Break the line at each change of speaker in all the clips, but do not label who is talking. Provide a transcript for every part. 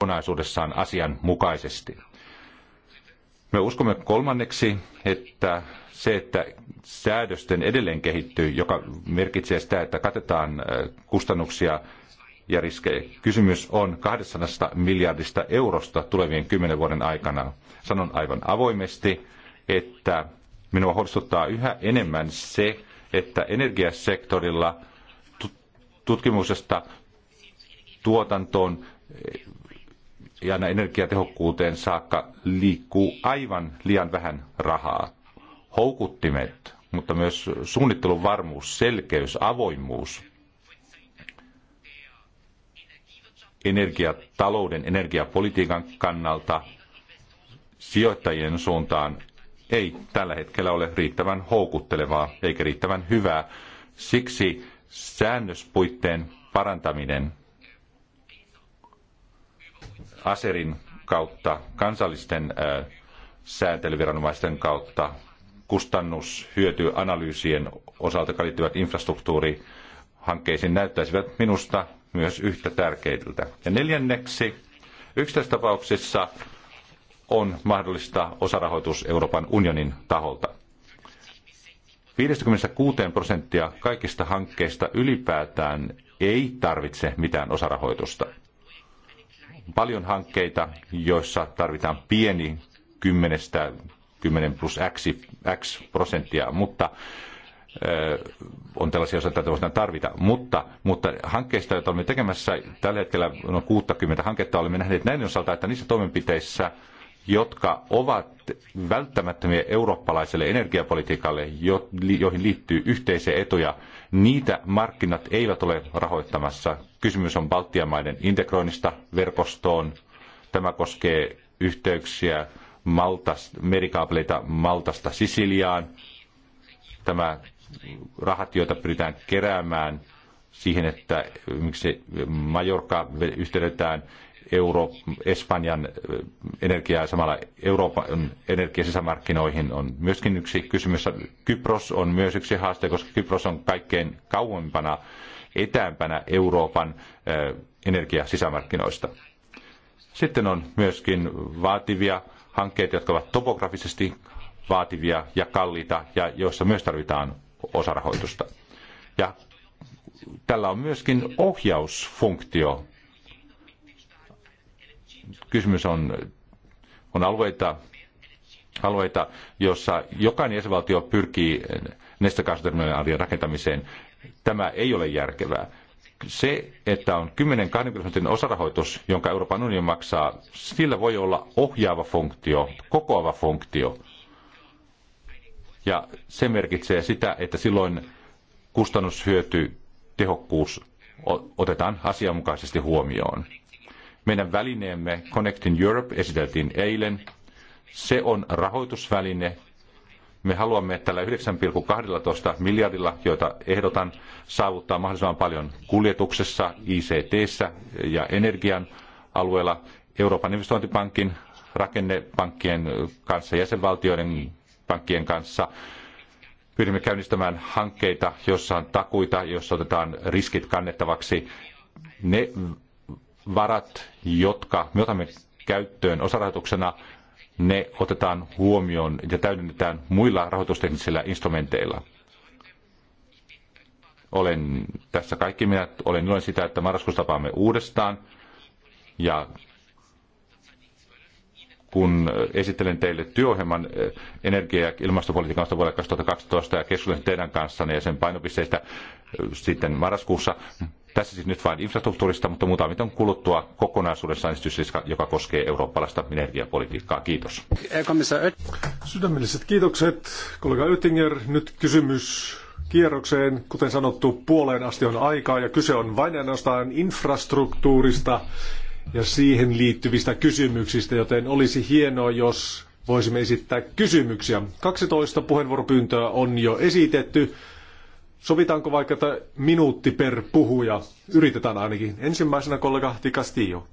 kokonaisuudessaan asianmukaisesti. Me uskomme kolmanneksi, että se, että säädösten edelleen kehittyy, joka merkitsee sitä, että katetaan kustannuksia ja riskejä. Kysymys on 200 miljardista eurosta tulevien kymmenen vuoden aikana. Sanon aivan avoimesti, että minua huolestuttaa yhä enemmän se, että energiasektorilla tutkimuksesta tuotantoon ja aina energiatehokkuuteen saakka liikkuu aivan liian vähän rahaa. Houkuttimet, mutta myös suunnittelun varmuus, selkeys, avoimuus, energiatalouden, energiapolitiikan kannalta sijoittajien suuntaan ei tällä hetkellä ole riittävän houkuttelevaa eikä riittävän hyvää. Siksi säännöspuitteen parantaminen Aserin kautta, kansallisten sääntelyviranomaisten kautta, kustannushyötyanalyysien osalta, jotka liittyvät infrastruktuurihankkeisiin, näyttäisivät minusta myös yhtä tärkeiltä. Ja neljänneksi, yksittäistapauksissa on mahdollista osarahoitus Euroopan unionin taholta. 56 prosenttia kaikista hankkeista ylipäätään ei tarvitse mitään osarahoitusta paljon hankkeita, joissa tarvitaan pieni 10, 10 plus x, x prosenttia, mutta on tällaisia, osa, joita voidaan tarvita. Mutta, mutta hankkeista, joita olemme tekemässä tällä hetkellä noin 60 hanketta, olemme nähneet näiden osalta, että niissä toimenpiteissä, jotka ovat välttämättömiä eurooppalaiselle energiapolitiikalle, joihin liittyy yhteisiä etuja, niitä markkinat eivät ole rahoittamassa. Kysymys on Baltian maiden integroinnista verkostoon. Tämä koskee yhteyksiä Maltas, merikaapeleita Maltasta Sisiliaan. Tämä rahat, joita pyritään keräämään siihen, että miksi Majorka yhteydetään Euro, Espanjan eh, energiaa ja samalla Euroopan energiasisämarkkinoihin on myöskin yksi kysymys. Kypros on myös yksi haaste, koska Kypros on kaikkein kauempana etäämpänä Euroopan energiasisämarkkinoista. Sitten on myöskin vaativia hankkeita, jotka ovat topografisesti vaativia ja kalliita ja joissa myös tarvitaan osarahoitusta. Ja tällä on myöskin ohjausfunktio. Kysymys on, on alueita, alueita, jossa jokainen jäsenvaltio pyrkii nestekaasuterminaalien rakentamiseen Tämä ei ole järkevää. Se, että on 10-20 prosentin osarahoitus, jonka Euroopan unioni maksaa, sillä voi olla ohjaava funktio, kokoava funktio. Ja se merkitsee sitä, että silloin kustannushyöty, tehokkuus otetaan asianmukaisesti huomioon. Meidän välineemme Connecting Europe esiteltiin eilen. Se on rahoitusväline, me haluamme tällä 9,12 miljardilla, joita ehdotan, saavuttaa mahdollisimman paljon kuljetuksessa, ict ja energian alueella Euroopan investointipankin, rakennepankkien kanssa, jäsenvaltioiden pankkien kanssa. Pyrimme käynnistämään hankkeita, joissa on takuita, joissa otetaan riskit kannettavaksi. Ne varat, jotka me otamme käyttöön osarahoituksena, ne otetaan huomioon ja täydennetään muilla rahoitusteknisillä instrumenteilla. Olen tässä kaikki minä olen iloinen sitä, että marraskuussa tapaamme uudestaan ja kun esittelen teille työohjelman eh, energia- ja ilmastopolitiikan vuodelle 2012 ja keskustelen teidän kanssanne ja sen painopisteistä eh, sitten marraskuussa. Tässä siis nyt vain infrastruktuurista, mutta mitä on kuluttua kokonaisuudessaan esitys, joka koskee eurooppalaista energiapolitiikkaa. Kiitos.
Sydämelliset kiitokset, kollega Oettinger. Nyt kysymys kierrokseen. Kuten sanottu, puoleen asti on aikaa ja kyse on vain ainoastaan infrastruktuurista ja siihen liittyvistä kysymyksistä, joten olisi hienoa, jos voisimme esittää kysymyksiä. 12 puheenvuoropyyntöä on jo esitetty. Sovitaanko vaikka, että minuutti per puhuja? Yritetään ainakin. Ensimmäisenä kollega Di Castillo.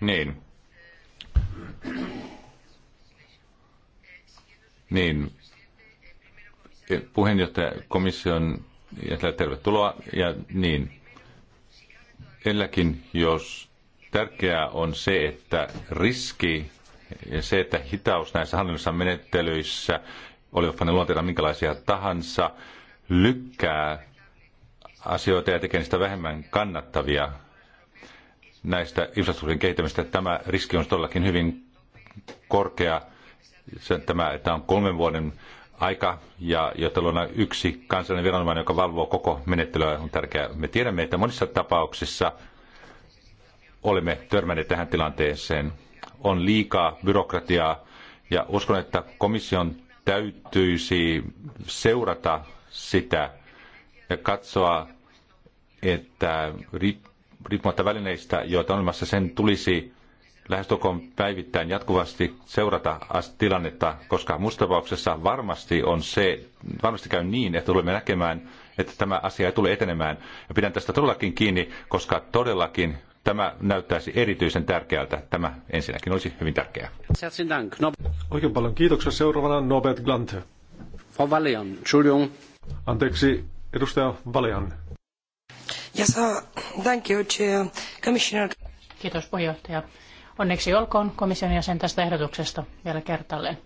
Niin.
Niin. Puheenjohtaja komission jäsenelle tervetuloa. Ja niin. Elläkin, jos tärkeää on se, että riski ja se, että hitaus näissä hallinnollisissa menettelyissä – olivatpa ne luonteita minkälaisia tahansa, lykkää asioita ja tekee niistä vähemmän kannattavia näistä infrastruktuurin kehittämistä. Tämä riski on todellakin hyvin korkea. Tämä, että on kolmen vuoden aika ja jotta luodaan yksi kansallinen viranomainen, joka valvoo koko menettelyä, on tärkeää. Me tiedämme, että monissa tapauksissa olemme törmänneet tähän tilanteeseen. On liikaa byrokratiaa ja uskon, että komission täytyisi seurata sitä ja katsoa, että riippumatta välineistä, joita on olemassa, sen tulisi lähestulkoon päivittäin jatkuvasti seurata tilannetta, koska mustavauksessa varmasti on se, varmasti käy niin, että tulemme näkemään, että tämä asia ei tule etenemään. Ja pidän tästä todellakin kiinni, koska todellakin Tämä näyttäisi erityisen tärkeältä. Tämä ensinnäkin olisi hyvin tärkeää.
Oikein paljon kiitoksia. Seuraavana Norbert Glante. Valian, Anteeksi, edustaja Valian.
Yes, uh, thank you, chair. Commissioner. Kiitos puheenjohtaja. Onneksi olkoon komission jäsen tästä ehdotuksesta vielä kertalleen.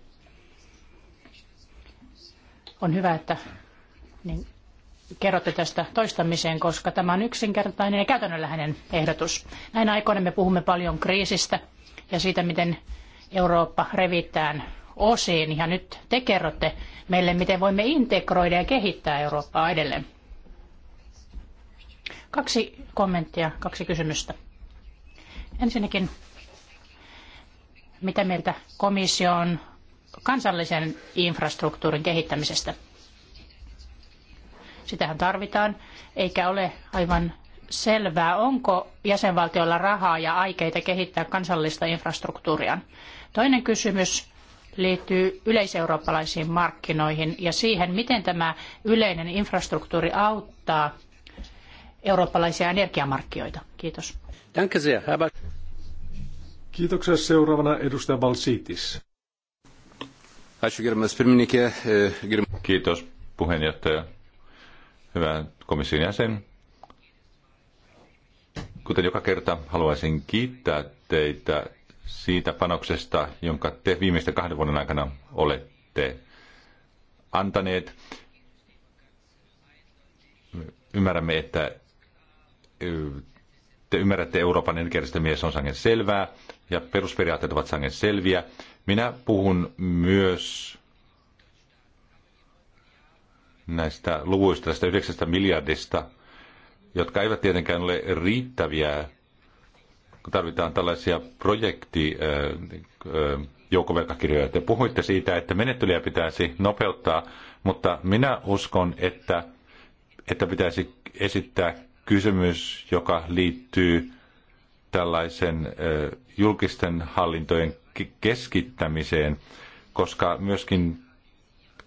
On hyvä, että niin kerrotte tästä toistamiseen, koska tämä on yksinkertainen ja käytännönläheinen ehdotus. Näin aikoina me puhumme paljon kriisistä ja siitä, miten Eurooppa revitään osiin. Ja nyt te kerrotte meille, miten voimme integroida ja kehittää Eurooppaa edelleen. Kaksi kommenttia, kaksi kysymystä. Ensinnäkin, mitä mieltä komissio on kansallisen infrastruktuurin kehittämisestä? Sitähän tarvitaan, eikä ole aivan selvää, onko jäsenvaltioilla rahaa ja aikeita kehittää kansallista infrastruktuuria. Toinen kysymys liittyy yleiseurooppalaisiin markkinoihin ja siihen, miten tämä yleinen infrastruktuuri auttaa eurooppalaisia energiamarkkinoita. Kiitos.
Kiitoksia seuraavana edustaja Balsitis.
E, Kiitos puheenjohtaja hyvä komission jäsen. Kuten joka kerta, haluaisin kiittää teitä siitä panoksesta, jonka te viimeisten kahden vuoden aikana olette antaneet. Ymmärrämme, että te ymmärrätte Euroopan energiajärjestelmiä, se on sangen selvää ja perusperiaatteet ovat sangen selviä. Minä puhun myös näistä luvuista, tästä 9 miljardista, jotka eivät tietenkään ole riittäviä, kun tarvitaan tällaisia projekti Te puhuitte siitä, että menettelyä pitäisi nopeuttaa, mutta minä uskon, että, että pitäisi esittää kysymys, joka liittyy tällaisen julkisten hallintojen keskittämiseen, koska myöskin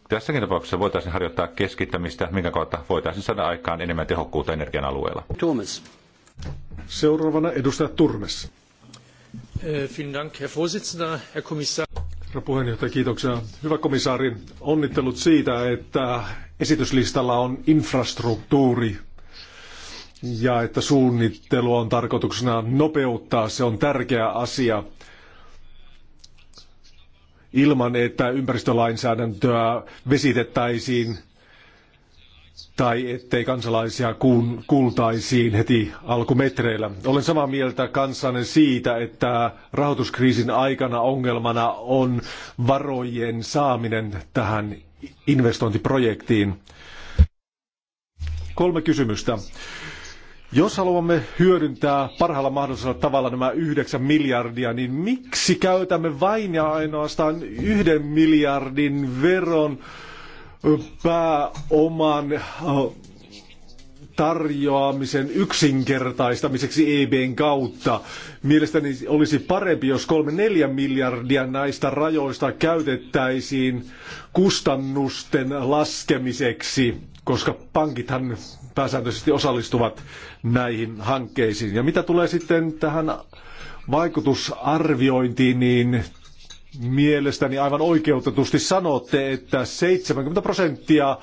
tässäkin tapauksessa voitaisiin harjoittaa keskittämistä, minkä kautta voitaisiin saada aikaan enemmän tehokkuutta energian alueella.
Turmes. Seuraavana edustaja Turmes. Äh, Herra puheenjohtaja, kiitoksia. Hyvä komissaari, onnittelut siitä, että esityslistalla on infrastruktuuri ja että suunnittelu on tarkoituksena nopeuttaa. Se on tärkeä asia ilman, että ympäristölainsäädäntöä vesitettäisiin tai ettei kansalaisia kuun, kuultaisiin heti alkumetreillä. Olen samaa mieltä kanssanne siitä, että rahoituskriisin aikana ongelmana on varojen saaminen tähän investointiprojektiin. Kolme kysymystä. Jos haluamme hyödyntää parhaalla mahdollisella tavalla nämä yhdeksän miljardia, niin miksi käytämme vain ja ainoastaan yhden miljardin veron pääoman tarjoamisen yksinkertaistamiseksi EBn kautta. Mielestäni olisi parempi, jos kolme neljä miljardia näistä rajoista käytettäisiin kustannusten laskemiseksi, koska pankithan pääsääntöisesti osallistuvat näihin hankkeisiin. Ja mitä tulee sitten tähän vaikutusarviointiin, niin mielestäni aivan oikeutetusti sanotte, että 70 prosenttia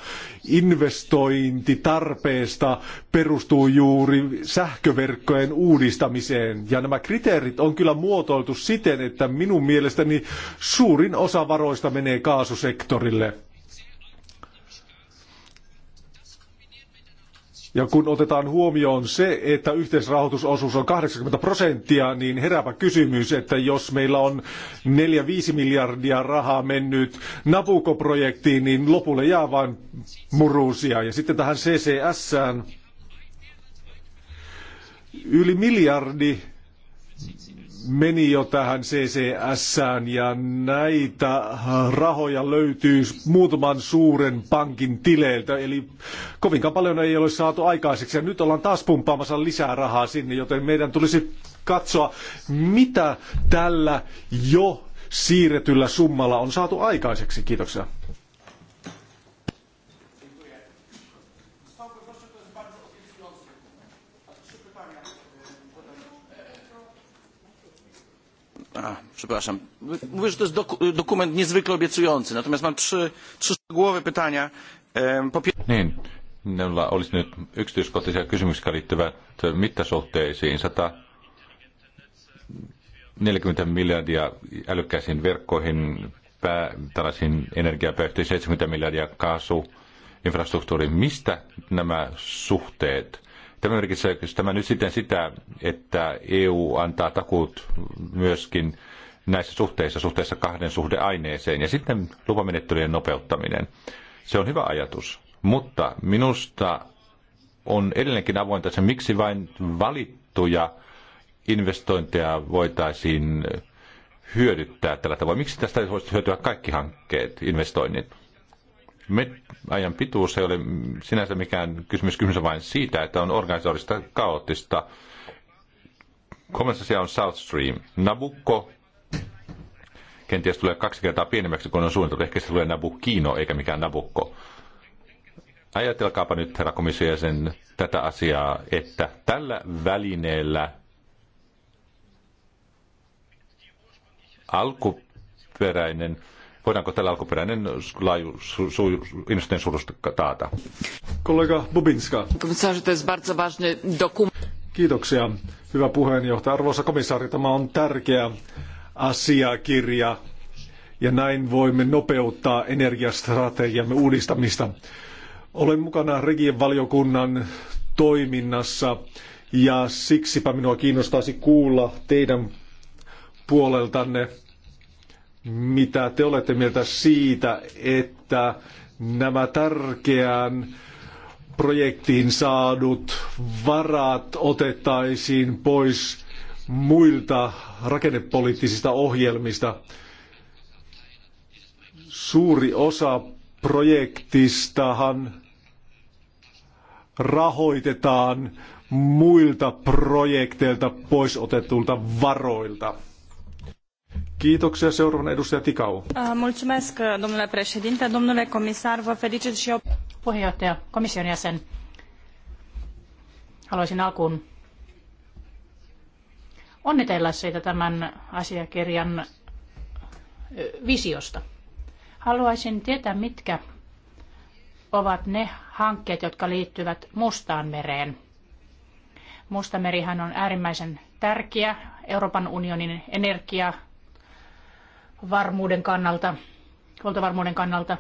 investointitarpeesta perustuu juuri sähköverkkojen uudistamiseen. Ja nämä kriteerit on kyllä muotoiltu siten, että minun mielestäni suurin osa varoista menee kaasusektorille. Ja kun otetaan huomioon se, että yhteisrahoitusosuus on 80 prosenttia, niin herääpä kysymys, että jos meillä on 4-5 miljardia rahaa mennyt Nabucco-projektiin, niin lopulle jää vain murusia. Ja sitten tähän ccs ään yli miljardi meni jo tähän CCSään ja näitä rahoja löytyy muutaman suuren pankin tileiltä, eli kovinkaan paljon ei ole saatu aikaiseksi. Ja nyt ollaan taas pumppaamassa lisää rahaa sinne, joten meidän tulisi katsoa, mitä tällä jo siirretyllä summalla on saatu aikaiseksi. Kiitoksia.
przepraszam. Mówię, że to jest doku,
dokument niezwykle obiecujący, natomiast mam trzy, trzy szczegółowe pytania. Po... Niin, minulla olisi nyt yksityiskohtaisia kysymyksiä liittyvät mittasuhteisiin. 140 miljardia älykkäisiin verkkoihin, pää, tällaisiin energiapäyhtiin 70 miljardia kaasu, infrastruktuuriin. Mistä nämä suhteet? Tämä merkitsee tämä nyt sitten sitä, että EU antaa takuut myöskin näissä suhteissa, suhteessa kahden suhdeaineeseen. Ja sitten lupamenettelyjen nopeuttaminen. Se on hyvä ajatus, mutta minusta on edelleenkin avointa se, miksi vain valittuja investointeja voitaisiin hyödyttää tällä tavalla. Miksi tästä voisi hyötyä kaikki hankkeet, investoinnit? ajan pituus ei ole sinänsä mikään kysymys, kysymys vain siitä, että on organisatorista kaoottista. Kolmas asia on South Stream. Nabukko kenties tulee kaksi kertaa pienemmäksi kuin on suunniteltu. Ehkä se tulee Nabukino eikä mikään Nabukko. Ajatelkaapa nyt, herra komissio, sen tätä asiaa, että tällä välineellä alkuperäinen, voidaanko tällä alkuperäinen laaju, su, su, su, taata?
Kollega Bubinska. Kiitoksia, hyvä puheenjohtaja. Arvoisa komissaari, tämä on tärkeä asiakirja ja näin voimme nopeuttaa energiastrategiamme uudistamista. Olen mukana Regien valiokunnan toiminnassa ja siksipä minua kiinnostaisi kuulla teidän puoleltanne, mitä te olette mieltä siitä, että nämä tärkeään projektiin saadut varat otettaisiin pois muilta rakennepoliittisista ohjelmista. Suuri osa projektistahan rahoitetaan muilta projekteilta pois otetulta varoilta. Kiitoksia. Seuraavana edustaja Tikau.
Äh, mulțumesc, domnule președinte. Domnule comisar, vă felicit și eu. Puheenjohtaja, komission jäsen. Haluaisin alkuun onnitella seitä tämän asiakirjan visiosta. Haluaisin tietää, mitkä ovat ne hankkeet, jotka liittyvät Mustaan mereen. Mustamerihan on äärimmäisen tärkeä Euroopan unionin varmuuden kannalta, huoltovarmuuden kannalta.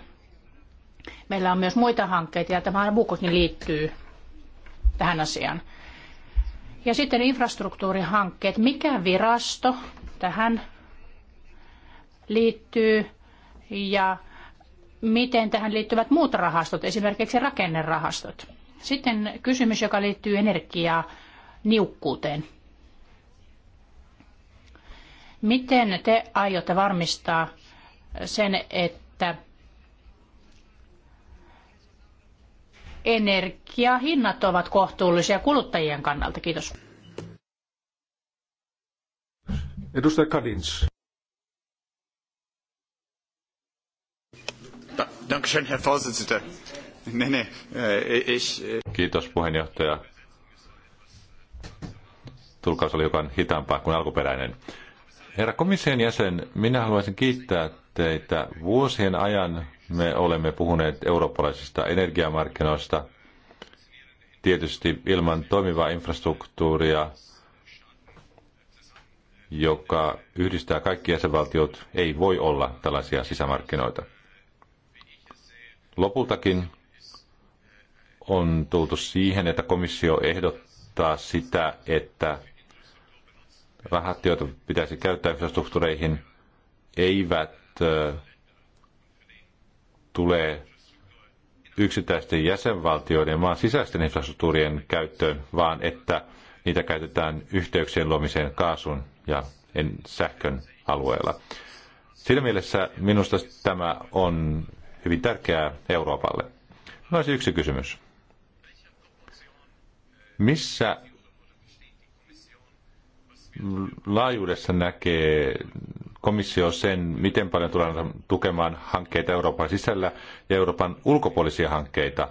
Meillä on myös muita hankkeita ja tämä Bukoskin liittyy tähän asiaan. Ja sitten infrastruktuurihankkeet. Mikä virasto tähän liittyy ja miten tähän liittyvät muut rahastot, esimerkiksi rakennerahastot? Sitten kysymys, joka liittyy energiaa niukkuuteen. Miten te aiotte varmistaa sen, että energiahinnat ovat kohtuullisia kuluttajien kannalta. Kiitos.
Edustaja Kadins. Dankeschön, Herr Vorsitzender. Nee, nee,
äh, ich... Äh, Kiitos puheenjohtaja. Tulkaus oli hiukan hitaampaa kuin alkuperäinen. Herra komission jäsen, minä haluaisin kiittää teitä. Vuosien ajan me olemme puhuneet eurooppalaisista energiamarkkinoista. Tietysti ilman toimivaa infrastruktuuria, joka yhdistää kaikki jäsenvaltiot, ei voi olla tällaisia sisämarkkinoita. Lopultakin on tultu siihen, että komissio ehdottaa sitä, että rahat, joita pitäisi käyttää infrastruktuureihin, eivät tulee yksittäisten jäsenvaltioiden maan sisäisten infrastruktuurien käyttöön, vaan että niitä käytetään yhteyksien luomiseen kaasun ja sähkön alueella. Siinä mielessä minusta tämä on hyvin tärkeää Euroopalle. No olisi yksi kysymys. Missä laajuudessa näkee komissio sen, miten paljon tullaan tukemaan hankkeita Euroopan sisällä ja Euroopan ulkopuolisia hankkeita,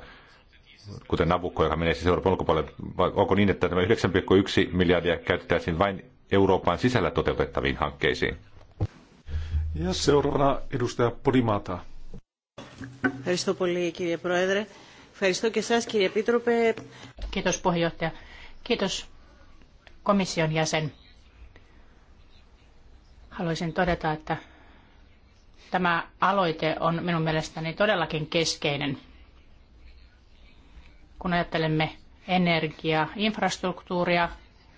kuten Nabucco, joka menee siis Euroopan ulkopuolelle. Vai onko niin, että tämä 9,1 miljardia käytettäisiin vain Euroopan sisällä toteutettaviin hankkeisiin?
Ja seuraavana edustaja Podimata.
Kiitos puheenjohtaja. Kiitos komission jäsen. Haluaisin todeta, että tämä aloite on minun mielestäni todellakin keskeinen. Kun ajattelemme energiaa, infrastruktuuria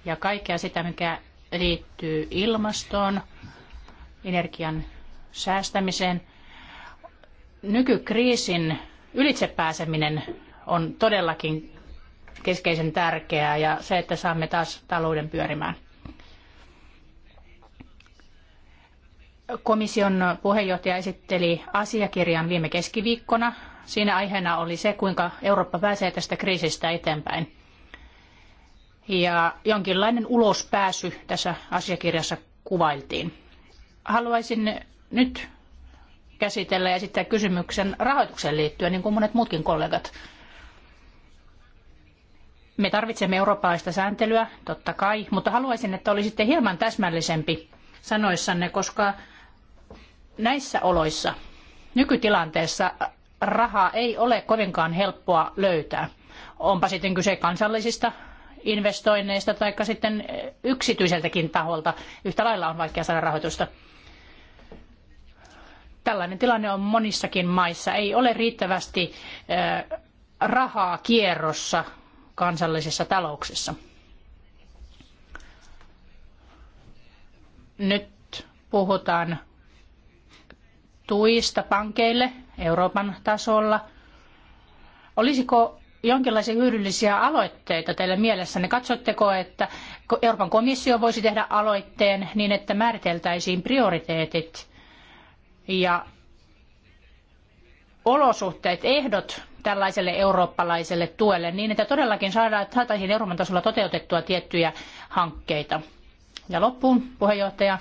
ja kaikkea sitä, mikä liittyy ilmastoon, energian säästämiseen, nykykriisin ylitsepääseminen on todellakin keskeisen tärkeää ja se, että saamme taas talouden pyörimään. Komission puheenjohtaja esitteli asiakirjan viime keskiviikkona. Siinä aiheena oli se, kuinka Eurooppa pääsee tästä kriisistä eteenpäin. Ja jonkinlainen ulospääsy tässä asiakirjassa kuvailtiin. Haluaisin nyt käsitellä ja esittää kysymyksen rahoitukseen liittyen, niin kuin monet muutkin kollegat. Me tarvitsemme eurooppalaista sääntelyä, totta kai, mutta haluaisin, että olisitte hieman täsmällisempi sanoissanne, koska näissä oloissa, nykytilanteessa, äh, rahaa ei ole kovinkaan helppoa löytää. Onpa sitten kyse kansallisista investoinneista tai sitten äh, yksityiseltäkin taholta. Yhtä lailla on vaikea saada rahoitusta. Tällainen tilanne on monissakin maissa. Ei ole riittävästi äh, rahaa kierrossa kansallisissa talouksissa. Nyt puhutaan tuista pankeille Euroopan tasolla. Olisiko jonkinlaisia hyödyllisiä aloitteita teillä mielessänne? Katsotteko, että Euroopan komissio voisi tehdä aloitteen niin, että määriteltäisiin prioriteetit ja olosuhteet, ehdot tällaiselle eurooppalaiselle tuelle niin, että todellakin saadaan, saataisiin Euroopan tasolla toteutettua tiettyjä hankkeita. Ja loppuun, puheenjohtaja,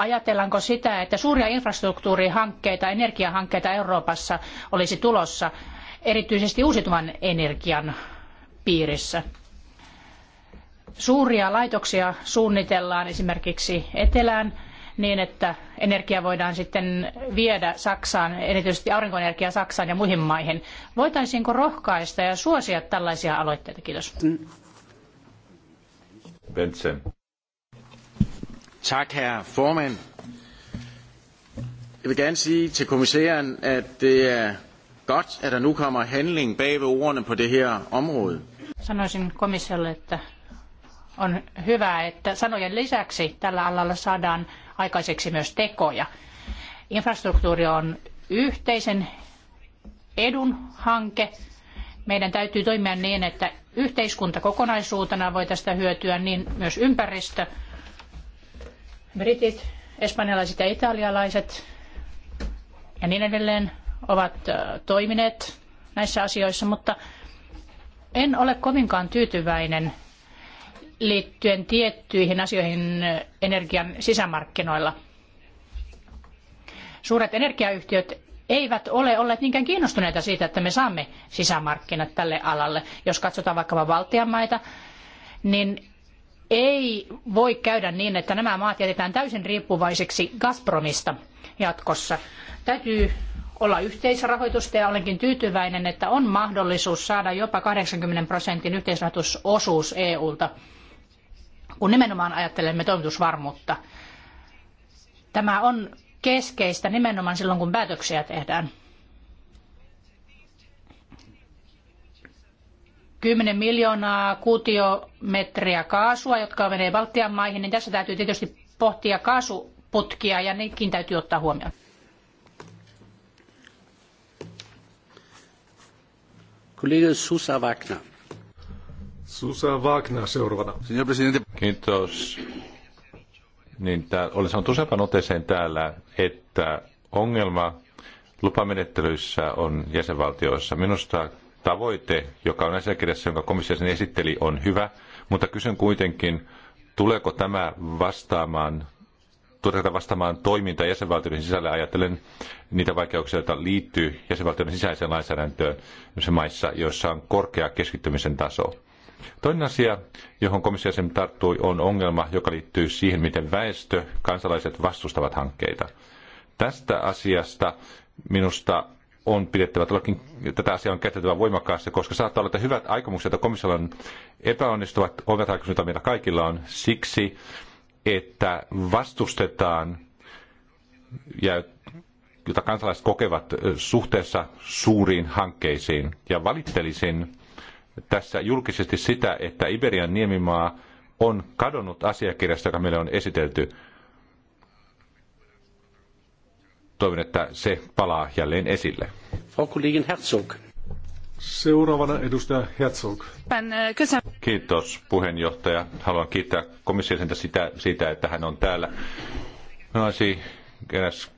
Ajatellaanko sitä, että suuria infrastruktuurihankkeita, energiahankkeita Euroopassa olisi tulossa, erityisesti uusiutuvan energian piirissä? Suuria laitoksia suunnitellaan esimerkiksi etelään niin, että energia voidaan sitten viedä Saksaan, erityisesti aurinkoenergia Saksaan ja muihin maihin. Voitaisiinko rohkaista ja suosia tällaisia aloitteita? Kiitos.
Bentsen.
Tak, herre formand. Jeg vil gerne sige til kommissæren, at det er godt, at der nu kommer handling bag ved ordene på det her område.
Sanoisin komissiolle, että on hyvä, että sanojen lisäksi tällä alalla saadaan aikaiseksi myös tekoja. Infrastruktuuri on yhteisen edun hanke. Meidän täytyy toimia niin, että yhteiskunta kokonaisuutena voi tästä hyötyä, niin myös ympäristö britit, espanjalaiset ja italialaiset ja niin edelleen ovat toimineet näissä asioissa, mutta en ole kovinkaan tyytyväinen liittyen tiettyihin asioihin energian sisämarkkinoilla. Suuret energiayhtiöt eivät ole olleet niinkään kiinnostuneita siitä, että me saamme sisämarkkinat tälle alalle. Jos katsotaan vaikkapa Baltian maita, niin ei voi käydä niin, että nämä maat jätetään täysin riippuvaiseksi Gazpromista jatkossa. Täytyy olla yhteisrahoitusta ja olenkin tyytyväinen, että on mahdollisuus saada jopa 80 prosentin yhteisrahoitusosuus EUlta, kun nimenomaan ajattelemme toimitusvarmuutta. Tämä on keskeistä nimenomaan silloin, kun päätöksiä tehdään. 10 miljoonaa kuutiometriä kaasua, jotka menee Baltian maihin, niin tässä täytyy tietysti pohtia kaasuputkia ja nekin täytyy ottaa huomioon.
Kollega Susa Wagner. Susa Wagner seuraavana. Signor Presidente.
Kiitos. Niin, olen sanonut useampaan otteeseen täällä, että ongelma lupamenettelyissä on jäsenvaltioissa. Minusta tavoite, joka on asiakirjassa, jonka komissio sen esitteli, on hyvä, mutta kysyn kuitenkin, tuleeko tämä vastaamaan tuota vastaamaan toimintaa jäsenvaltioiden sisällä ajatellen niitä vaikeuksia, joita liittyy jäsenvaltioiden sisäiseen lainsäädäntöön maissa, joissa on korkea keskittymisen taso. Toinen asia, johon komissio sen tarttui, on ongelma, joka liittyy siihen, miten väestö, kansalaiset vastustavat hankkeita. Tästä asiasta minusta on pidettävä todellakin, tätä asiaa on käytettävä voimakkaasti, koska saattaa olla, että hyvät aikomukset, joita komissiolla on epäonnistuvat, ovat aikomukset, joita meillä kaikilla on siksi, että vastustetaan ja jota kansalaiset kokevat suhteessa suuriin hankkeisiin. Ja valittelisin tässä julkisesti sitä, että Iberian niemimaa on kadonnut asiakirjasta, joka meille on esitelty. toivon, että se palaa jälleen esille. Frau Kollegin Herzog.
Seuraavana edustaja Herzog. E,
Kiitos puheenjohtaja. Haluan kiittää komissiota sitä, siitä, että hän on täällä. Minulla olisi eräs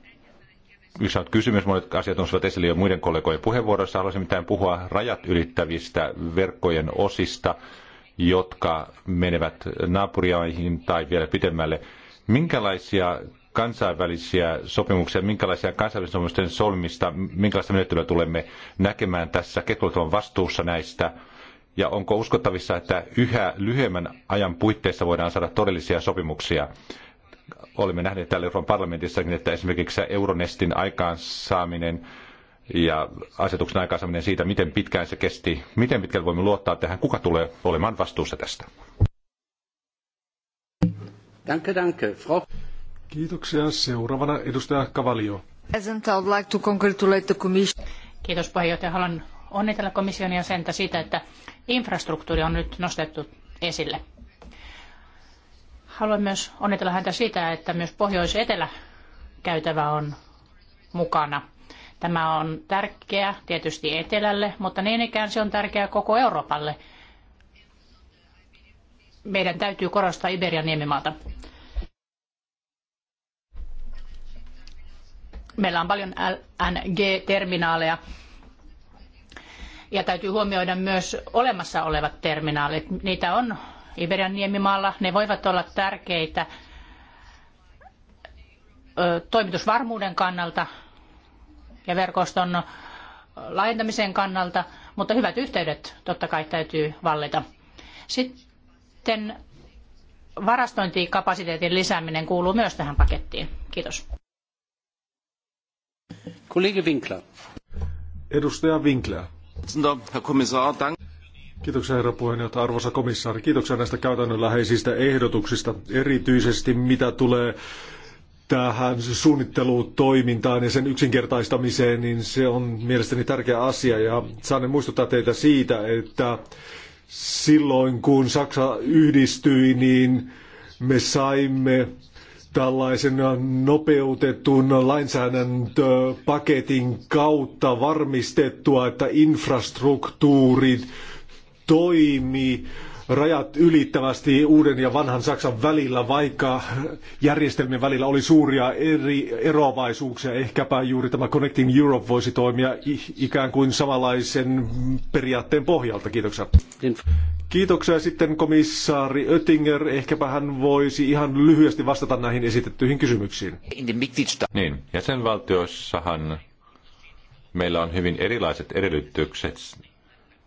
yksi kysymys. Monet asiat nousivat esille jo muiden kollegojen puheenvuoroissa. Haluaisin mitään puhua rajat ylittävistä verkkojen osista, jotka menevät naapuriaihin tai vielä pitemmälle. Minkälaisia kansainvälisiä sopimuksia, minkälaisia kansainvälisten sopimusten solmista, minkälaista menettelyä tulemme näkemään tässä, ketkä ovat vastuussa näistä, ja onko uskottavissa, että yhä lyhyemmän ajan puitteissa voidaan saada todellisia sopimuksia. Olemme nähneet täällä Euroopan parlamentissakin, että esimerkiksi Euronestin aikaansaaminen ja asetuksen aikaansaaminen siitä, miten pitkään se kesti, miten pitkälle voimme luottaa tähän, kuka tulee olemaan vastuussa tästä.
Danke, danke. Frau... Kiitoksia. Seuraavana edustaja Kavalio.
Kiitos puheenjohtaja. Haluan onnitella komission jäsentä siitä, että infrastruktuuri on nyt nostettu esille. Haluan myös onnitella häntä siitä, että myös pohjois-etelä käytävä on mukana. Tämä on tärkeä tietysti etelälle, mutta niin ikään se on tärkeä koko Euroopalle. Meidän täytyy korostaa Iberian niemimaata. Meillä on paljon LNG-terminaaleja ja täytyy huomioida myös olemassa olevat terminaalit. Niitä on Iberian niemimaalla. Ne voivat olla tärkeitä toimitusvarmuuden kannalta ja verkoston laajentamisen kannalta, mutta hyvät yhteydet totta kai täytyy vallita. Sitten varastointikapasiteetin lisääminen kuuluu myös tähän pakettiin. Kiitos.
Winkler. Edustaja Winkler. Herr Kommissar, danke. Kiitoksia herra puheenjohtaja, arvoisa komissaari. Kiitoksia näistä käytännönläheisistä ehdotuksista, erityisesti mitä tulee tähän suunnittelutoimintaan ja sen yksinkertaistamiseen, niin se on mielestäni tärkeä asia. Ja saan muistuttaa teitä siitä, että silloin kun Saksa yhdistyi, niin me saimme tällaisen nopeutetun lainsäädäntöpaketin kautta varmistettua, että infrastruktuuri toimii rajat ylittävästi uuden ja vanhan Saksan välillä, vaikka järjestelmien välillä oli suuria eri eroavaisuuksia. Ehkäpä juuri tämä Connecting Europe voisi toimia ikään kuin samanlaisen periaatteen pohjalta. Kiitoksia. Kiitoksia sitten komissaari Oettinger. Ehkäpä hän voisi ihan lyhyesti vastata näihin esitettyihin kysymyksiin.
Niin, jäsenvaltioissahan meillä on hyvin erilaiset edellytykset,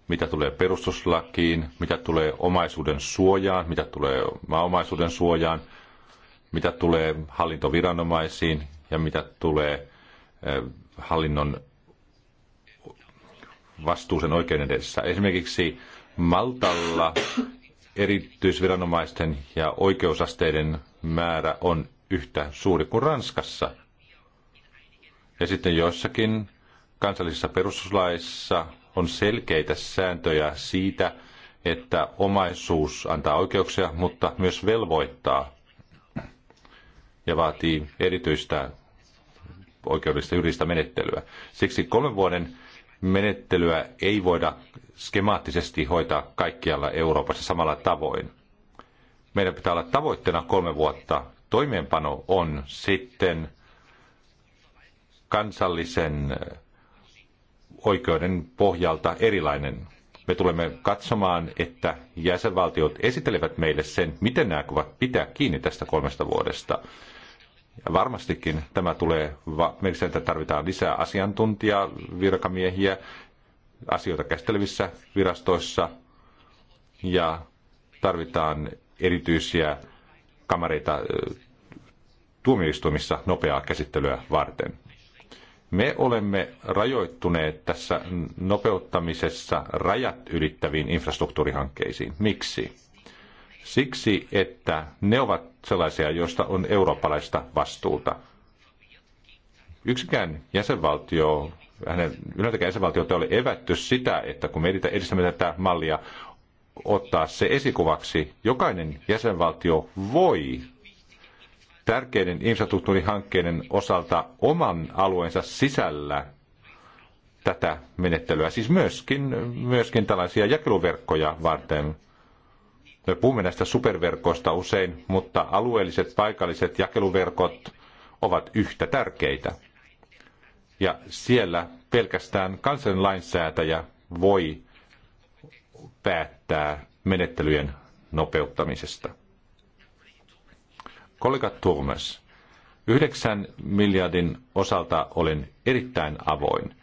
mitä tulee perustuslakiin, mitä tulee omaisuuden suojaan, mitä tulee maaomaisuuden suojaan, mitä tulee hallintoviranomaisiin ja mitä tulee hallinnon vastuusen oikeuden edessä. Esimerkiksi Maltalla erityisviranomaisten ja oikeusasteiden määrä on yhtä suuri kuin Ranskassa. Ja sitten joissakin kansallisissa perustuslaissa on selkeitä sääntöjä siitä, että omaisuus antaa oikeuksia, mutta myös velvoittaa ja vaatii erityistä oikeudellista juridista menettelyä. Siksi kolmen vuoden menettelyä ei voida skemaattisesti hoitaa kaikkialla Euroopassa samalla tavoin. Meidän pitää olla tavoitteena kolme vuotta. Toimeenpano on sitten kansallisen oikeuden pohjalta erilainen. Me tulemme katsomaan, että jäsenvaltiot esittelevät meille sen, miten nämä kuvat pitää kiinni tästä kolmesta vuodesta. Ja varmastikin tämä tulee, merkitään, tarvitaan lisää asiantuntijavirkamiehiä, asioita käsittelevissä virastoissa ja tarvitaan erityisiä kamereita tuomioistuimissa nopeaa käsittelyä varten. Me olemme rajoittuneet tässä nopeuttamisessa rajat ylittäviin infrastruktuurihankkeisiin. Miksi? Siksi, että ne ovat sellaisia, joista on eurooppalaista vastuuta yksikään jäsenvaltio, hänen yleensäkään jäsenvaltiota ei ole evätty sitä, että kun me edistämme tätä mallia, ottaa se esikuvaksi. Jokainen jäsenvaltio voi tärkeiden infrastruktuurihankkeiden osalta oman alueensa sisällä tätä menettelyä, siis myöskin, myöskin tällaisia jakeluverkkoja varten. Me puhumme näistä superverkoista usein, mutta alueelliset, paikalliset jakeluverkot ovat yhtä tärkeitä. Ja siellä pelkästään kansallinen lainsäätäjä voi päättää menettelyjen nopeuttamisesta. Kollega Turmes, yhdeksän miljardin osalta olen erittäin avoin.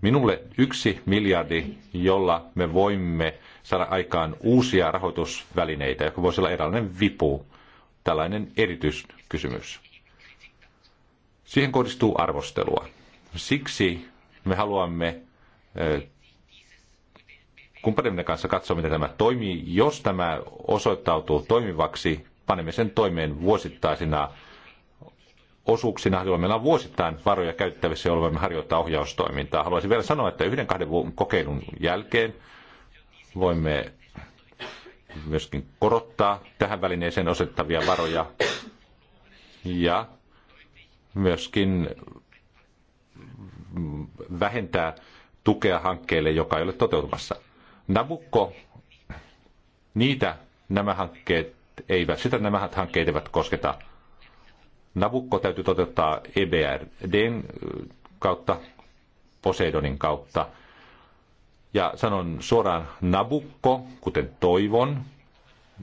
Minulle yksi miljardi, jolla me voimme saada aikaan uusia rahoitusvälineitä, joka voisi olla eräänlainen vipu, tällainen erityiskysymys. Siihen kohdistuu arvostelua. Siksi me haluamme kumppanimme kanssa katsoa, miten tämä toimii. Jos tämä osoittautuu toimivaksi, panemme sen toimeen vuosittaisina osuuksina, jolloin meillä on vuosittain varoja käyttävissä, jolloin me harjoittaa ohjaustoimintaa. Haluaisin vielä sanoa, että yhden kahden vuoden kokeilun jälkeen voimme myöskin korottaa tähän välineeseen osettavia varoja ja myöskin Mm, vähentää tukea hankkeelle, joka ei ole toteutumassa. Nabukko, niitä nämä hankkeet eivät, sitä nämä hankkeet eivät kosketa. Nabukko täytyy toteuttaa EBRDn kautta, Poseidonin kautta. Ja sanon suoraan Nabukko, kuten toivon,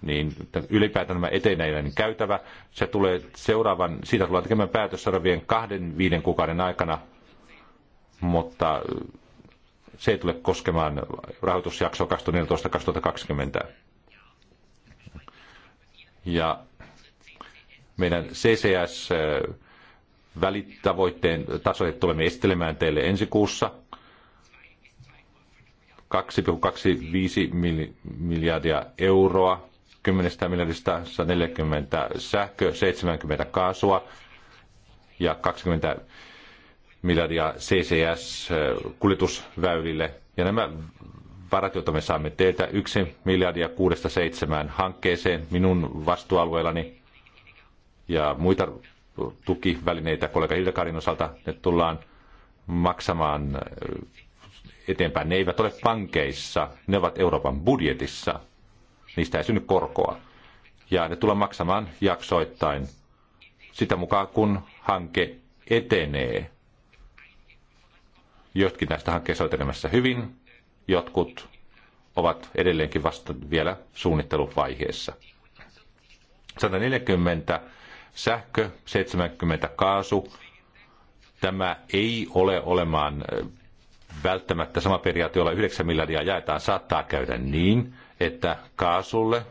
niin ylipäätään tämä eteenäinen käytävä, se tulee seuraavan, siitä tulee tekemään päätös seuraavien kahden, viiden kuukauden aikana mutta se ei tule koskemaan rahoitusjaksoa 2014-2020. Ja meidän CCS äh, välitavoitteen tasoja tulemme esittelemään teille ensi kuussa. 2,25 miljardia euroa, 10 miljardista 140 sähkö, 70 kaasua ja 20 miljardia CCS-kuljetusväylille. Ja nämä varat, joita me saamme teiltä, yksi miljardia kuudesta seitsemään hankkeeseen minun vastuualueellani ja muita tukivälineitä kollega Hildekarin osalta, ne tullaan maksamaan eteenpäin. Ne eivät ole pankeissa, ne ovat Euroopan budjetissa. Niistä ei synny korkoa. Ja ne tullaan maksamaan jaksoittain sitä mukaan, kun hanke etenee. Jotkin näistä hankkeista ovat edemmässä hyvin, jotkut ovat edelleenkin vasta vielä suunnitteluvaiheessa. 140 sähkö, 70 kaasu. Tämä ei ole olemaan välttämättä sama periaate, jolla 9 miljardia jaetaan. Saattaa käydä niin, että kaasulle,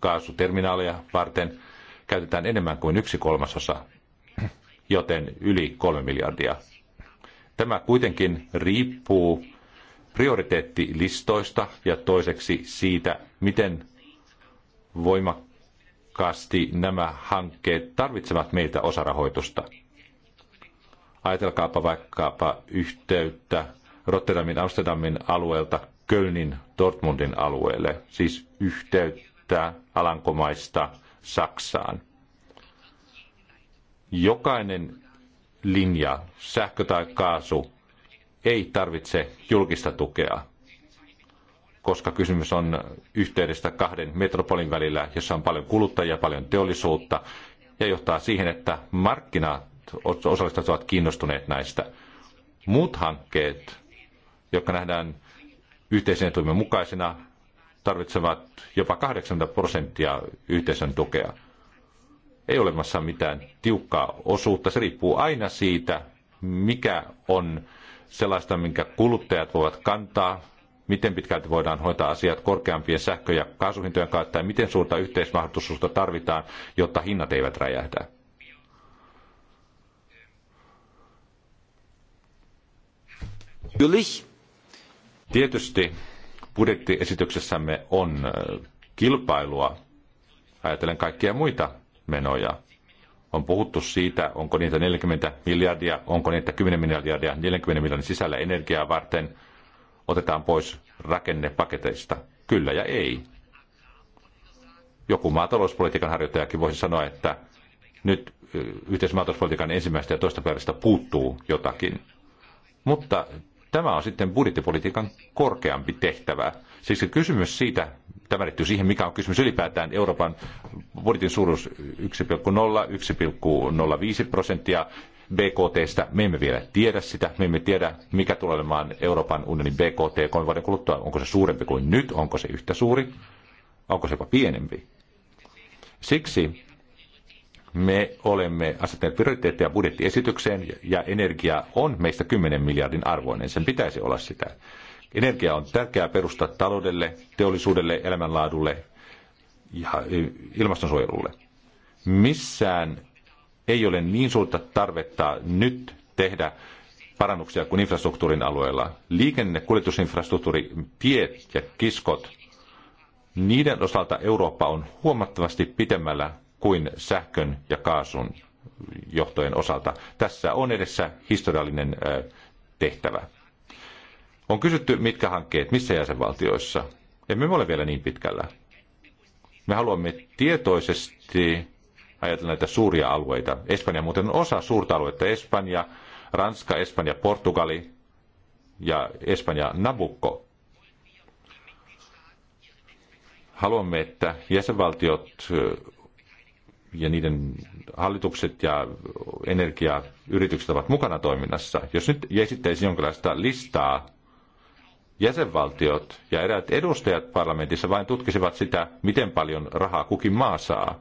kaasuterminaaleja varten käytetään enemmän kuin yksi kolmasosa, joten yli 3 miljardia Tämä kuitenkin riippuu prioriteettilistoista ja toiseksi siitä, miten voimakkaasti nämä hankkeet tarvitsevat meiltä osarahoitusta. Ajatelkaapa vaikkapa yhteyttä Rotterdamin, Amsterdamin alueelta Kölnin, Dortmundin alueelle, siis yhteyttä Alankomaista Saksaan. Jokainen linja, sähkö tai kaasu, ei tarvitse julkista tukea, koska kysymys on yhteydestä kahden metropolin välillä, jossa on paljon kuluttajia, paljon teollisuutta, ja johtaa siihen, että markkinat osallistuvat ovat kiinnostuneet näistä. Muut hankkeet, jotka nähdään yhteisen etuimme mukaisina, tarvitsevat jopa 80 prosenttia yhteisön tukea ei olemassa mitään tiukkaa osuutta. Se riippuu aina siitä, mikä on sellaista, minkä kuluttajat voivat kantaa, miten pitkälti voidaan hoitaa asiat korkeampien sähkö- ja kaasuhintojen kautta ja miten suurta yhteismahdollisuutta tarvitaan, jotta hinnat eivät räjähdä. Tietysti budjettiesityksessämme on äh, kilpailua, ajatellen kaikkia muita menoja. On puhuttu siitä, onko niitä 40 miljardia, onko niitä 10 miljardia 40 miljardin sisällä energiaa varten, otetaan pois rakennepaketeista. Kyllä ja ei. Joku maatalouspolitiikan harjoittajakin voisi sanoa, että nyt yhteismaatalouspolitiikan ensimmäistä ja toista pilarista puuttuu jotakin. Mutta tämä on sitten budjettipolitiikan korkeampi tehtävä. Siksi kysymys siitä, Tämä liittyy siihen, mikä on kysymys ylipäätään Euroopan budjetin suuruus 1,0, 1,05 prosenttia BKTstä. Me emme vielä tiedä sitä. Me emme tiedä, mikä tulee olemaan Euroopan unionin BKT kolmen vuoden kuluttua. Onko se suurempi kuin nyt? Onko se yhtä suuri? Onko se jopa pienempi? Siksi me olemme asettaneet prioriteetteja budjettiesitykseen ja energia on meistä 10 miljardin arvoinen. Sen pitäisi olla sitä. Energia on tärkeää perusta taloudelle, teollisuudelle, elämänlaadulle ja ilmastonsuojelulle. Missään ei ole niin suurta tarvetta nyt tehdä parannuksia kuin infrastruktuurin alueella. Liikenne, kuljetusinfrastruktuuri, tiet ja kiskot, niiden osalta Eurooppa on huomattavasti pitemmällä kuin sähkön ja kaasun johtojen osalta. Tässä on edessä historiallinen tehtävä. On kysytty, mitkä hankkeet, missä jäsenvaltioissa. Emme ole vielä niin pitkällä. Me haluamme tietoisesti ajatella näitä suuria alueita. Espanja muuten on osa suurta aluetta. Espanja, Ranska, Espanja, Portugali ja Espanja Nabucco. Haluamme, että jäsenvaltiot ja niiden hallitukset ja energiayritykset ovat mukana toiminnassa. Jos nyt esittäisi jonkinlaista listaa jäsenvaltiot ja eräät edustajat parlamentissa vain tutkisivat sitä, miten paljon rahaa kukin maa saa.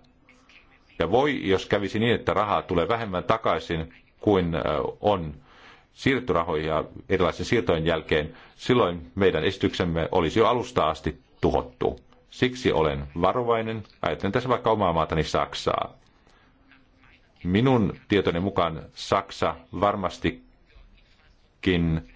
Ja voi, jos kävisi niin, että rahaa tulee vähemmän takaisin kuin on siirtorahoja ja erilaisen siirtojen jälkeen, silloin meidän esityksemme olisi jo alusta asti tuhottu. Siksi olen varovainen. Ajattelen tässä vaikka omaa maatani Saksaa. Minun tietoni mukaan Saksa varmastikin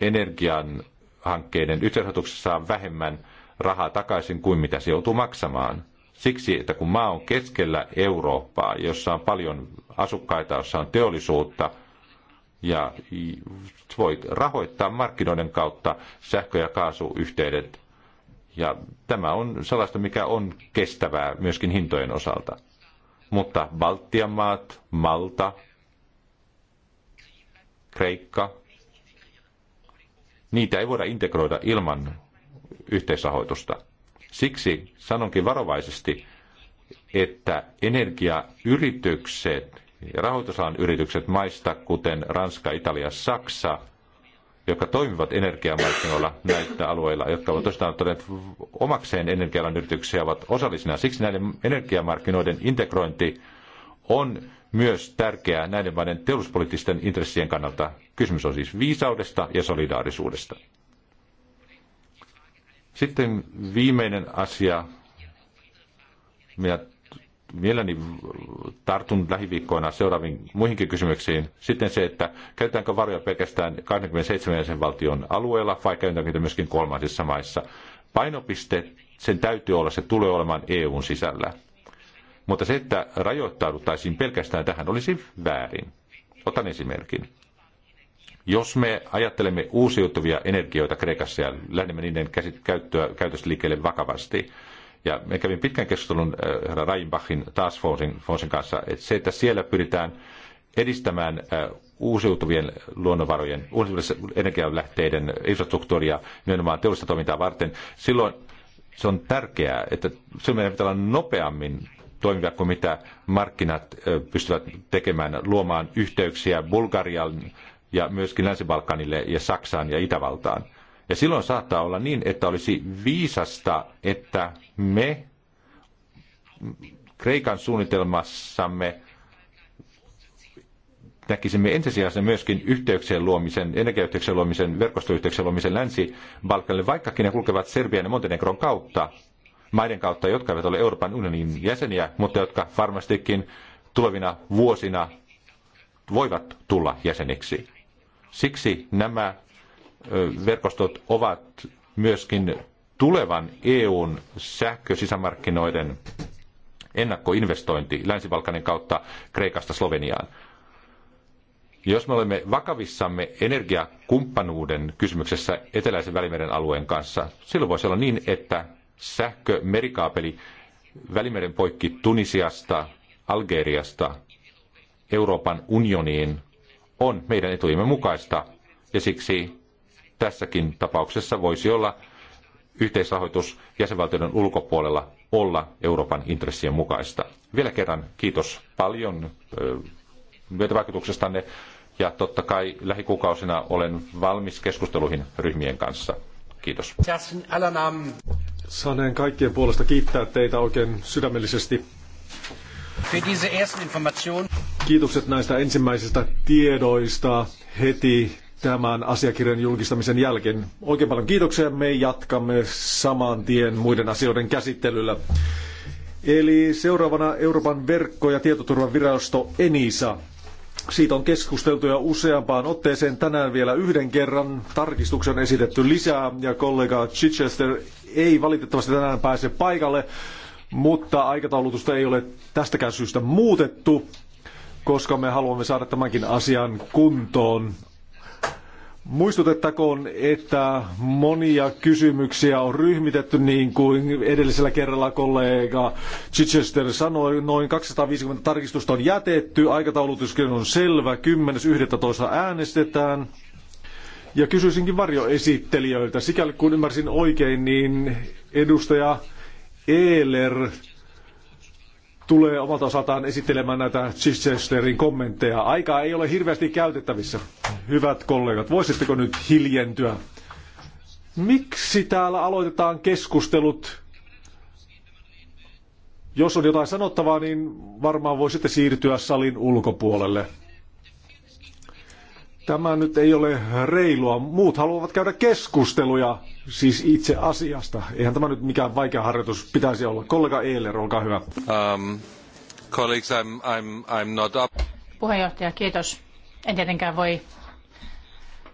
energian hankkeiden yhteisrahoituksessa saa vähemmän rahaa takaisin kuin mitä se joutuu maksamaan. Siksi, että kun maa on keskellä Eurooppaa, jossa on paljon asukkaita, jossa on teollisuutta, ja voit rahoittaa markkinoiden kautta sähkö- ja kaasuyhteydet. Ja tämä on sellaista, mikä on kestävää myöskin hintojen osalta. Mutta Baltian maat, Malta, Kreikka, niitä ei voida integroida ilman yhteisrahoitusta. Siksi sanonkin varovaisesti, että energiayritykset ja rahoitusalan yritykset maista, kuten Ranska, Italia, Saksa, jotka toimivat energiamarkkinoilla näillä alueilla, jotka ovat tosiaan ottaneet omakseen energialan yrityksiä, ovat osallisina. Siksi näiden energiamarkkinoiden integrointi on myös tärkeää näiden maiden teollisuuspoliittisten intressien kannalta. Kysymys on siis viisaudesta ja solidaarisuudesta. Sitten viimeinen asia. Minä mielelläni tartun lähiviikkoina seuraaviin muihinkin kysymyksiin. Sitten se, että käytetäänkö varoja pelkästään 27 jäsenvaltion alueella vai käytetäänkö niitä myöskin kolmansissa maissa. Painopiste, sen täytyy olla, se tulee olemaan EUn sisällä. Mutta se, että rajoittauduttaisiin pelkästään tähän, olisi väärin. Otan esimerkin. Jos me ajattelemme uusiutuvia energioita Kreikassa ja lähdemme niiden käyttöä, käytöstä liikkeelle vakavasti, ja me kävin pitkän keskustelun äh, herra Reinbachin taas Fonsin kanssa, että se, että siellä pyritään edistämään äh, uusiutuvien luonnonvarojen, uusiutuvien energialähteiden infrastruktuuria nimenomaan teollista toimintaa varten, silloin se on tärkeää, että silloin meidän pitää olla nopeammin toimivia kuin mitä markkinat pystyvät tekemään, luomaan yhteyksiä Bulgarian ja myöskin Länsi-Balkanille ja Saksaan ja Itävaltaan. Ja silloin saattaa olla niin, että olisi viisasta, että me Kreikan suunnitelmassamme näkisimme ensisijaisen myöskin yhteyksien luomisen, energiayhteyksien luomisen, verkostoyhteyksien luomisen Länsi-Balkanille, vaikkakin ne kulkevat Serbian ja Montenegron kautta maiden kautta, jotka eivät ole Euroopan unionin jäseniä, mutta jotka varmastikin tulevina vuosina voivat tulla jäseniksi. Siksi nämä verkostot ovat myöskin tulevan EUn sähkösisämarkkinoiden ennakkoinvestointi Länsi-Balkanin kautta Kreikasta Sloveniaan. Jos me olemme vakavissamme energiakumppanuuden kysymyksessä eteläisen välimeren alueen kanssa, silloin voisi olla niin, että sähkömerikaapeli Välimeren poikki Tunisiasta, Algeriasta, Euroopan unioniin on meidän etujemme mukaista ja siksi tässäkin tapauksessa voisi olla yhteisrahoitus jäsenvaltioiden ulkopuolella olla Euroopan intressien mukaista. Vielä kerran kiitos paljon myötävaikutuksestanne ja totta kai lähikuukausina olen valmis keskusteluihin ryhmien kanssa.
Kiitos saaneen kaikkien puolesta kiittää teitä oikein sydämellisesti. Kiitokset näistä ensimmäisistä tiedoista heti tämän asiakirjan julkistamisen jälkeen. Oikein paljon kiitoksia. Me jatkamme saman tien muiden asioiden käsittelyllä. Eli seuraavana Euroopan verkko- ja tietoturvavirasto ENISA. Siitä on keskusteltu jo useampaan otteeseen. Tänään vielä yhden kerran tarkistuksen on esitetty lisää ja kollega Chichester ei valitettavasti tänään pääse paikalle, mutta aikataulutusta ei ole tästäkään syystä muutettu, koska me haluamme saada tämänkin asian kuntoon Muistutettakoon, että monia kysymyksiä on ryhmitetty, niin kuin edellisellä kerralla kollega Chichester sanoi. Noin 250 tarkistusta on jätetty, aikataulutuskin on selvä, 10.11. äänestetään. Ja kysyisinkin varjoesittelijöiltä, sikäli kun ymmärsin oikein, niin edustaja Eeler tulee omalta osaltaan esittelemään näitä Chichesterin kommentteja. Aikaa ei ole hirveästi käytettävissä. Hyvät kollegat, voisitteko nyt hiljentyä? Miksi täällä aloitetaan keskustelut? Jos on jotain sanottavaa, niin varmaan voisitte siirtyä salin ulkopuolelle. Tämä nyt ei ole reilua. Muut haluavat käydä keskusteluja siis itse asiasta. Eihän tämä nyt mikään vaikea harjoitus pitäisi olla. Kollega Eeler, olkaa hyvä.
Um, colleagues, I'm, I'm, I'm not up.
Puheenjohtaja, kiitos. En tietenkään voi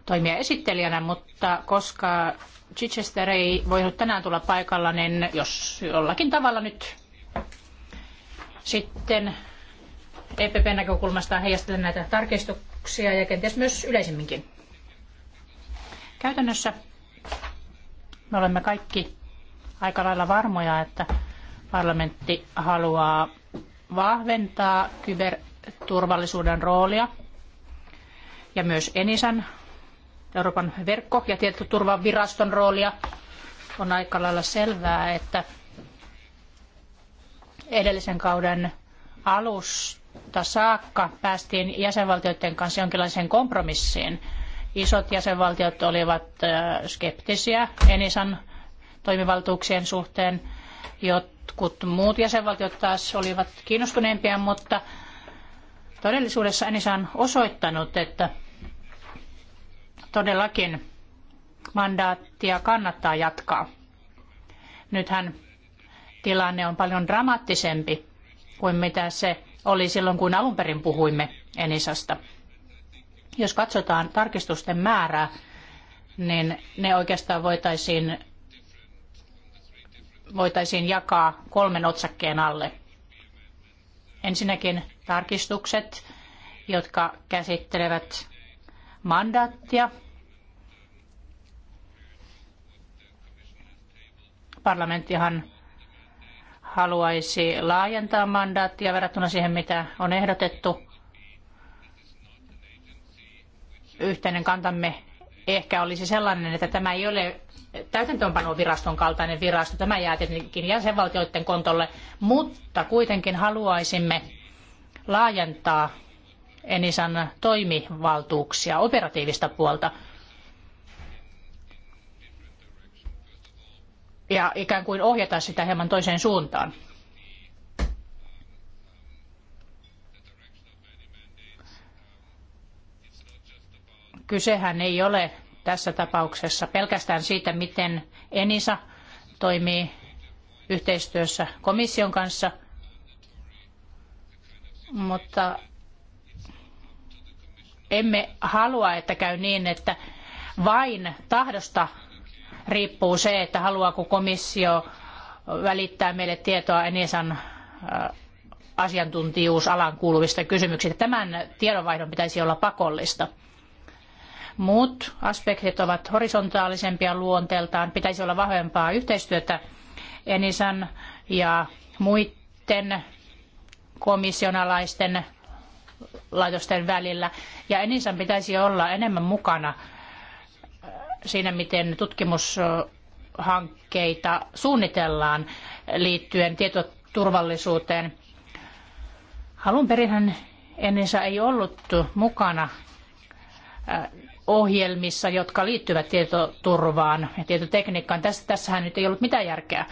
toimia esittelijänä, mutta koska Chichester ei voinut tänään tulla paikalla, niin jos jollakin tavalla nyt sitten EPP-näkökulmasta heijastelen näitä tarkistuksia, vaikutuksia ja kenties myös yleisemminkin. Käytännössä me olemme kaikki aika lailla varmoja, että parlamentti haluaa vahventaa kyberturvallisuuden roolia ja myös Enisan, Euroopan verkko- ja tietoturvaviraston viraston roolia. On aika lailla selvää, että edellisen kauden alusta saakka päästiin jäsenvaltioiden kanssa jonkinlaiseen kompromissiin. Isot jäsenvaltiot olivat skeptisiä Enisan toimivaltuuksien suhteen. Jotkut muut jäsenvaltiot taas olivat kiinnostuneempia, mutta todellisuudessa Enisa on osoittanut, että todellakin mandaattia kannattaa jatkaa. Nythän tilanne on paljon dramaattisempi kuin mitä se oli silloin, kun alun perin puhuimme Enisasta. Jos katsotaan tarkistusten määrää, niin ne oikeastaan voitaisiin, voitaisiin jakaa kolmen otsakkeen alle. Ensinnäkin tarkistukset, jotka käsittelevät mandaattia, parlamenttihan haluaisi laajentaa mandaattia verrattuna siihen, mitä on ehdotettu. Yhteinen kantamme ehkä olisi sellainen, että tämä ei ole täytäntöönpanoviraston kaltainen virasto. Tämä jää tietenkin jäsenvaltioiden kontolle, mutta kuitenkin haluaisimme laajentaa Enisan toimivaltuuksia, operatiivista puolta – ja ikään kuin ohjata sitä hieman toiseen suuntaan. Kysehän ei ole tässä tapauksessa pelkästään siitä, miten Enisa toimii yhteistyössä komission kanssa, mutta emme halua, että käy niin, että vain tahdosta riippuu se, että haluaako komissio välittää meille tietoa Enesan äh, asiantuntijuusalan kuuluvista kysymyksistä. Tämän tiedonvaihdon pitäisi olla pakollista. Muut aspektit ovat horisontaalisempia luonteeltaan. Pitäisi olla vahvempaa yhteistyötä Enisan ja muiden komissionalaisten laitosten välillä. Ja Enisan pitäisi olla enemmän mukana siinä, miten tutkimushankkeita suunnitellaan liittyen tietoturvallisuuteen. Alun perinhän Ennensä ei ollut mukana äh, ohjelmissa, jotka liittyvät tietoturvaan ja tietotekniikkaan. Tässä, tässähän nyt ei ollut mitään järkeä.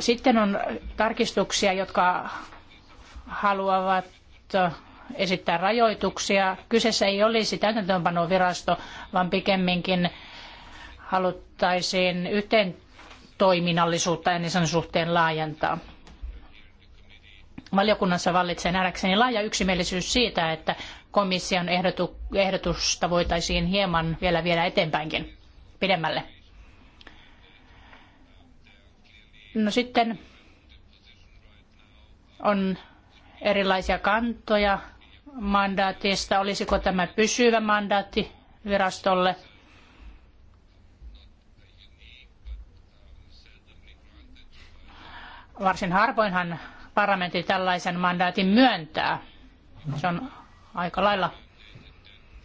Sitten on tarkistuksia, jotka haluavat esittää rajoituksia. Kyseessä ei olisi täytäntöönpanovirasto, vaan pikemminkin haluttaisiin yhteen toiminnallisuutta Enisan niin suhteen laajentaa. Valiokunnassa vallitsee nähdäkseni laaja yksimielisyys siitä, että komission ehdotusta voitaisiin hieman vielä viedä eteenpäinkin pidemmälle. No sitten on erilaisia kantoja mandaatista, olisiko tämä pysyvä mandaatti virastolle. Varsin harvoinhan parlamentti tällaisen mandaatin myöntää. Se on aika lailla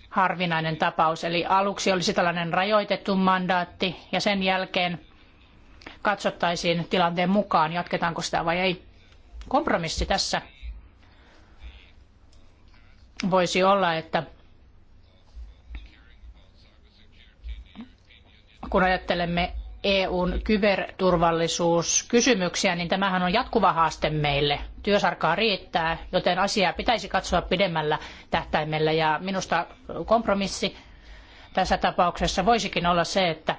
harvinainen tapaus. Eli aluksi olisi tällainen rajoitettu mandaatti ja sen jälkeen katsottaisiin tilanteen mukaan, jatketaanko sitä vai ei. Kompromissi tässä Voisi olla, että kun ajattelemme EUn kyberturvallisuuskysymyksiä, niin tämähän on jatkuva haaste meille. Työsarkaa riittää, joten asiaa pitäisi katsoa pidemmällä tähtäimellä. Ja minusta kompromissi tässä tapauksessa voisikin olla se, että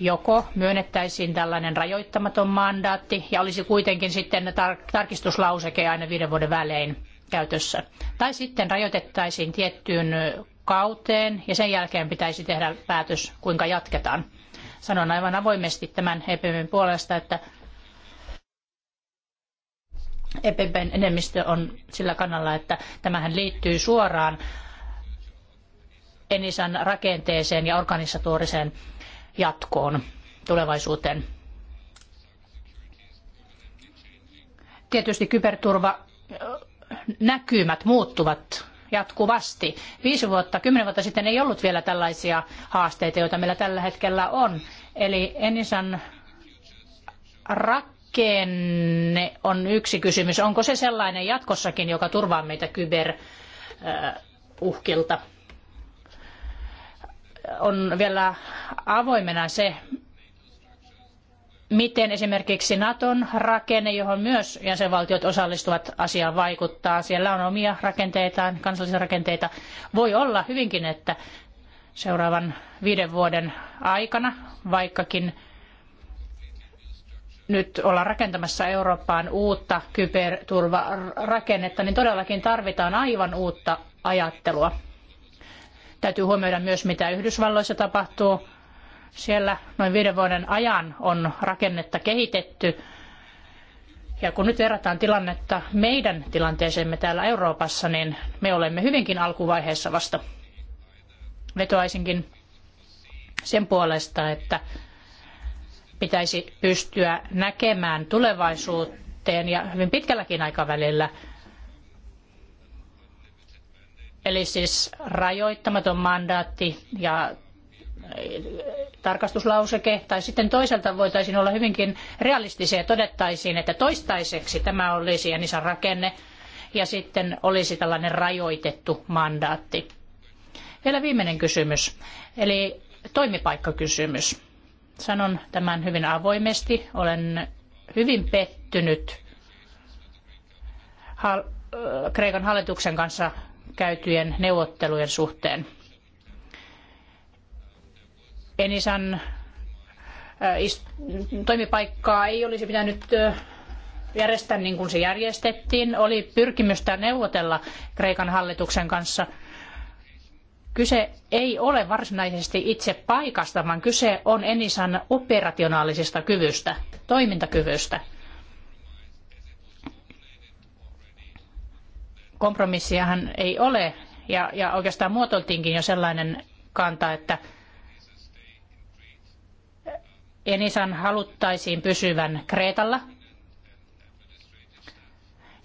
joko myönnettäisiin tällainen rajoittamaton mandaatti ja olisi kuitenkin sitten tar- tarkistuslauseke aina viiden vuoden välein käytössä. Tai sitten rajoitettaisiin tiettyyn kauteen ja sen jälkeen pitäisi tehdä päätös, kuinka jatketaan. Sanon aivan avoimesti tämän EPPn puolesta, että EPPn enemmistö on sillä kannalla, että tämähän liittyy suoraan Enisan rakenteeseen ja organisatoriseen jatkoon tulevaisuuteen. Tietysti kyberturva näkymät muuttuvat jatkuvasti. Viisi vuotta, kymmenen vuotta sitten ei ollut vielä tällaisia haasteita, joita meillä tällä hetkellä on. Eli Enisan rakenne on yksi kysymys. Onko se sellainen jatkossakin, joka turvaa meitä kyberuhkilta? On vielä avoimena se, miten esimerkiksi Naton rakenne, johon myös jäsenvaltiot osallistuvat asiaan vaikuttaa, siellä on omia rakenteitaan, kansallisia rakenteita, voi olla hyvinkin, että seuraavan viiden vuoden aikana, vaikkakin nyt ollaan rakentamassa Eurooppaan uutta kyberturvarakennetta, niin todellakin tarvitaan aivan uutta ajattelua. Täytyy huomioida myös, mitä Yhdysvalloissa tapahtuu, siellä noin viiden vuoden ajan on rakennetta kehitetty. Ja kun nyt verrataan tilannetta meidän tilanteeseemme täällä Euroopassa, niin me olemme hyvinkin alkuvaiheessa vasta. Vetoaisinkin sen puolesta, että pitäisi pystyä näkemään tulevaisuuteen ja hyvin pitkälläkin aikavälillä. Eli siis rajoittamaton mandaatti ja tarkastuslauseke, tai sitten toiselta voitaisiin olla hyvinkin realistisia ja todettaisiin, että toistaiseksi tämä olisi iso rakenne, ja sitten olisi tällainen rajoitettu mandaatti. Vielä viimeinen kysymys, eli toimipaikkakysymys. Sanon tämän hyvin avoimesti. Olen hyvin pettynyt äh, Kreikan hallituksen kanssa käytyjen neuvottelujen suhteen. Enisan äh, toimipaikkaa ei olisi pitänyt äh, järjestää niin kuin se järjestettiin. Oli pyrkimystä neuvotella Kreikan hallituksen kanssa. Kyse ei ole varsinaisesti itse paikasta, vaan kyse on Enisan operationaalisesta kyvystä, toimintakyvystä. Kompromissiahan ei ole, ja, ja oikeastaan muotoiltiinkin jo sellainen kanta, että Enisan haluttaisiin pysyvän Kreetalla.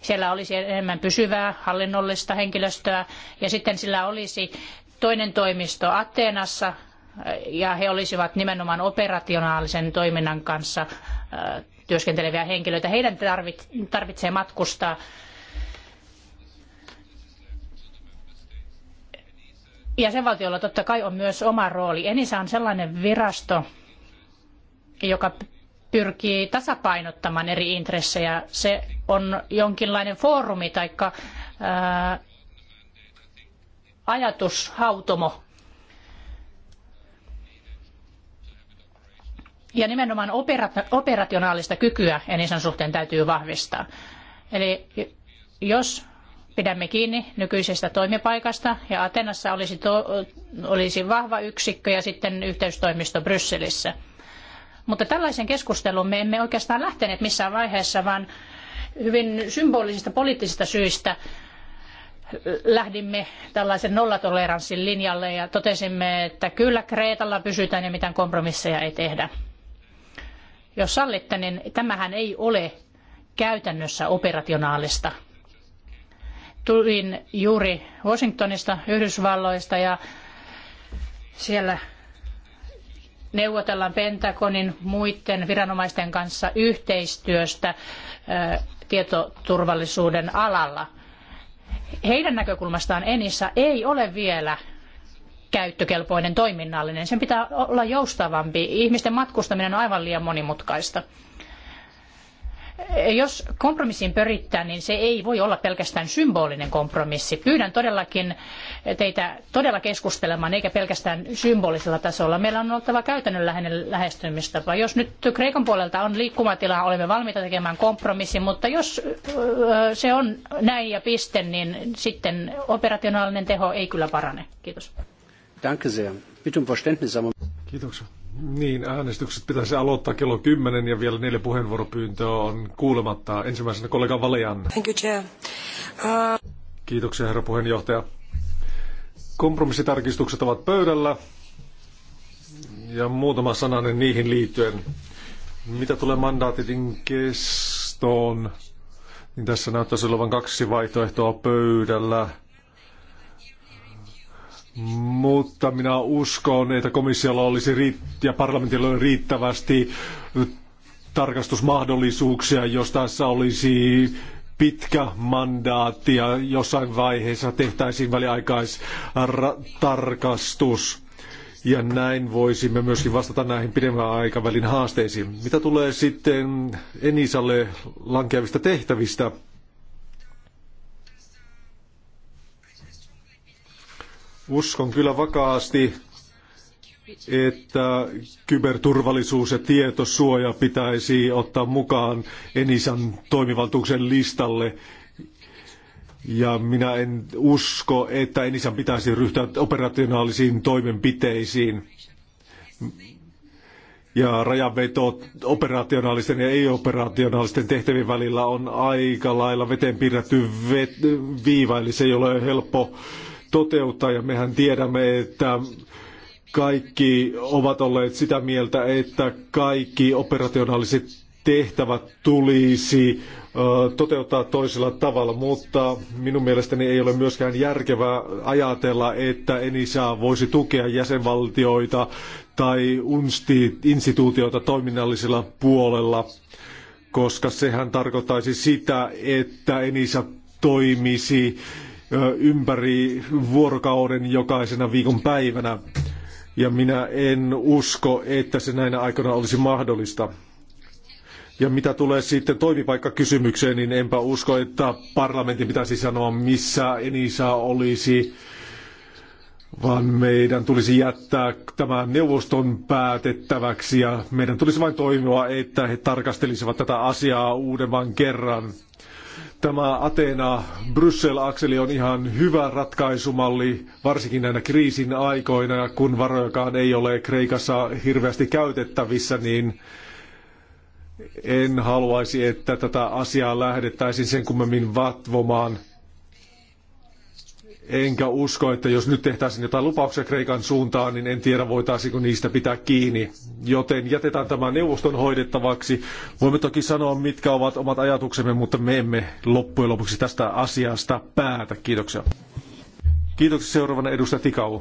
Siellä olisi enemmän pysyvää hallinnollista henkilöstöä ja sitten sillä olisi toinen toimisto Ateenassa ja he olisivat nimenomaan operationaalisen toiminnan kanssa äh, työskenteleviä henkilöitä. Heidän tarvitsee matkustaa jäsenvaltiolla totta kai on myös oma rooli. Enisa on sellainen virasto, joka pyrkii tasapainottamaan eri intressejä. Se on jonkinlainen foorumi tai äh, ajatushautomo. Ja nimenomaan operationaalista kykyä Enisan suhteen täytyy vahvistaa. Eli jos pidämme kiinni nykyisestä toimipaikasta ja Atenassa olisi, olisi vahva yksikkö ja sitten yhteystoimisto Brysselissä – mutta tällaisen keskustelun me emme oikeastaan lähteneet missään vaiheessa, vaan hyvin symbolisista poliittisista syistä lähdimme tällaisen nollatoleranssin linjalle ja totesimme, että kyllä Kreetalla pysytään ja mitään kompromisseja ei tehdä. Jos sallitte, niin tämähän ei ole käytännössä operationaalista. Tulin juuri Washingtonista, Yhdysvalloista ja siellä neuvotellaan Pentagonin muiden viranomaisten kanssa yhteistyöstä tietoturvallisuuden alalla. Heidän näkökulmastaan Enissa ei ole vielä käyttökelpoinen toiminnallinen. Sen pitää olla joustavampi. Ihmisten matkustaminen on aivan liian monimutkaista. Jos kompromissiin pyritään, niin se ei voi olla pelkästään symbolinen kompromissi. Pyydän todellakin teitä todella keskustelemaan, eikä pelkästään symbolisella tasolla. Meillä on oltava käytännönläheinen lähestymistapa. Jos nyt Kreikan puolelta on liikkumatilaa, olemme valmiita tekemään kompromissin, mutta jos se on näin ja piste, niin sitten operationaalinen teho ei kyllä parane. Kiitos. Danke sehr.
Um Kiitoksia. Niin, äänestykset pitäisi aloittaa kello 10 ja vielä neljä puheenvuoropyyntöä on kuulematta. Ensimmäisenä kollega Valian.
Thank you, Chair. Uh...
Kiitoksia, herra puheenjohtaja. Kompromissitarkistukset ovat pöydällä ja muutama sananen niihin liittyen. Mitä tulee mandaatin kestoon, niin tässä näyttäisi olevan kaksi vaihtoehtoa pöydällä – mutta minä uskon, että komissiolla olisi ja parlamentilla olisi riittävästi tarkastusmahdollisuuksia, jos tässä olisi pitkä mandaatti ja jossain vaiheessa tehtäisiin väliaikaistarkastus. Ja näin voisimme myöskin vastata näihin pidemmän aikavälin haasteisiin. Mitä tulee sitten Enisalle lankeavista tehtävistä, Uskon kyllä vakaasti, että kyberturvallisuus ja tietosuoja pitäisi ottaa mukaan Enisan toimivaltuuksen listalle. Ja minä en usko, että Enisan pitäisi ryhtyä operationaalisiin toimenpiteisiin. Ja rajanveto operationaalisten ja ei-operationaalisten tehtävien välillä on aika lailla veteen piirretty viiva, eli se ei ole helppo toteuttaa ja mehän tiedämme, että kaikki ovat olleet sitä mieltä, että kaikki operationaaliset tehtävät tulisi toteuttaa toisella tavalla, mutta minun mielestäni ei ole myöskään järkevää ajatella, että Enisa voisi tukea jäsenvaltioita tai instituutioita toiminnallisella puolella, koska sehän tarkoittaisi sitä, että Enisa toimisi ympäri vuorokauden jokaisena viikon päivänä. Ja minä en usko, että se näinä aikoina olisi mahdollista. Ja mitä tulee sitten toimipaikkakysymykseen, niin enpä usko, että parlamentin pitäisi sanoa, missä Enisa olisi, vaan meidän tulisi jättää tämä neuvoston päätettäväksi ja meidän tulisi vain toimia, että he tarkastelisivat tätä asiaa uudemman kerran. Tämä Atena-Bryssel-akseli on ihan hyvä ratkaisumalli, varsinkin näinä kriisin aikoina, kun varojakaan ei ole Kreikassa hirveästi käytettävissä, niin en haluaisi, että tätä asiaa lähdettäisiin sen kummemmin vatvomaan – Enkä usko, että jos nyt tehtäisiin jotain lupauksia Kreikan suuntaan, niin en tiedä voitaisiinko niistä pitää kiinni. Joten jätetään tämä neuvoston hoidettavaksi. Voimme toki sanoa, mitkä ovat omat ajatuksemme, mutta me emme loppujen lopuksi tästä asiasta päätä. Kiitoksia. Kiitoksia seuraavana edustaja Tikau.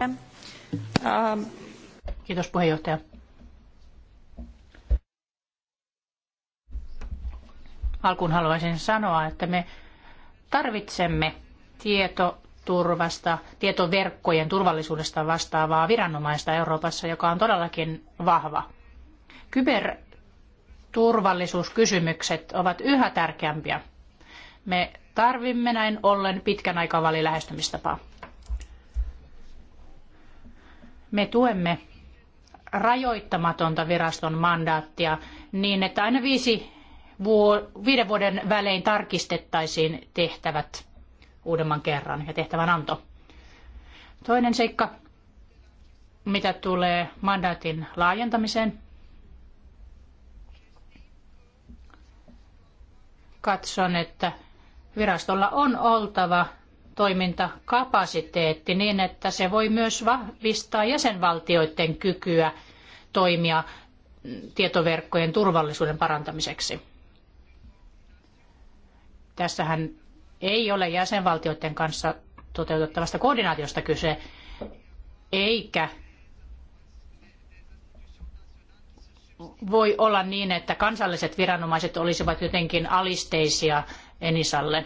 Kiitos puheenjohtaja. Alkuun haluaisin sanoa, että me tarvitsemme tieto tietoturvasta, tietoverkkojen turvallisuudesta vastaavaa viranomaista Euroopassa, joka on todellakin vahva. Kyberturvallisuuskysymykset ovat yhä tärkeämpiä. Me tarvimme näin ollen pitkän aikavälin lähestymistapaa. Me tuemme rajoittamatonta viraston mandaattia niin, että aina viisi viiden vuoden välein tarkistettaisiin tehtävät uudemman kerran ja tehtävän anto. Toinen seikka, mitä tulee mandaatin laajentamiseen, katson, että virastolla on oltava toimintakapasiteetti niin, että se voi myös vahvistaa jäsenvaltioiden kykyä toimia tietoverkkojen turvallisuuden parantamiseksi. Tässähän ei ole jäsenvaltioiden kanssa toteutettavasta koordinaatiosta kyse, eikä voi olla niin, että kansalliset viranomaiset olisivat jotenkin alisteisia Enisalle.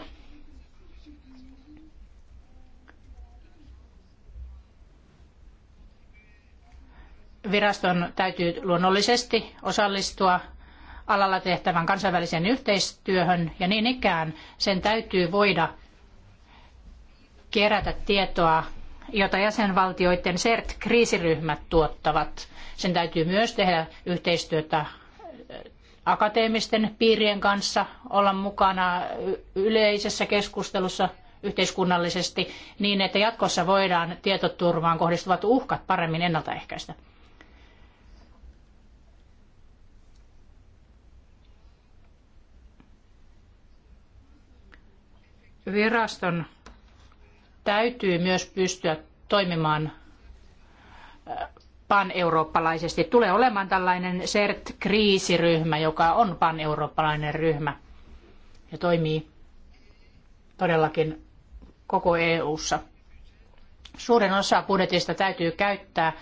Viraston täytyy luonnollisesti osallistua alalla tehtävän kansainväliseen yhteistyöhön ja niin ikään sen täytyy voida kerätä tietoa, jota jäsenvaltioiden CERT-kriisiryhmät tuottavat. Sen täytyy myös tehdä yhteistyötä akateemisten piirien kanssa, olla mukana yleisessä keskustelussa yhteiskunnallisesti niin, että jatkossa voidaan tietoturvaan kohdistuvat uhkat paremmin ennaltaehkäistä. viraston täytyy myös pystyä toimimaan pan-eurooppalaisesti. Tulee olemaan tällainen CERT-kriisiryhmä, joka on pan-eurooppalainen ryhmä ja toimii todellakin koko EU:ssa. Suurin osa budjetista täytyy käyttää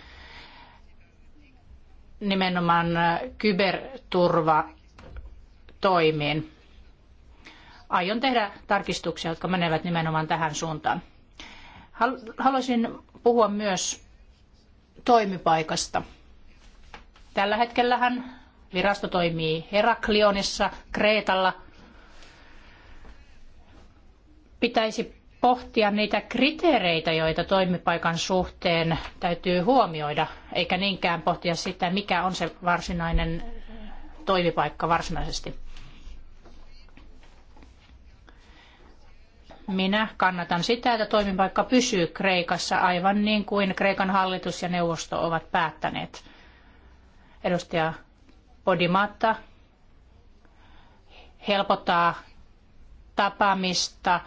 nimenomaan kyberturva toimiin aion tehdä tarkistuksia, jotka menevät nimenomaan tähän suuntaan. Haluaisin puhua myös toimipaikasta. Tällä hetkellähän virasto toimii Heraklionissa, Kreetalla. Pitäisi pohtia niitä kriteereitä, joita toimipaikan suhteen täytyy huomioida, eikä niinkään pohtia sitä, mikä on se varsinainen toimipaikka varsinaisesti. Minä kannatan sitä, että toimipaikka pysyy Kreikassa aivan niin kuin Kreikan hallitus ja neuvosto ovat päättäneet. Edustaja Podimatta helpottaa tapaamista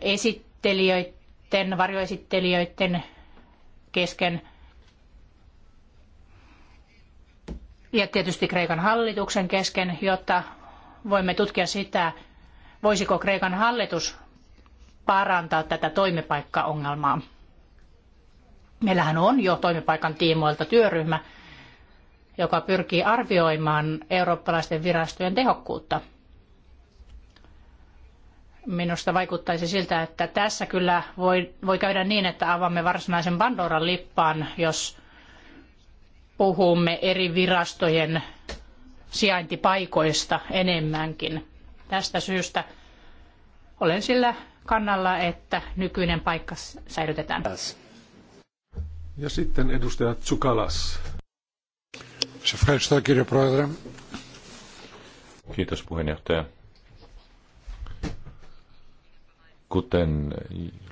esittelijöiden, varjoesittelijöiden kesken ja tietysti Kreikan hallituksen kesken, jotta voimme tutkia sitä, voisiko Kreikan hallitus parantaa tätä toimipaikkaongelmaa. Meillähän on jo toimipaikan tiimoilta työryhmä, joka pyrkii arvioimaan eurooppalaisten virastojen tehokkuutta. Minusta vaikuttaisi siltä, että tässä kyllä voi, voi käydä niin, että avaamme varsinaisen Pandoran lippaan, jos puhumme eri virastojen sijaintipaikoista enemmänkin. Tästä syystä olen sillä kannalla, että nykyinen paikka säilytetään.
Ja sitten edustaja Tsukalas.
Kiitos puheenjohtaja. Kuten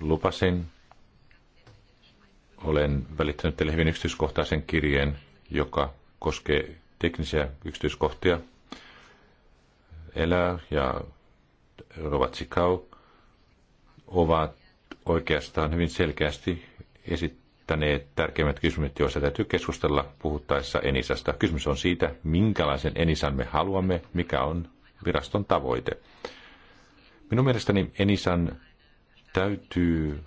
lupasin, olen välittänyt teille hyvin yksityiskohtaisen kirjeen, joka koskee teknisiä yksityiskohtia. Elää ja Rovat ovat oikeastaan hyvin selkeästi esittäneet tärkeimmät kysymykset, joista täytyy keskustella puhuttaessa Enisasta. Kysymys on siitä, minkälaisen Enisan me haluamme, mikä on viraston tavoite. Minun mielestäni Enisan täytyy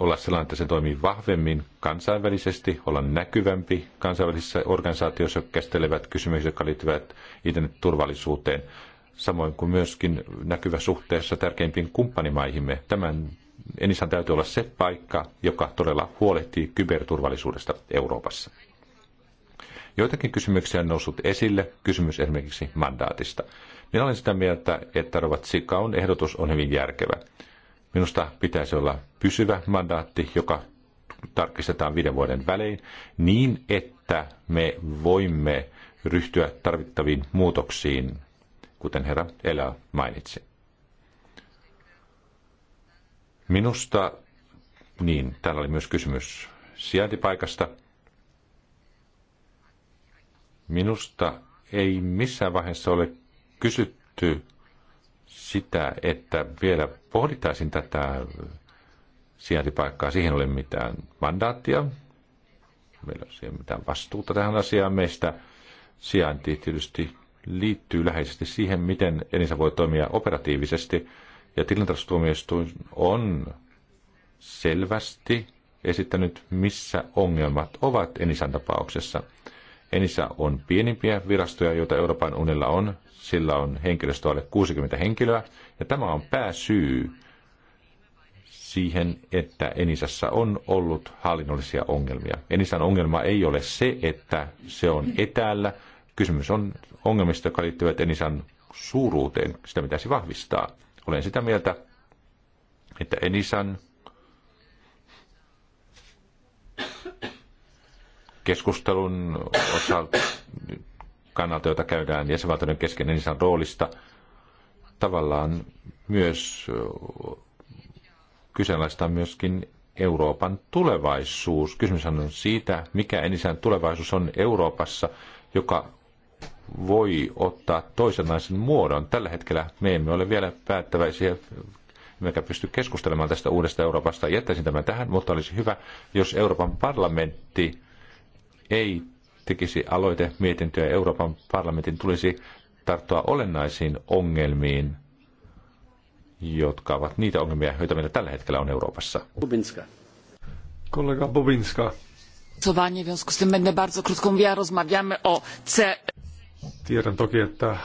olla sellainen, että se toimii vahvemmin kansainvälisesti, olla näkyvämpi kansainvälisissä organisaatioissa, jotka käsittelevät kysymyksiä, jotka liittyvät internet-turvallisuuteen samoin kuin myöskin näkyvä suhteessa tärkeimpiin kumppanimaihimme. Tämän Enisan täytyy olla se paikka, joka todella huolehtii kyberturvallisuudesta Euroopassa. Joitakin kysymyksiä on noussut esille, kysymys esimerkiksi mandaatista. Minä olen sitä mieltä, että Rovat Sikaun ehdotus on hyvin järkevä. Minusta pitäisi olla pysyvä mandaatti, joka tarkistetaan viiden vuoden välein, niin että me voimme ryhtyä tarvittaviin muutoksiin kuten herra Elä mainitsi. Minusta, niin, täällä oli myös kysymys sijaintipaikasta. Minusta ei missään vaiheessa ole kysytty sitä, että vielä pohditaisin tätä sijaintipaikkaa. Siihen ei ole mitään mandaattia. Meillä ei ole mitään vastuuta tähän asiaan meistä. Sijainti tietysti liittyy läheisesti siihen, miten Enisa voi toimia operatiivisesti. Ja tilintarkastustuomioistuin on selvästi esittänyt, missä ongelmat ovat Enisan tapauksessa. Enisa on pienimpiä virastoja, joita Euroopan unilla on. Sillä on henkilöstö alle 60 henkilöä. Ja tämä on pääsyy siihen, että Enisassa on ollut hallinnollisia ongelmia. Enisan ongelma ei ole se, että se on etäällä, Kysymys on ongelmista, jotka liittyvät Enisan suuruuteen. Sitä pitäisi vahvistaa. Olen sitä mieltä, että Enisan keskustelun osalta kannalta, jota käydään jäsenvaltioiden kesken Enisan roolista, tavallaan myös kyseenalaistaa myöskin Euroopan tulevaisuus. Kysymys on siitä, mikä Enisan tulevaisuus on Euroopassa, joka voi ottaa toisenlaisen muodon. Tällä hetkellä me emme ole vielä päättäväisiä, emmekä pysty keskustelemaan tästä uudesta Euroopasta. Jättäisin tämän tähän, mutta olisi hyvä, jos Euroopan parlamentti ei tekisi aloite mietintöä. Euroopan parlamentin tulisi tarttua olennaisiin ongelmiin, jotka ovat niitä ongelmia, joita meillä tällä hetkellä on Euroopassa. Bobinska.
Kollega Bobinska.
Głosowanie, w związku z tym będę bardzo krótko mówiła, rozmawiamy o C.
Tiedän toki, että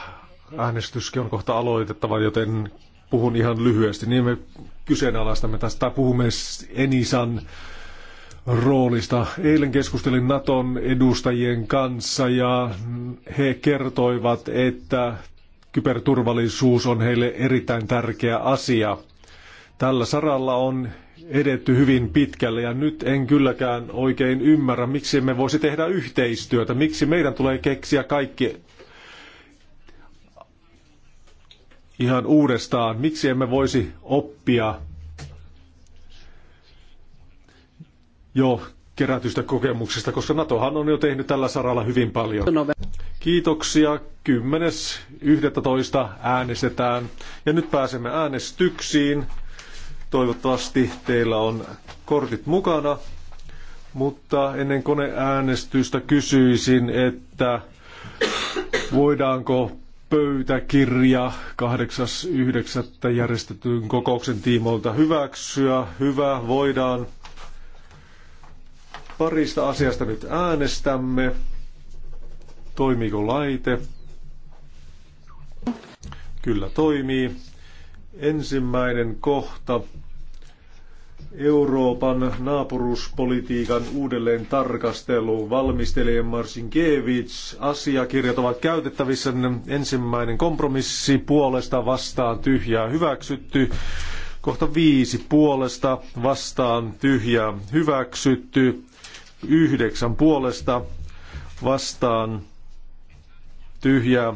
äänestyskin on kohta aloitettava, joten puhun ihan lyhyesti. Niin me kyseenalaistamme tästä, puhumme Enisan roolista. Eilen keskustelin Naton edustajien kanssa ja he kertoivat, että kyberturvallisuus on heille erittäin tärkeä asia. Tällä saralla on edetty hyvin pitkälle ja nyt en kylläkään oikein ymmärrä, miksi emme voisi tehdä yhteistyötä, miksi meidän tulee keksiä kaikki ihan uudestaan, miksi emme voisi oppia jo kerätystä kokemuksista, koska NATOhan on jo tehnyt tällä saralla hyvin paljon. Kiitoksia. 10.11. äänestetään. Ja nyt pääsemme äänestyksiin. Toivottavasti teillä on kortit mukana, mutta ennen koneäänestystä kysyisin, että voidaanko pöytäkirja 8.9. järjestetyn kokouksen tiimoilta hyväksyä. Hyvä, voidaan. Parista asiasta nyt äänestämme. Toimiiko laite? Kyllä toimii. Ensimmäinen kohta. Euroopan naapuruspolitiikan uudelleen tarkastelu. Valmistelija Marsin Kevits. Asiakirjat ovat käytettävissä. Ensimmäinen kompromissi puolesta vastaan tyhjää hyväksytty. Kohta viisi puolesta vastaan tyhjää hyväksytty. Yhdeksän puolesta vastaan tyhjää.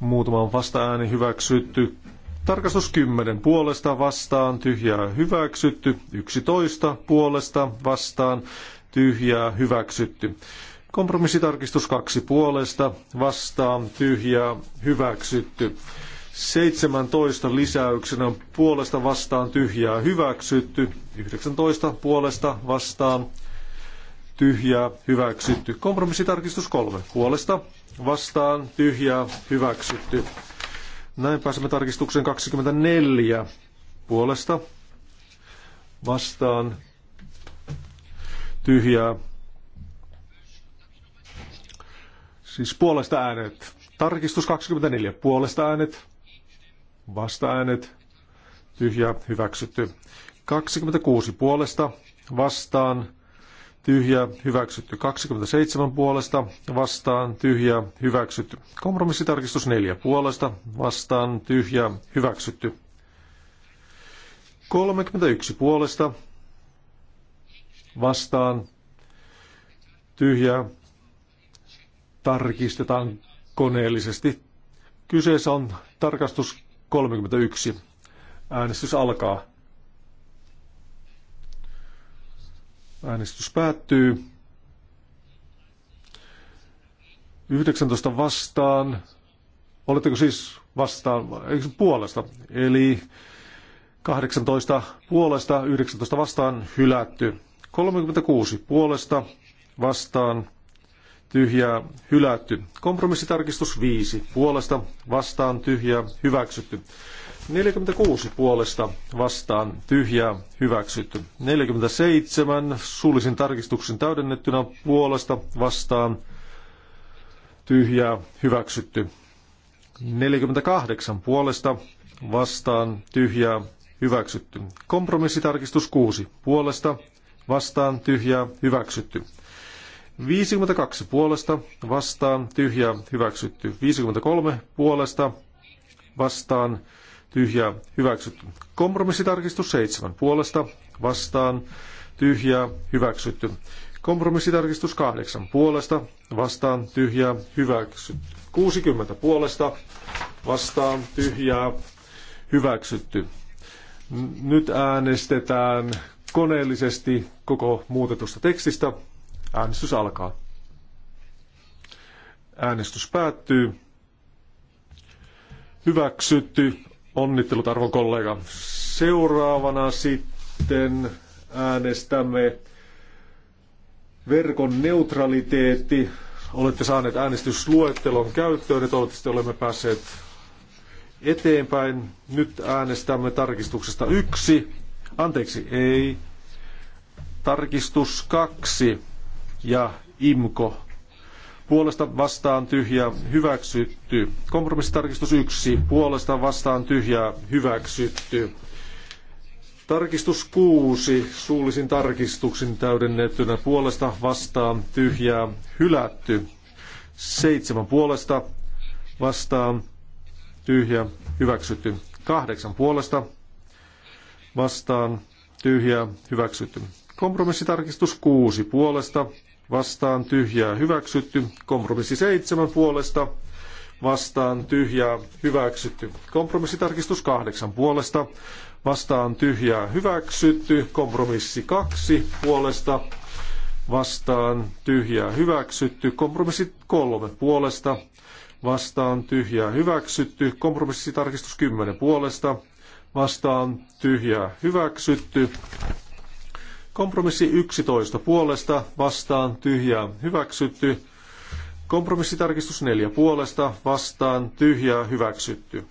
Muutaman vasta-ääni hyväksytty. Tarkastus 10 puolesta vastaan, tyhjää hyväksytty. 11 puolesta vastaan, tyhjää hyväksytty. Kompromissitarkistus 2 puolesta vastaan, tyhjää hyväksytty. 17 lisäyksenä puolesta vastaan tyhjää hyväksytty, 19 puolesta vastaan tyhjää hyväksytty. Kompromissitarkistus 3 puolesta vastaan tyhjää hyväksytty. Näin pääsemme tarkistukseen 24 puolesta vastaan tyhjää. Siis puolesta äänet. Tarkistus 24. Puolesta äänet. Vasta äänet. tyhjä Hyväksytty. 26 puolesta vastaan tyhjää hyväksytty 27 puolesta, vastaan tyhjää hyväksytty. Kompromissitarkistus 4 puolesta, vastaan tyhjää hyväksytty. 31 puolesta, vastaan tyhjää tarkistetaan koneellisesti. Kyseessä on tarkastus 31. Äänestys alkaa. Äänestys päättyy. 19 vastaan. Oletteko siis vastaan, eikö puolesta? Eli 18 puolesta, 19 vastaan hylätty. 36 puolesta vastaan tyhjää hylätty. Kompromissitarkistus 5 puolesta vastaan tyhjää hyväksytty. 46 puolesta vastaan tyhjää hyväksytty. 47 suullisin tarkistuksen täydennettynä puolesta vastaan tyhjää hyväksytty. 48 puolesta vastaan tyhjää hyväksytty. Kompromissitarkistus 6 puolesta vastaan tyhjää hyväksytty. 52 puolesta vastaan tyhjää hyväksytty. 53 puolesta vastaan tyhjää hyväksytty. Kompromissitarkistus 7 puolesta vastaan tyhjää hyväksytty. Kompromissitarkistus 8 puolesta vastaan tyhjää hyväksytty. 60 puolesta vastaan tyhjää hyväksytty. Nyt äänestetään koneellisesti koko muutetusta tekstistä. Äänestys alkaa. Äänestys päättyy. Hyväksytty Onnittelut arvon kollega. Seuraavana sitten äänestämme verkon neutraliteetti. Olette saaneet äänestysluettelon käyttöön ja toivottavasti olemme päässeet eteenpäin. Nyt äänestämme tarkistuksesta yksi. Anteeksi, ei. Tarkistus kaksi ja IMKO puolesta vastaan tyhjä hyväksytty. Kompromissitarkistus 1 puolesta vastaan tyhjä hyväksytty. Tarkistus 6 suullisin tarkistuksin täydennettynä puolesta vastaan tyhjää hylätty. 7 puolesta vastaan tyhjä hyväksytty. 8 puolesta vastaan tyhjä hyväksytty. Kompromissitarkistus 6 puolesta vastaan tyhjää hyväksytty. Kompromissi seitsemän puolesta vastaan tyhjää hyväksytty. Kompromissitarkistus kahdeksan puolesta vastaan tyhjää hyväksytty. Kompromissi kaksi puolesta vastaan tyhjää hyväksytty. Kompromissi kolme puolesta vastaan tyhjää hyväksytty. Kompromissitarkistus kymmenen puolesta vastaan tyhjää hyväksytty. Kompromissi 11 puolesta vastaan tyhjää hyväksytty. Kompromissitarkistus 4 puolesta vastaan tyhjää hyväksytty.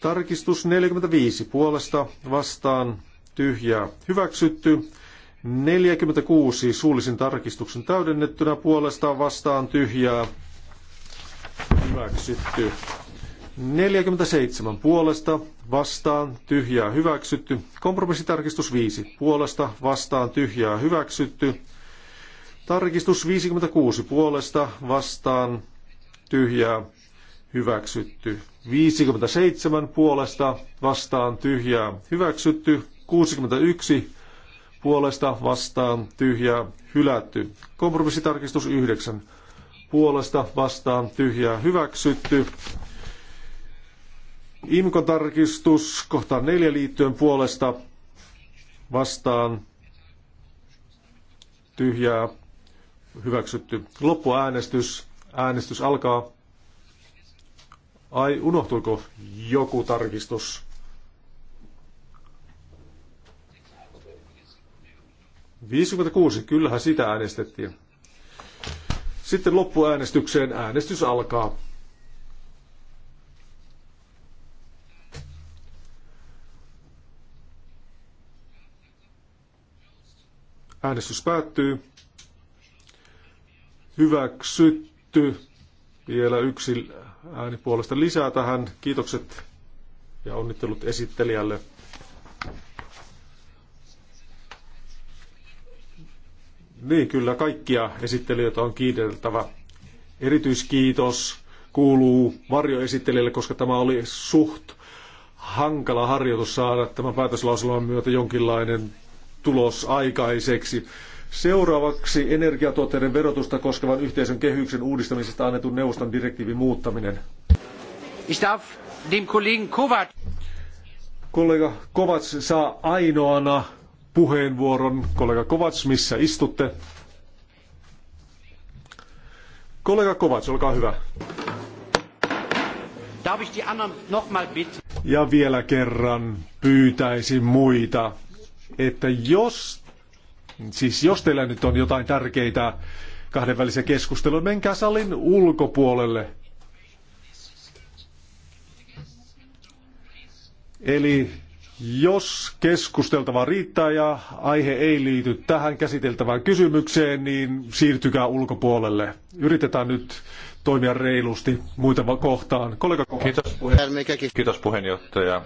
Tarkistus 45 puolesta vastaan tyhjää hyväksytty. 46 suullisin tarkistuksen täydennettynä puolesta vastaan tyhjää hyväksytty. 47 puolesta, vastaan, tyhjää hyväksytty. Kompromissitarkistus 5 puolesta, vastaan, tyhjää hyväksytty. Tarkistus 56 puolesta, vastaan, tyhjää hyväksytty. 57 puolesta, vastaan, tyhjää hyväksytty. 61 puolesta, vastaan, tyhjää hylätty. Kompromissitarkistus 9 puolesta, vastaan, tyhjää hyväksytty. Imkotarkistus kohtaan neljä liittyen puolesta vastaan tyhjää hyväksytty. Loppuäänestys. Äänestys alkaa. Ai, unohtuiko joku tarkistus? Viisikymmentäkuusi, kyllähän sitä äänestettiin. Sitten loppuäänestykseen äänestys alkaa. Äänestys päättyy. Hyväksytty. Vielä yksi ääni puolesta lisää tähän. Kiitokset ja onnittelut esittelijälle. Niin, kyllä kaikkia esittelijöitä on kiiteltävä. Erityiskiitos kuuluu varjoesittelijälle, koska tämä oli suht hankala harjoitus saada tämän päätöslauselman myötä jonkinlainen tulos aikaiseksi. Seuraavaksi energiatuotteiden verotusta koskevan yhteisön kehyksen uudistamisesta annetun neuvoston direktiivin muuttaminen. Ich darf dem Kollegen Kovac. Kollega Kovats saa ainoana puheenvuoron. Kollega Kovats missä istutte? Kollega Kovats olkaa hyvä. Ja vielä kerran pyytäisin muita että jos, siis jos teillä nyt on jotain tärkeitä kahdenvälisiä keskusteluja, menkää salin ulkopuolelle. Eli jos keskusteltava riittää ja aihe ei liity tähän käsiteltävään kysymykseen, niin siirtykää ulkopuolelle. Yritetään nyt toimia reilusti muita kohtaan. Kollega Kiitos,
puheen... Kiitos puheenjohtaja.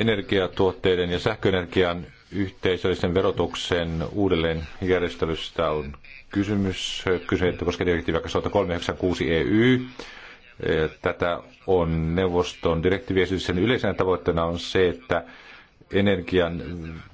Energiatuotteiden ja sähköenergian yhteisöllisen verotuksen uudelleen järjestelystä on kysymys. Kysymys, että koskee direktiiviä 2396 EY. Tätä on neuvoston direktiiviesitys. Sen yleisenä tavoitteena on se, että energian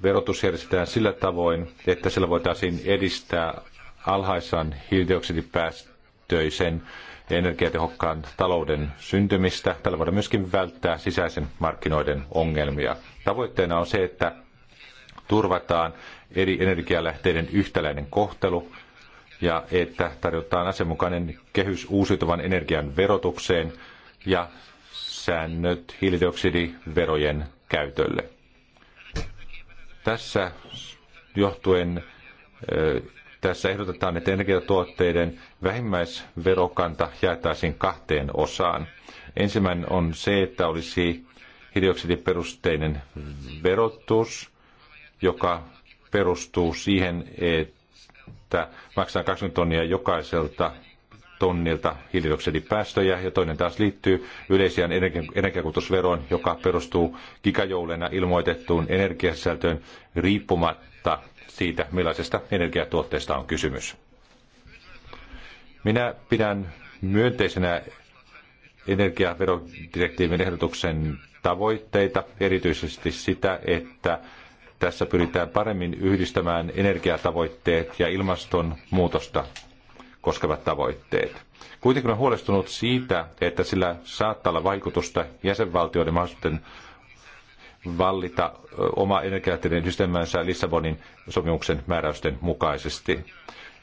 verotus järjestetään sillä tavoin, että sillä voitaisiin edistää alhaisan hiilidioksidipäästöisen ja energiatehokkaan talouden syntymistä. Tällä voidaan myöskin välttää sisäisen markkinoiden ongelmia. Tavoitteena on se, että turvataan eri energialähteiden yhtäläinen kohtelu ja että tarjotaan asianmukainen kehys uusiutuvan energian verotukseen ja säännöt hiilidioksidiverojen käytölle. Tässä johtuen tässä ehdotetaan, että energiatuotteiden vähimmäisverokanta jaettaisiin kahteen osaan. Ensimmäinen on se, että olisi hiilidioksidiperusteinen verotus joka perustuu siihen, että maksaa 20 tonnia jokaiselta tonnilta hiilidioksidipäästöjä ja toinen taas liittyy yleiseen energiakulutusveroon, joka perustuu gigajoulena ilmoitettuun energiasisältöön riippumatta siitä, millaisesta energiatuotteesta on kysymys. Minä pidän myönteisenä energiaverodirektiivin ehdotuksen tavoitteita, erityisesti sitä, että tässä pyritään paremmin yhdistämään energiatavoitteet ja ilmastonmuutosta koskevat tavoitteet. Kuitenkin on huolestunut siitä, että sillä saattaa olla vaikutusta jäsenvaltioiden mahdollisuuteen vallita oma energiatiedon yhdistelmänsä Lissabonin sopimuksen määräysten mukaisesti.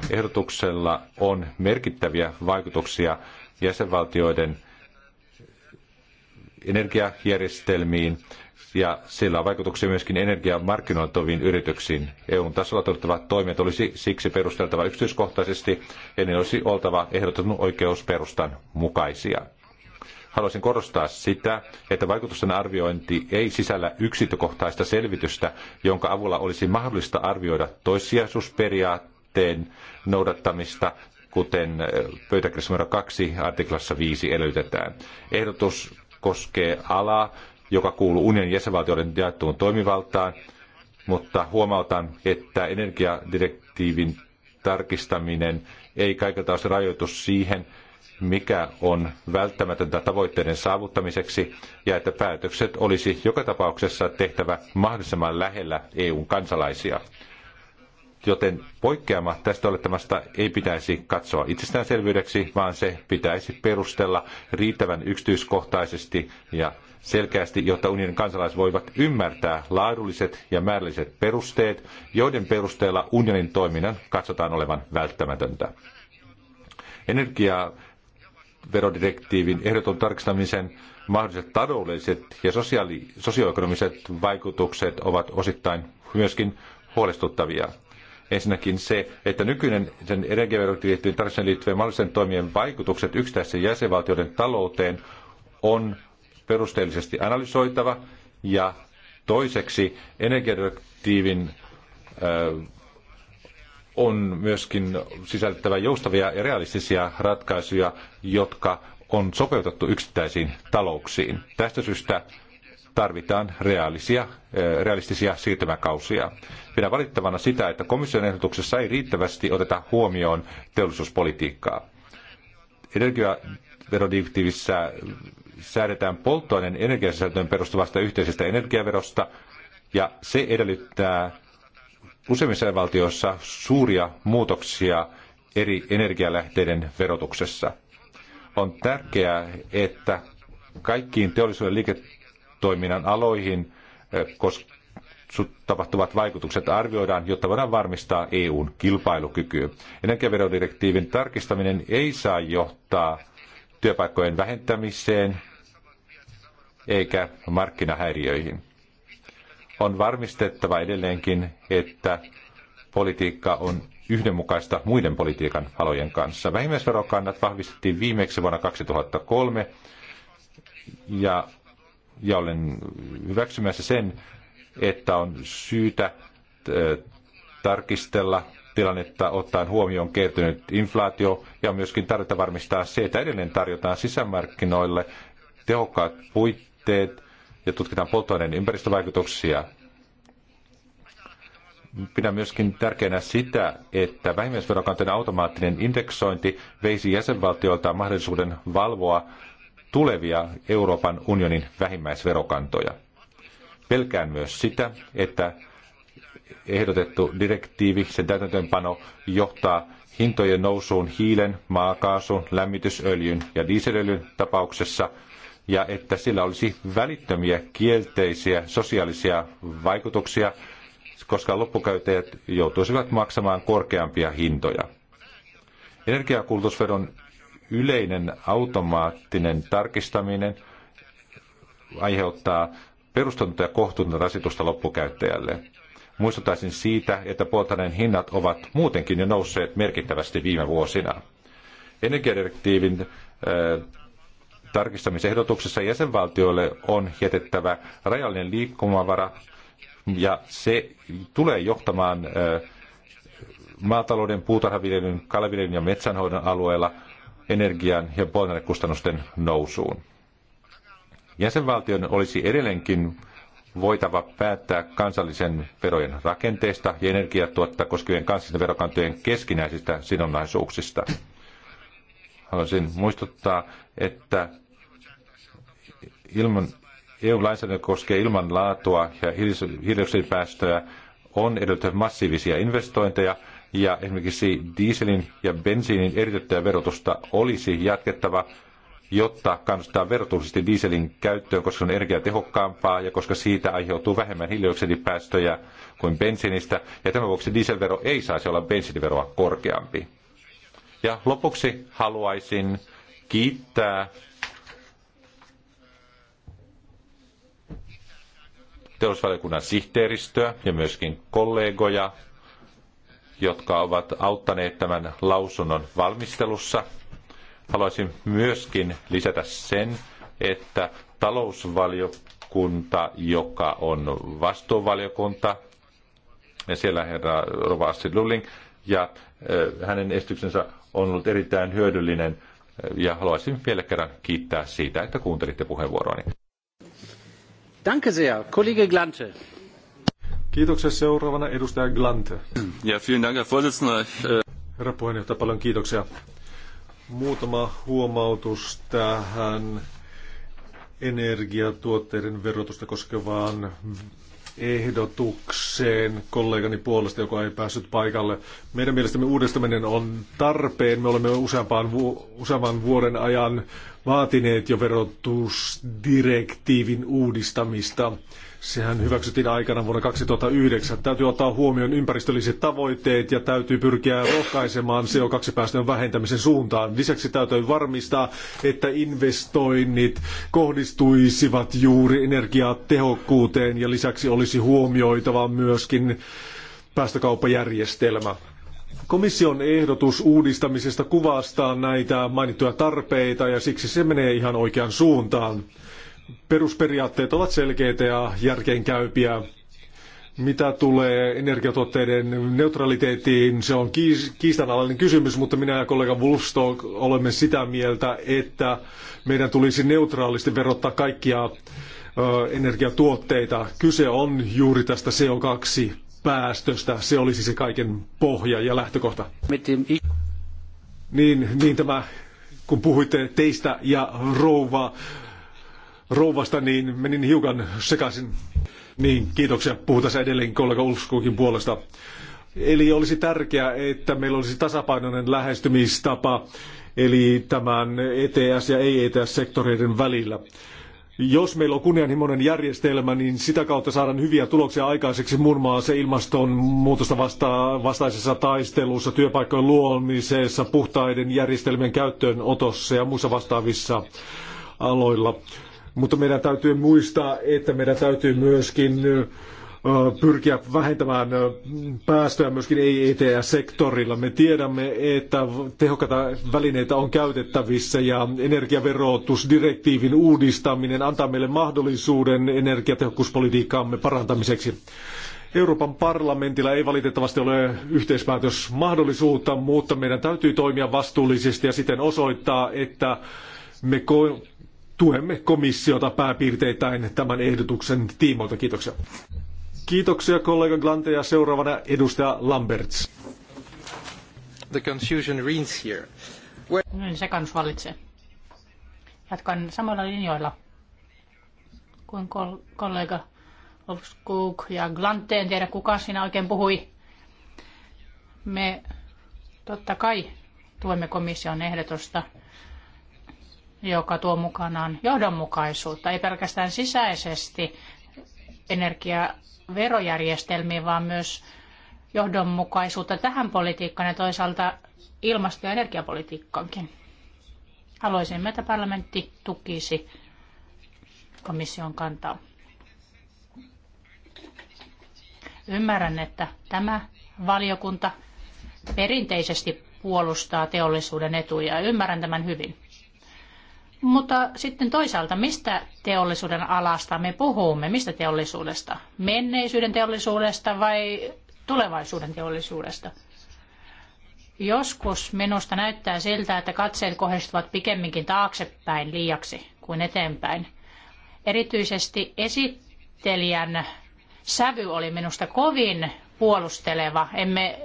Ehdotuksella on merkittäviä vaikutuksia jäsenvaltioiden energiajärjestelmiin ja sillä on vaikutuksia myöskin energiamarkkinoitoviin yrityksiin. EUn tasolla todettavat toimet olisi siksi perusteltava yksityiskohtaisesti ja ne olisi oltava ehdotetun oikeusperustan mukaisia. Haluaisin korostaa sitä, että vaikutusten arviointi ei sisällä yksityiskohtaista selvitystä, jonka avulla olisi mahdollista arvioida toissijaisuusperiaatteen noudattamista kuten pöytäkirjassa numero 2 artiklassa 5 edellytetään. Ehdotus koskee alaa, joka kuuluu unionin jäsenvaltioiden jaettuun toimivaltaan, mutta huomautan, että energiadirektiivin tarkistaminen ei kaikilta osin rajoitu siihen, mikä on välttämätöntä tavoitteiden saavuttamiseksi ja että päätökset olisi joka tapauksessa tehtävä mahdollisimman lähellä EUn kansalaisia. Joten poikkeama tästä olettamasta ei pitäisi katsoa itsestäänselvyydeksi, vaan se pitäisi perustella riittävän yksityiskohtaisesti ja selkeästi, jotta unionin kansalaiset voivat ymmärtää laadulliset ja määrälliset perusteet, joiden perusteella unionin toiminnan katsotaan olevan välttämätöntä. Energia verodirektiivin ehdoton tarkistamisen mahdolliset taloudelliset ja sosiaali- sosioekonomiset vaikutukset ovat osittain myöskin huolestuttavia. Ensinnäkin se, että nykyinen sen energiaverodirektiivin tarvitsen liittyvien mahdollisten toimien vaikutukset yksittäisten jäsenvaltioiden talouteen on perusteellisesti analysoitava. Ja toiseksi energiadirektiivin äh, on myöskin sisältävä joustavia ja realistisia ratkaisuja, jotka on sopeutettu yksittäisiin talouksiin. Tästä syystä tarvitaan reaalisia, realistisia siirtymäkausia. Pidän valittavana sitä, että komission ehdotuksessa ei riittävästi oteta huomioon teollisuuspolitiikkaa. Energiaverodirektiivissä säädetään polttoaineen energiasisältöön perustuvasta yhteisestä energiaverosta, ja se edellyttää useimmissa valtioissa suuria muutoksia eri energialähteiden verotuksessa. On tärkeää, että kaikkiin teollisuuden liike- toiminnan aloihin eh, tapahtuvat vaikutukset arvioidaan, jotta voidaan varmistaa EUn kilpailukyky. Energiaverodirektiivin tarkistaminen ei saa johtaa työpaikkojen vähentämiseen eikä markkinahäiriöihin. On varmistettava edelleenkin, että politiikka on yhdenmukaista muiden politiikan alojen kanssa. Vähimmäisverokannat vahvistettiin viimeksi vuonna 2003 ja ja olen hyväksymässä sen, että on syytä tarkistella tilannetta ottaen huomioon kertynyt inflaatio ja on myöskin tarvetta varmistaa se, että edelleen tarjotaan sisämarkkinoille tehokkaat puitteet ja tutkitaan polttoaineen ympäristövaikutuksia. Pidän myöskin tärkeänä sitä, että vähimmäisverokantojen automaattinen indeksointi veisi jäsenvaltioilta mahdollisuuden valvoa tulevia Euroopan unionin vähimmäisverokantoja. Pelkään myös sitä, että ehdotettu direktiivi, sen täytäntöönpano johtaa hintojen nousuun hiilen, maakaasun, lämmitysöljyn ja dieselöljyn tapauksessa ja että sillä olisi välittömiä kielteisiä sosiaalisia vaikutuksia, koska loppukäyttäjät joutuisivat maksamaan korkeampia hintoja. Energiakulutusveron yleinen automaattinen tarkistaminen aiheuttaa perustonta ja kohtuutonta rasitusta loppukäyttäjälle. Muistuttaisin siitä, että polttoaineen hinnat ovat muutenkin jo nousseet merkittävästi viime vuosina. Energiadirektiivin äh, tarkistamisehdotuksessa jäsenvaltioille on jätettävä rajallinen liikkumavara, ja se tulee johtamaan äh, maatalouden, puutarhaviljelyn, kalaviljelyn ja metsänhoidon alueella energian ja polttoainekustannusten nousuun. Jäsenvaltion olisi edelleenkin voitava päättää kansallisen verojen rakenteesta ja energiatuotta koskevien kansallisten verokantojen keskinäisistä sidonnaisuuksista. Haluaisin muistuttaa, että ilman, EU-lainsäädäntö koskee ilmanlaatua ja hiilidioksidipäästöjä on edellyttänyt massiivisia investointeja – ja esimerkiksi dieselin ja bensiinin eritettyä verotusta olisi jatkettava, jotta kannustetaan verotuksellisesti dieselin käyttöön, koska se on energiatehokkaampaa ja koska siitä aiheutuu vähemmän hiilidioksidipäästöjä kuin bensiinistä, ja tämän vuoksi dieselvero ei saisi olla bensiiniveroa korkeampi. Ja lopuksi haluaisin kiittää teollisuusvaliokunnan sihteeristöä ja myöskin kollegoja jotka ovat auttaneet tämän lausunnon valmistelussa. Haluaisin myöskin lisätä sen, että talousvaliokunta, joka on vastuuvaliokunta, ja siellä herra Rova Lulling, ja hänen esityksensä on ollut erittäin hyödyllinen, ja haluaisin vielä kerran kiittää siitä, että kuuntelitte puheenvuoroani.
Danke sehr, Kollege Glante. Kiitoksia seuraavana edustaja Glante. Ja vielen Dank, Herr Vorsitzender. Äh, Herra puheenjohtaja, paljon kiitoksia. Muutama huomautus tähän energiatuotteiden verotusta koskevaan ehdotukseen kollegani puolesta, joka ei päässyt paikalle. Meidän mielestämme uudistaminen on tarpeen. Me olemme useampaan vu- useamman vuoden ajan vaatineet jo verotusdirektiivin uudistamista. Sehän hyväksyttiin aikana vuonna 2009. Täytyy ottaa huomioon ympäristölliset tavoitteet ja täytyy pyrkiä rohkaisemaan CO2-päästöjen vähentämisen suuntaan. Lisäksi täytyy varmistaa, että investoinnit kohdistuisivat juuri energiatehokkuuteen ja lisäksi olisi huomioitava myöskin päästökauppajärjestelmä. Komission ehdotus uudistamisesta kuvastaa näitä mainittuja tarpeita ja siksi se menee ihan oikeaan suuntaan perusperiaatteet ovat selkeitä ja järkeenkäypiä. Mitä tulee energiatuotteiden neutraliteettiin, se on kiistanalainen kysymys, mutta minä ja kollega Wolfstock olemme sitä mieltä, että meidän tulisi neutraalisti verottaa kaikkia energiatuotteita. Kyse on juuri tästä CO2 päästöstä. Se olisi se kaiken pohja ja lähtökohta. Niin, niin tämä, kun puhuitte teistä ja rouvaa, rouvasta, niin menin hiukan sekaisin. Niin, kiitoksia. Puhutaan edelleen kollega Ulfskuukin puolesta. Eli olisi tärkeää, että meillä olisi tasapainoinen lähestymistapa, eli tämän ETS- ja ei-ETS-sektoreiden välillä. Jos meillä on kunnianhimoinen järjestelmä, niin sitä kautta saadaan hyviä tuloksia aikaiseksi muun muassa ilmastonmuutosta vasta- vastaisessa taistelussa, työpaikkojen luomisessa, puhtaiden järjestelmien käyttöönotossa ja muissa vastaavissa aloilla. Mutta meidän täytyy muistaa, että meidän täytyy myöskin pyrkiä vähentämään päästöjä myöskin ei-ETS-sektorilla. Me tiedämme, että tehokkaita välineitä on käytettävissä ja energiaverotusdirektiivin uudistaminen antaa meille mahdollisuuden energiatehokkuuspolitiikkaamme parantamiseksi. Euroopan parlamentilla ei valitettavasti ole yhteispäätösmahdollisuutta, mutta meidän täytyy toimia vastuullisesti ja siten osoittaa, että me tuemme komissiota pääpiirteittäin tämän ehdotuksen tiimoilta. Kiitoksia. Kiitoksia kollega Glante ja seuraavana edustaja Lamberts. The confusion reigns
here. Where... No niin se kans Jatkan samoilla linjoilla kuin kollega Ovskuk ja Glante. En tiedä kuka siinä oikein puhui. Me totta kai tuemme komission ehdotusta joka tuo mukanaan johdonmukaisuutta, ei pelkästään sisäisesti energiaverojärjestelmiin, vaan myös johdonmukaisuutta tähän politiikkaan ja toisaalta ilmasto- ja energiapolitiikkaankin. Haluaisimme, että parlamentti tukisi komission kantaa. Ymmärrän, että tämä valiokunta perinteisesti puolustaa teollisuuden etuja. Ymmärrän tämän hyvin. Mutta sitten toisaalta, mistä teollisuuden alasta me puhumme? Mistä teollisuudesta? Menneisyyden teollisuudesta vai tulevaisuuden teollisuudesta? Joskus minusta näyttää siltä, että katseet kohdistuvat pikemminkin taaksepäin liiaksi kuin eteenpäin. Erityisesti esittelijän sävy oli minusta kovin puolusteleva. Emme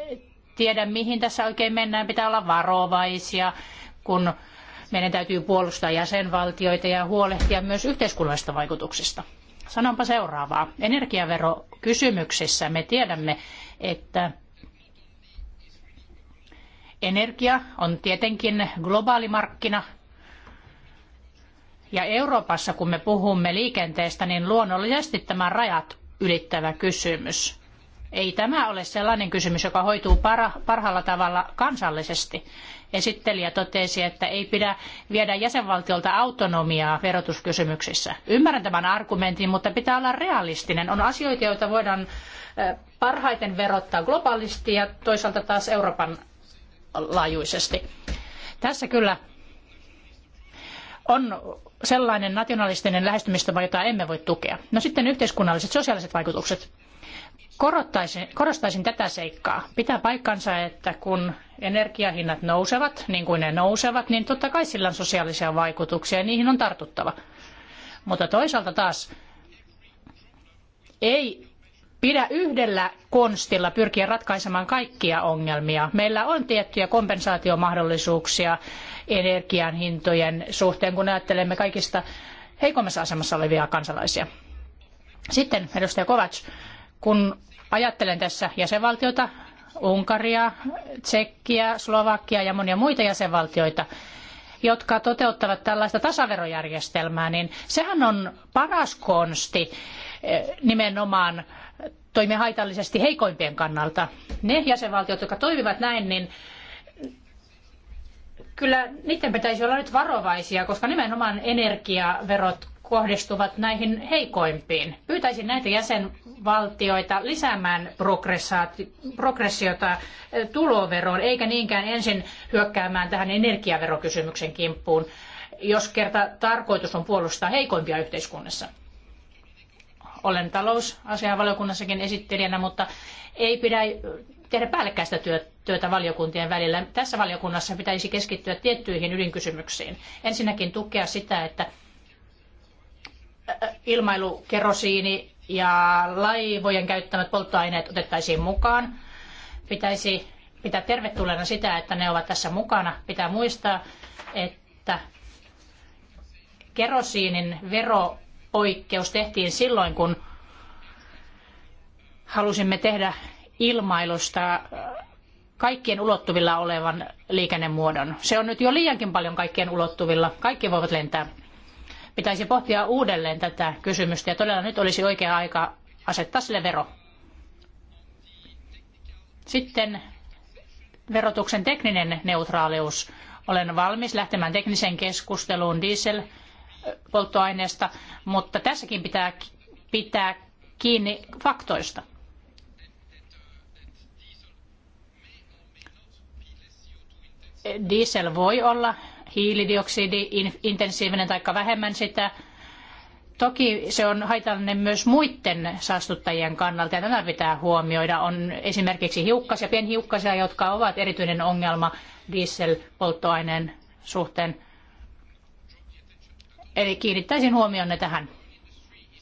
tiedä, mihin tässä oikein mennään. Pitää olla varovaisia, kun meidän täytyy puolustaa jäsenvaltioita ja huolehtia myös yhteiskunnallisista vaikutuksista. Sanonpa seuraavaa. Energiaverokysymyksessä me tiedämme, että energia on tietenkin globaali markkina. Ja Euroopassa, kun me puhumme liikenteestä, niin luonnollisesti tämä rajat ylittävä kysymys. Ei tämä ole sellainen kysymys, joka hoituu parhaalla tavalla kansallisesti esittelijä totesi, että ei pidä viedä jäsenvaltiolta autonomiaa verotuskysymyksissä. Ymmärrän tämän argumentin, mutta pitää olla realistinen. On asioita, joita voidaan parhaiten verottaa globaalisti ja toisaalta taas Euroopan laajuisesti. Tässä kyllä on sellainen nationalistinen lähestymistapa, jota emme voi tukea. No sitten yhteiskunnalliset sosiaaliset vaikutukset. Korottaisin, korostaisin tätä seikkaa. Pitää paikkansa, että kun energiahinnat nousevat, niin kuin ne nousevat, niin totta kai sillä on sosiaalisia vaikutuksia ja niihin on tartuttava. Mutta toisaalta taas ei pidä yhdellä konstilla pyrkiä ratkaisemaan kaikkia ongelmia. Meillä on tiettyjä kompensaatiomahdollisuuksia energian hintojen suhteen, kun ajattelemme kaikista heikommassa asemassa olevia kansalaisia. Sitten, edustaja Kovacs, kun Ajattelen tässä jäsenvaltiota, Unkaria, Tsekkiä, Slovakia ja monia muita jäsenvaltioita, jotka toteuttavat tällaista tasaverojärjestelmää, niin sehän on paras konsti eh, nimenomaan toimia haitallisesti heikoimpien kannalta. Ne jäsenvaltiot, jotka toimivat näin, niin kyllä niiden pitäisi olla nyt varovaisia, koska nimenomaan energiaverot kohdistuvat näihin heikoimpiin. Pyytäisin näitä jäsenvaltioita lisäämään progressiota eh, tuloveroon, eikä niinkään ensin hyökkäämään tähän energiaverokysymyksen kimppuun, jos kerta tarkoitus on puolustaa heikoimpia yhteiskunnassa. Olen talousasianvaliokunnassakin esittelijänä, mutta ei pidä tehdä päällekkäistä työtä valiokuntien välillä. Tässä valiokunnassa pitäisi keskittyä tiettyihin ydinkysymyksiin. Ensinnäkin tukea sitä, että ilmailukerosiini ja laivojen käyttämät polttoaineet otettaisiin mukaan. Pitäisi pitää tervetulleena sitä, että ne ovat tässä mukana. Pitää muistaa, että kerosiinin vero tehtiin silloin, kun halusimme tehdä ilmailusta kaikkien ulottuvilla olevan liikennemuodon. Se on nyt jo liiankin paljon kaikkien ulottuvilla. Kaikki voivat lentää. Pitäisi pohtia uudelleen tätä kysymystä ja todella nyt olisi oikea aika asettaa sille vero. Sitten verotuksen tekninen neutraalius. Olen valmis lähtemään tekniseen keskusteluun dieselpolttoaineesta, mutta tässäkin pitää pitää kiinni faktoista. Diesel voi olla hiilidioksidi-intensiivinen tai vähemmän sitä. Toki se on haitallinen myös muiden saastuttajien kannalta ja tämä pitää huomioida. On esimerkiksi hiukkasia, pienhiukkasia, jotka ovat erityinen ongelma dieselpolttoaineen suhteen. Eli kiinnittäisin huomionne tähän.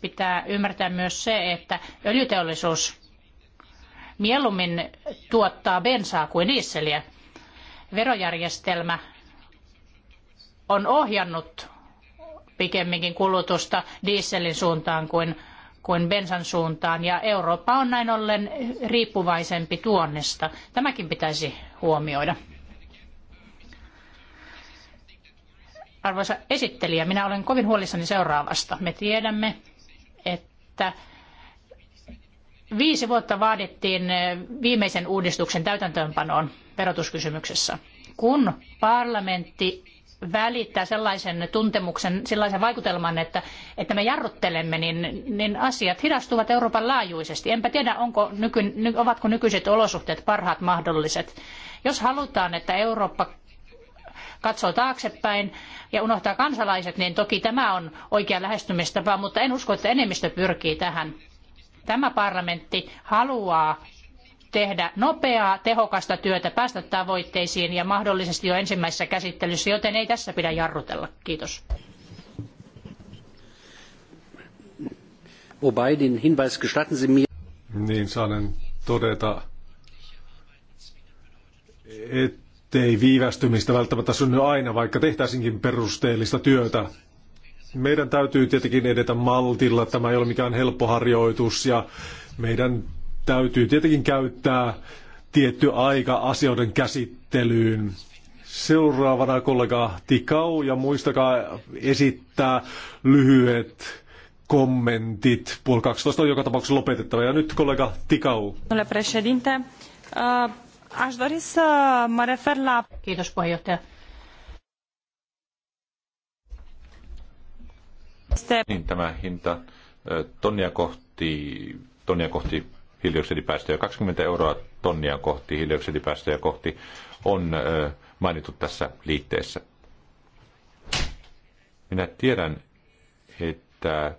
Pitää ymmärtää myös se, että öljyteollisuus mieluummin tuottaa bensaa kuin dieseliä. Verojärjestelmä on ohjannut pikemminkin kulutusta dieselin suuntaan kuin, kuin bensan suuntaan, ja Eurooppa on näin ollen riippuvaisempi tuonnista. Tämäkin pitäisi huomioida. Arvoisa esittelijä, minä olen kovin huolissani seuraavasta. Me tiedämme, että viisi vuotta vaadittiin viimeisen uudistuksen täytäntöönpanoon verotuskysymyksessä. Kun parlamentti välittää sellaisen tuntemuksen, sellaisen vaikutelman, että, että me jarruttelemme, niin, niin asiat hidastuvat Euroopan laajuisesti. Enpä tiedä, onko nyky, ovatko nykyiset olosuhteet parhaat mahdolliset. Jos halutaan, että Eurooppa katsoo taaksepäin ja unohtaa kansalaiset, niin toki tämä on oikea lähestymistapa, mutta en usko, että enemmistö pyrkii tähän. Tämä parlamentti haluaa tehdä nopeaa, tehokasta työtä, päästä tavoitteisiin ja mahdollisesti jo ensimmäisessä käsittelyssä, joten ei tässä pidä jarrutella. Kiitos.
Wobei den Hinweis gestatten Sie mir. Niin saanen todeta, ettei viivästymistä välttämättä synny aina, vaikka tehtäisinkin perusteellista työtä. Meidän täytyy tietenkin edetä maltilla, tämä ei ole mikään helppo harjoitus ja meidän täytyy tietenkin käyttää tietty aika asioiden käsittelyyn. Seuraavana kollega Tikau ja muistakaa esittää lyhyet kommentit. Puoli 12 on joka tapauksessa lopetettava. Ja nyt kollega Tikau.
Kiitos puheenjohtaja.
Niin, tämä hinta tonnia kohti, tonnia kohti hiilidioksidipäästöjä. 20 euroa tonnia kohti hiilidioksidipäästöjä kohti on mainittu tässä liitteessä. Minä tiedän, että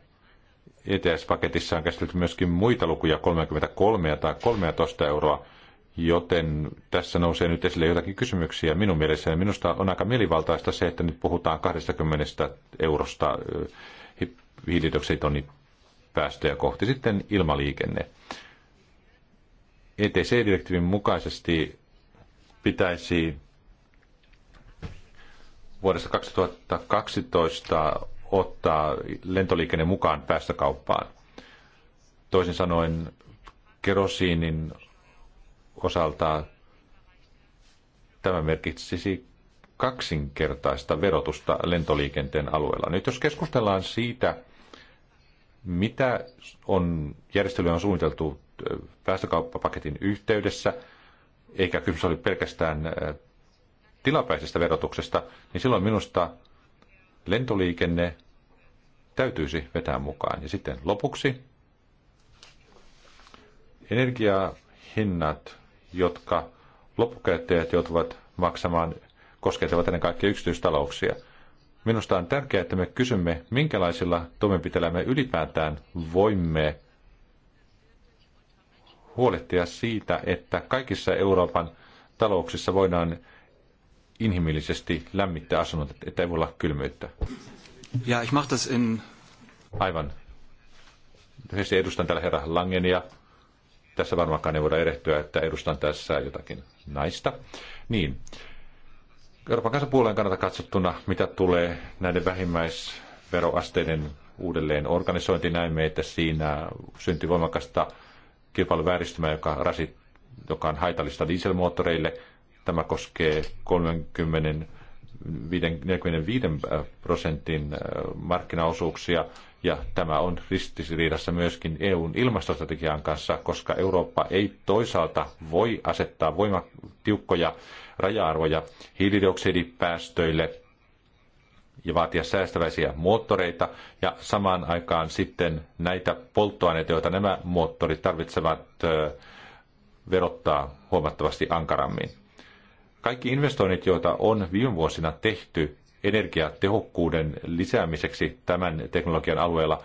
ETS-paketissa on käsitelty myöskin muita lukuja 33 tai 13 euroa, joten tässä nousee nyt esille jotakin kysymyksiä minun mielessäni. Minusta on aika mielivaltaista se, että nyt puhutaan 20 eurosta hiilidioksiditonni päästöjä kohti. Sitten ilmaliikenne. ETC-direktiivin mukaisesti pitäisi vuodesta 2012 ottaa lentoliikenne mukaan päästökauppaan. Toisin sanoen kerosiinin osalta tämä merkitsisi kaksinkertaista verotusta lentoliikenteen alueella. Nyt jos keskustellaan siitä, mitä on järjestelyä on suunniteltu päästökauppapaketin yhteydessä, eikä kysymys oli pelkästään tilapäisestä verotuksesta, niin silloin minusta lentoliikenne täytyisi vetää mukaan. Ja sitten lopuksi energiahinnat, jotka loppukäyttäjät joutuvat maksamaan, koskettavat ennen kaikkea yksityistalouksia. Minusta on tärkeää, että me kysymme, minkälaisilla toimenpiteillä me ylipäätään voimme huolehtia siitä, että kaikissa Euroopan talouksissa voidaan inhimillisesti lämmittää asunnot, että ei voi olla kylmyyttä.
Ja, ich mach das in...
Aivan. Tässä edustan täällä herra Langenia. Tässä varmaankaan ei voida erehtyä, että edustan tässä jotakin naista. Niin. Euroopan kansanpuolueen kannalta katsottuna, mitä tulee näiden vähimmäisveroasteiden uudelleen organisointi, näemme, että siinä syntyy voimakasta kilpailuvääristymää, joka, rasit, joka on haitallista dieselmoottoreille. Tämä koskee 30 45 äh, prosentin äh, markkinaosuuksia, ja tämä on ristiriidassa myöskin EUn ilmastostrategian kanssa, koska Eurooppa ei toisaalta voi asettaa voimatiukkoja raja-arvoja hiilidioksidipäästöille ja vaatia säästäväisiä moottoreita ja samaan aikaan sitten näitä polttoaineita, joita nämä moottorit tarvitsevat, verottaa huomattavasti ankarammin. Kaikki investoinnit, joita on viime vuosina tehty energiatehokkuuden lisäämiseksi tämän teknologian alueella,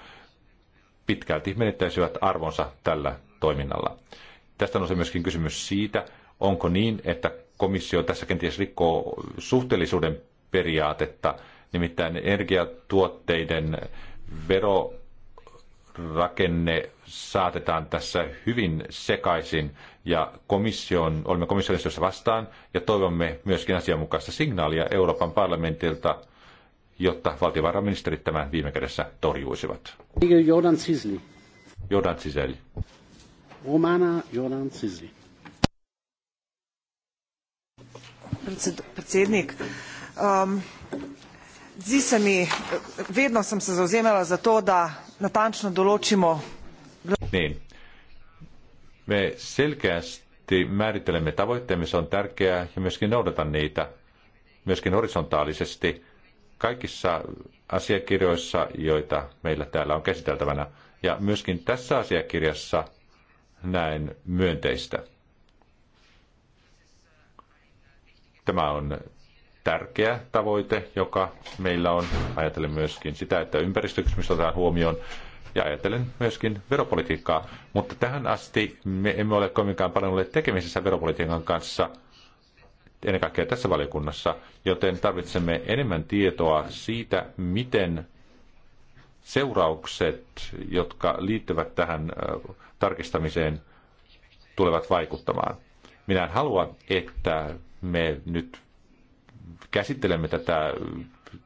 pitkälti menettäisivät arvonsa tällä toiminnalla. Tästä on se myöskin kysymys siitä, onko niin, että komissio tässä kenties rikkoo suhteellisuuden periaatetta – Nimittäin energiatuotteiden verorakenne saatetaan tässä hyvin sekaisin ja komission, olemme komission vastaan ja toivomme myöskin asianmukaista signaalia Euroopan parlamentilta, jotta valtiovarainministerit tämän viime kädessä torjuisivat. Jordan Sisli. Jordan Sisli.
Romana Jordan Sisli. Predsednik, um, zdi se mi, vedno sem se zauzemala za to, da natančno določimo.
Me selkeästi määrittelemme tavoitteemme, se on tärkeää, ja myöskin noudatan niitä, myöskin horisontaalisesti, kaikissa asiakirjoissa, joita meillä täällä on käsiteltävänä. Ja myöskin tässä asiakirjassa näen myönteistä. Tämä on tärkeä tavoite, joka meillä on. Ajattelen myöskin sitä, että ympäristökysymys otetaan huomioon ja ajattelen myöskin veropolitiikkaa. Mutta tähän asti me emme ole kovinkaan paljon olleet tekemisissä veropolitiikan kanssa, ennen kaikkea tässä valiokunnassa, joten tarvitsemme enemmän tietoa siitä, miten seuraukset, jotka liittyvät tähän tarkistamiseen, tulevat vaikuttamaan. Minä en halua, että me nyt käsittelemme tätä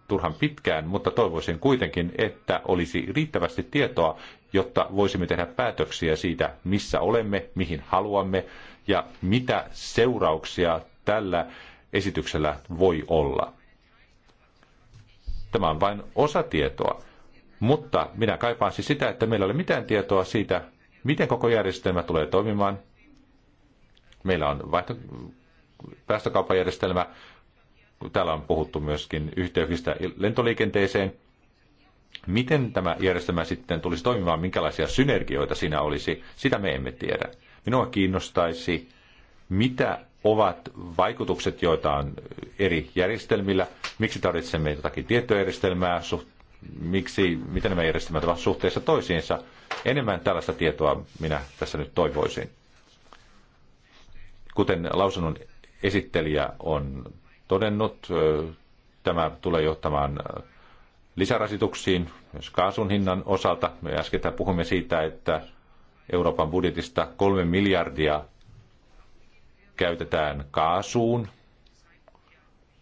turhan pitkään, mutta toivoisin kuitenkin, että olisi riittävästi tietoa, jotta voisimme tehdä päätöksiä siitä, missä olemme, mihin haluamme ja mitä seurauksia tällä esityksellä voi olla. Tämä on vain osa tietoa, mutta minä kaipaan siis sitä, että meillä ei ole mitään tietoa siitä, miten koko järjestelmä tulee toimimaan. Meillä on vaihto- päästökauppajärjestelmä, täällä on puhuttu myöskin yhteyksistä lentoliikenteeseen. Miten tämä järjestelmä sitten tulisi toimimaan, minkälaisia synergioita siinä olisi, sitä me emme tiedä. Minua kiinnostaisi, mitä ovat vaikutukset, joita on eri järjestelmillä, miksi tarvitsemme jotakin tiettyä järjestelmää, suht, miksi, miten nämä järjestelmät ovat suhteessa toisiinsa. Enemmän tällaista tietoa minä tässä nyt toivoisin. Kuten lausunnon esittelijä on todennut. Tämä tulee johtamaan lisärasituksiin myös kaasun hinnan osalta. Me äsken puhumme siitä, että Euroopan budjetista kolme miljardia käytetään kaasuun,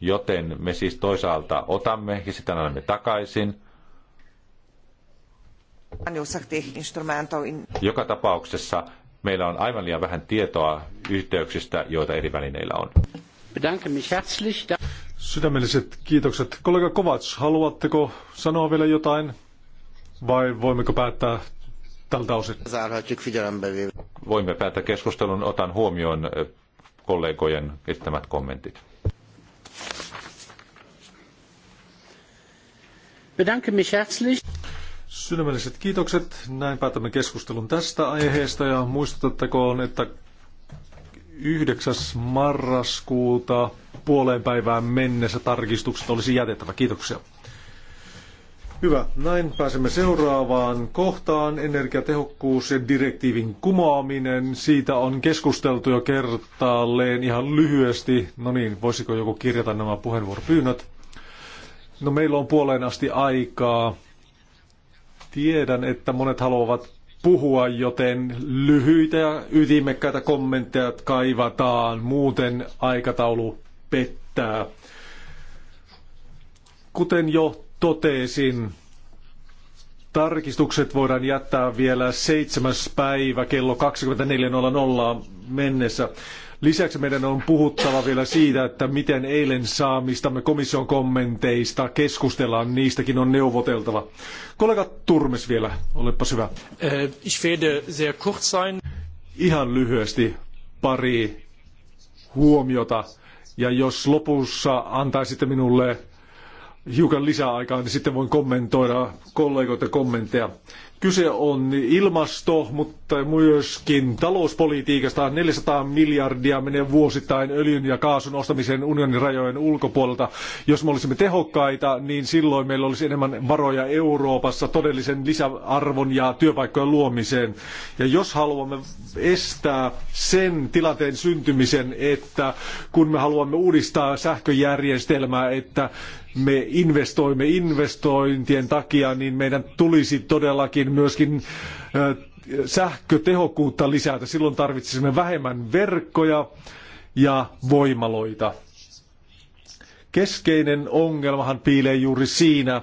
joten me siis toisaalta otamme ja sitä annamme takaisin. Joka tapauksessa meillä on aivan liian vähän tietoa yhteyksistä, joita eri välineillä on
bedanke mich herzlich. Sydämelliset kiitokset. Kollega Kovats, haluatteko sanoa vielä jotain vai voimmeko päättää tältä osin?
Voimme päättää keskustelun. Otan huomioon kollegojen esittämät kommentit. Bedanke mich herzlich.
Sydämelliset kiitokset. Näin päätämme keskustelun tästä aiheesta ja muistutettakoon, että 9. marraskuuta puoleen päivään mennessä tarkistukset olisi jätettävä. Kiitoksia. Hyvä. Näin pääsemme seuraavaan kohtaan. Energiatehokkuus ja direktiivin kumoaminen. Siitä on keskusteltu jo kertaalleen ihan lyhyesti. No niin, voisiko joku kirjata nämä puheenvuoropyynnöt? No meillä on puoleen asti aikaa. Tiedän, että monet haluavat puhua, joten lyhyitä ja ytimekkäitä kommentteja kaivataan, muuten aikataulu pettää. Kuten jo totesin, tarkistukset voidaan jättää vielä 7. päivä kello 24.00 mennessä. Lisäksi meidän on puhuttava vielä siitä, että miten eilen saamistamme komission kommenteista keskustellaan, niistäkin on neuvoteltava. Kollega Turmes vielä, olepa hyvä. Eh, ich werde sehr kurz sein. Ihan lyhyesti pari huomiota. Ja jos lopussa antaisitte minulle hiukan lisää aikaa, niin sitten voin kommentoida kollegoiden kommentteja. Kyse on ilmasto, mutta myöskin talouspolitiikasta. 400 miljardia menee vuosittain öljyn ja kaasun ostamiseen unionin rajojen ulkopuolelta. Jos me olisimme tehokkaita, niin silloin meillä olisi enemmän varoja Euroopassa todellisen lisäarvon ja työpaikkojen luomiseen. Ja jos haluamme estää sen tilanteen syntymisen, että kun me haluamme uudistaa sähköjärjestelmää, että me investoimme investointien takia, niin meidän tulisi todellakin myöskin sähkötehokkuutta lisätä. Silloin tarvitsisimme vähemmän verkkoja ja voimaloita. Keskeinen ongelmahan piilee juuri siinä,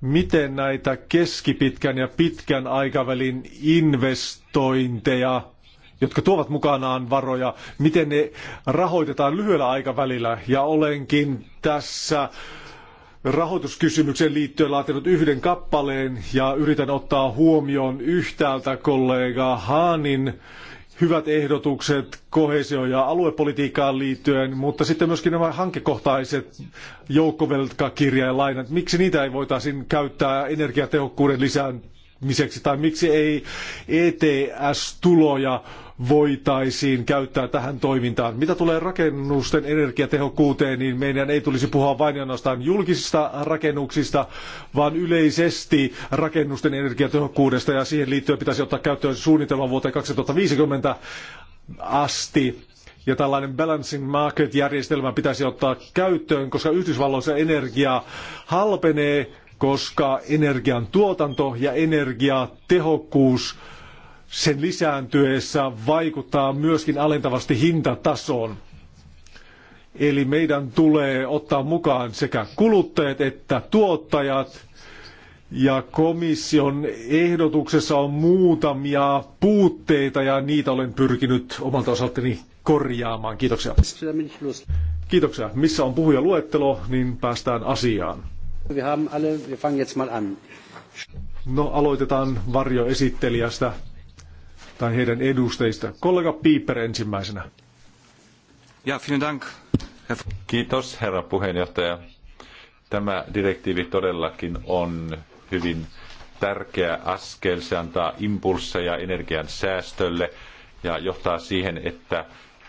miten näitä keskipitkän ja pitkän aikavälin investointeja jotka tuovat mukanaan varoja, miten ne rahoitetaan lyhyellä aikavälillä. Ja olenkin tässä rahoituskysymykseen liittyen laatinut yhden kappaleen ja yritän ottaa huomioon yhtäältä kollega Haanin hyvät ehdotukset kohesio- ja aluepolitiikkaan liittyen, mutta sitten myöskin nämä hankekohtaiset joukkovelkakirja ja lainat, miksi niitä ei voitaisiin käyttää energiatehokkuuden lisäämiseksi tai miksi ei ETS-tuloja voitaisiin käyttää tähän toimintaan. Mitä tulee rakennusten energiatehokkuuteen, niin meidän ei tulisi puhua vain ainoastaan julkisista rakennuksista, vaan yleisesti rakennusten energiatehokkuudesta ja siihen liittyen pitäisi ottaa käyttöön suunnitelma vuoteen 2050 asti. Ja tällainen balancing market-järjestelmä pitäisi ottaa käyttöön, koska Yhdysvalloissa energia halpenee, koska energian tuotanto ja energiatehokkuus tehokkuus sen lisääntyessä vaikuttaa myöskin alentavasti hintatasoon. Eli meidän tulee ottaa mukaan sekä kuluttajat että tuottajat. Ja komission ehdotuksessa on muutamia puutteita ja niitä olen pyrkinyt omalta osaltani korjaamaan. Kiitoksia. Kiitoksia. Missä on puhuja luettelo, niin päästään asiaan. No aloitetaan varjoesittelijästä tai heidän edustajista. Kollega Piiper ensimmäisenä.
Ja, vielen dank. Kiitos, herra puheenjohtaja. Tämä direktiivi todellakin on hyvin tärkeä askel. Se antaa impulsseja energian säästölle ja johtaa siihen, että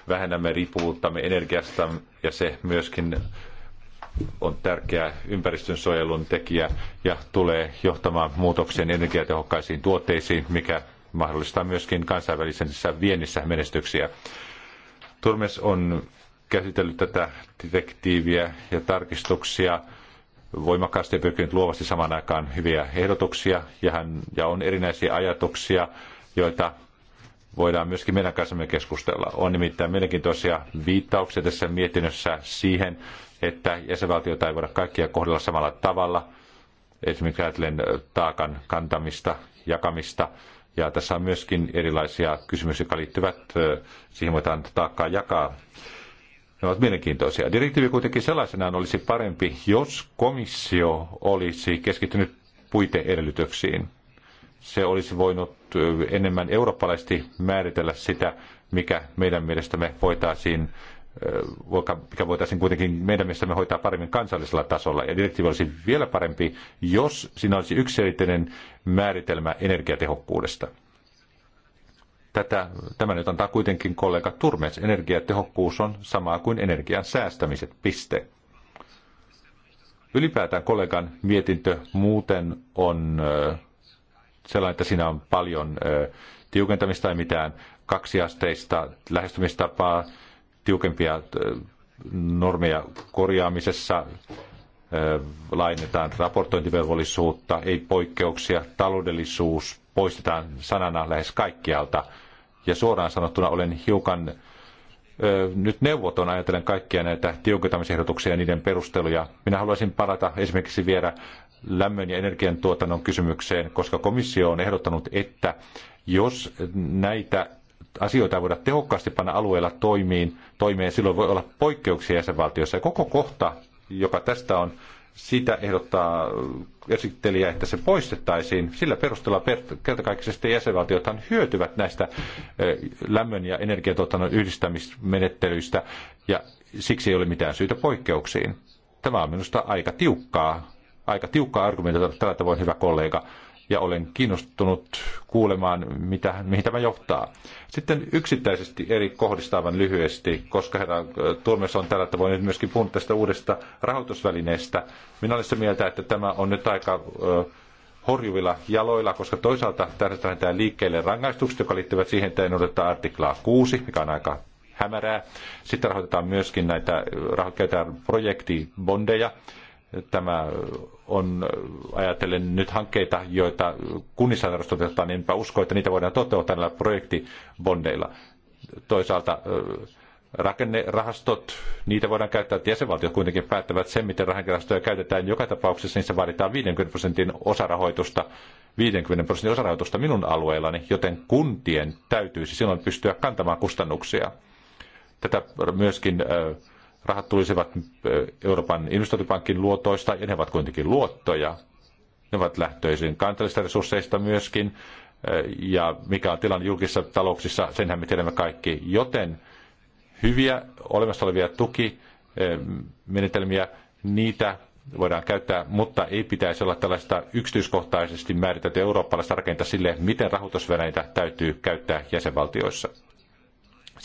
vähennämme riippuvuuttamme energiasta ja se myöskin on tärkeä ympäristönsuojelun tekijä ja tulee johtamaan muutokseen energiatehokkaisiin tuotteisiin, mikä mahdollistaa myöskin kansainvälisessä viennissä menestyksiä. Turmes on käsitellyt tätä detektiiviä ja tarkistuksia voimakkaasti ja pyrkinyt luovasti samaan aikaan hyviä ehdotuksia ja, hän, ja on erinäisiä ajatuksia, joita voidaan myöskin meidän kanssamme keskustella. On nimittäin mielenkiintoisia viittauksia tässä mietinnössä siihen, että jäsenvaltioita ei voida kaikkia kohdella samalla tavalla, esimerkiksi ajatellen taakan kantamista, jakamista – ja tässä on myöskin erilaisia kysymyksiä, jotka liittyvät siihen, voidaan taakkaa jakaa. Ne ovat mielenkiintoisia. Direktiivi kuitenkin sellaisenaan olisi parempi, jos komissio olisi keskittynyt puiteedellytyksiin. Se olisi voinut enemmän eurooppalaisesti määritellä sitä, mikä meidän mielestämme voitaisiin mikä voitaisiin kuitenkin meidän mielestämme hoitaa paremmin kansallisella tasolla. Ja direktiivi olisi vielä parempi, jos siinä olisi yksilöllinen määritelmä energiatehokkuudesta. Tätä, tämä nyt antaa kuitenkin kollega Turmes. Energiatehokkuus on samaa kuin energian säästämiset. Piste. Ylipäätään kollegan mietintö muuten on sellainen, että siinä on paljon tiukentamista ja mitään kaksiasteista lähestymistapaa tiukempia äh, normeja korjaamisessa, äh, laajennetaan raportointivelvollisuutta, ei poikkeuksia, taloudellisuus poistetaan sanana lähes kaikkialta. Ja suoraan sanottuna olen hiukan äh, nyt neuvoton ajatellen kaikkia näitä tiukentamisehdotuksia ja niiden perusteluja. Minä haluaisin parata esimerkiksi vielä lämmön ja energian tuotannon kysymykseen, koska komissio on ehdottanut, että jos näitä asioita voida tehokkaasti panna alueella toimiin, toimeen, silloin voi olla poikkeuksia jäsenvaltiossa. Ja koko kohta, joka tästä on, sitä ehdottaa esittelijä, että se poistettaisiin. Sillä perusteella kertakaikkisesti jäsenvaltiothan hyötyvät näistä eh, lämmön ja energiatuotannon yhdistämismenettelyistä, ja siksi ei ole mitään syytä poikkeuksiin. Tämä on minusta aika tiukkaa, aika tiukkaa argumentoida tällä tavoin, hyvä kollega ja olen kiinnostunut kuulemaan, mitä, mihin tämä johtaa. Sitten yksittäisesti eri kohdista aivan lyhyesti, koska herra äh, Tuomios on tällä tavoin nyt myöskin puhunut tästä uudesta rahoitusvälineestä. Minä olen sitä mieltä, että tämä on nyt aika äh, horjuvilla jaloilla, koska toisaalta tämä liikkeelle rangaistukset, joka liittyvät siihen, että ei noudata artiklaa 6, mikä on aika hämärää. Sitten rahoitetaan myöskin näitä, äh, rahoitetaan projektibondeja, Tämä on, ajatellen nyt hankkeita, joita kunnissa toteutetaan, niin enpä usko, että niitä voidaan toteuttaa näillä projektibondeilla. Toisaalta rakennerahastot, niitä voidaan käyttää, että jäsenvaltiot kuitenkin päättävät sen, miten rakennerahastoja käytetään. Joka tapauksessa niissä vaaditaan 50 prosentin osarahoitusta, 50 prosentin osarahoitusta minun alueellani, joten kuntien täytyisi silloin pystyä kantamaan kustannuksia. Tätä myöskin äh, rahat tulisivat Euroopan investointipankin luotoista, ja ne ovat kuitenkin luottoja. Ne ovat lähtöisin kansallisista resursseista myöskin, ja mikä on tilanne julkisissa talouksissa, senhän me tiedämme kaikki. Joten hyviä olemassa olevia tukimenetelmiä, niitä voidaan käyttää, mutta ei pitäisi olla tällaista yksityiskohtaisesti määritelty eurooppalaista rakenta sille, miten rahoitusvälineitä täytyy käyttää jäsenvaltioissa.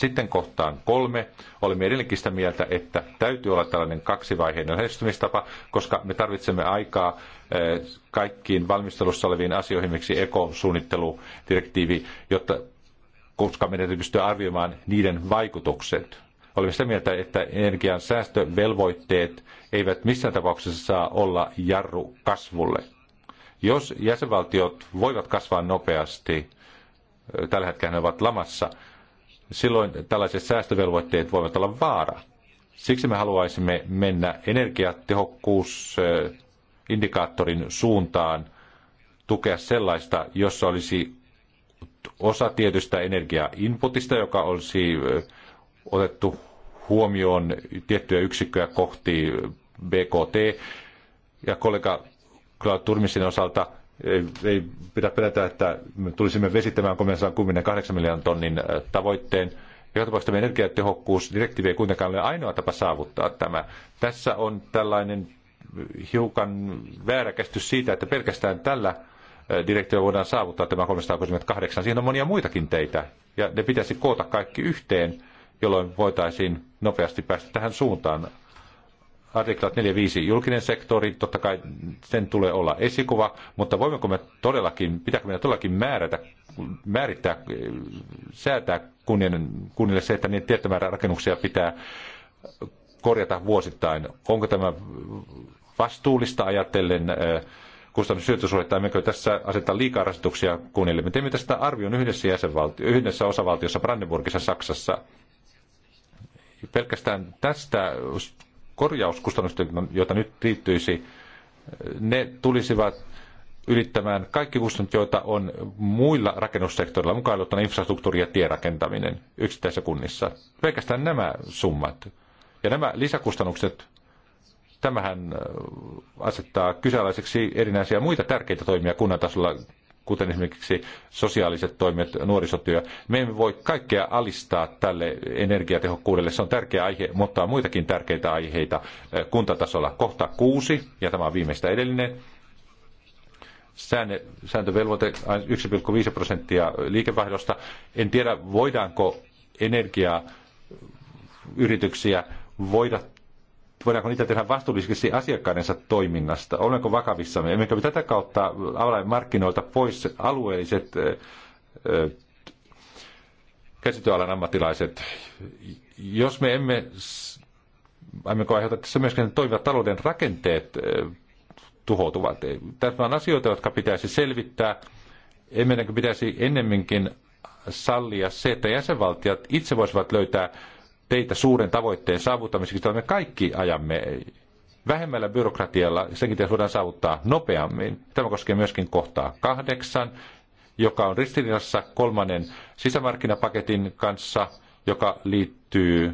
Sitten kohtaan kolme. Olemme edelleenkin sitä mieltä, että täytyy olla tällainen kaksivaiheinen lähestymistapa, koska me tarvitsemme aikaa eh, kaikkiin valmistelussa oleviin asioihin, miksi ekosuunnitteludirektiivi, jotta koska meidän täytyy pystyä arvioimaan niiden vaikutukset. Olemme sitä mieltä, että energian säästövelvoitteet eivät missään tapauksessa saa olla jarru kasvulle. Jos jäsenvaltiot voivat kasvaa nopeasti, eh, tällä hetkellä ne ovat lamassa, silloin tällaiset säästövelvoitteet voivat olla vaara. Siksi me haluaisimme mennä energiatehokkuusindikaattorin suuntaan tukea sellaista, jossa olisi osa tietystä energiainputista, joka olisi otettu huomioon tiettyä yksikköä kohti BKT. Ja kollega Claude Turmisen osalta – ei, ei pidä pelätä, että me tulisimme vesittämään 368 miljoonan tonnin äh, tavoitteen. Joka tapauksessa energiatehokkuusdirektiivi ei kuitenkaan ole ainoa tapa saavuttaa tämä. Tässä on tällainen hiukan väärä siitä, että pelkästään tällä äh, direktiivillä voidaan saavuttaa tämä 368. Siinä on monia muitakin teitä, ja ne pitäisi koota kaikki yhteen, jolloin voitaisiin nopeasti päästä tähän suuntaan artiklat 4.5 julkinen sektori, totta kai sen tulee olla esikuva, mutta voimmeko me todellakin, pitääkö meidän todellakin määrätä, määrittää, säätää kunnille, kunnille se, että niin tietty määrä rakennuksia pitää korjata vuosittain. Onko tämä vastuullista ajatellen äh, kustannushyötysuhdetta, emmekö tässä aseta liikaa rasituksia kunnille. Me teemme tästä arvion yhdessä, jäsenvaltio, yhdessä osavaltiossa Brandenburgissa Saksassa. Pelkästään tästä korjauskustannukset, joita nyt liittyisi, ne tulisivat ylittämään kaikki kustannukset, joita on muilla rakennussektorilla, mukaan luottuna infrastruktuuri ja tierakentaminen yksittäisissä kunnissa. Pelkästään nämä summat ja nämä lisäkustannukset, tämähän äh, asettaa kyseenalaiseksi erinäisiä muita tärkeitä toimia kunnan tasolla, kuten esimerkiksi sosiaaliset toimet, nuorisotyö. Me emme voi kaikkea alistaa tälle energiatehokkuudelle. Se on tärkeä aihe, mutta on muitakin tärkeitä aiheita eh, kuntatasolla. Kohta kuusi, ja tämä on viimeistä edellinen, säännö, sääntövelvoite 1,5 prosenttia liikevaihdosta. En tiedä, voidaanko energiayrityksiä voida voidaanko niitä tehdä vastuullisesti asiakkaidensa toiminnasta? Olenko vakavissamme? Emmekö me tätä kautta ala markkinoilta pois alueelliset käsityöalan ammattilaiset? Jos me emme, emmekö aiheuta tässä myöskin toimivat talouden rakenteet tuhoutuvat? Tässä on asioita, jotka pitäisi selvittää. Emmekö pitäisi ennemminkin sallia se, että jäsenvaltiot itse voisivat löytää teitä suuren tavoitteen saavuttamiseksi, jota me kaikki ajamme vähemmällä byrokratialla, senkin tietysti voidaan saavuttaa nopeammin. Tämä koskee myöskin kohtaa kahdeksan, joka on ristiriidassa kolmannen sisämarkkinapaketin kanssa, joka liittyy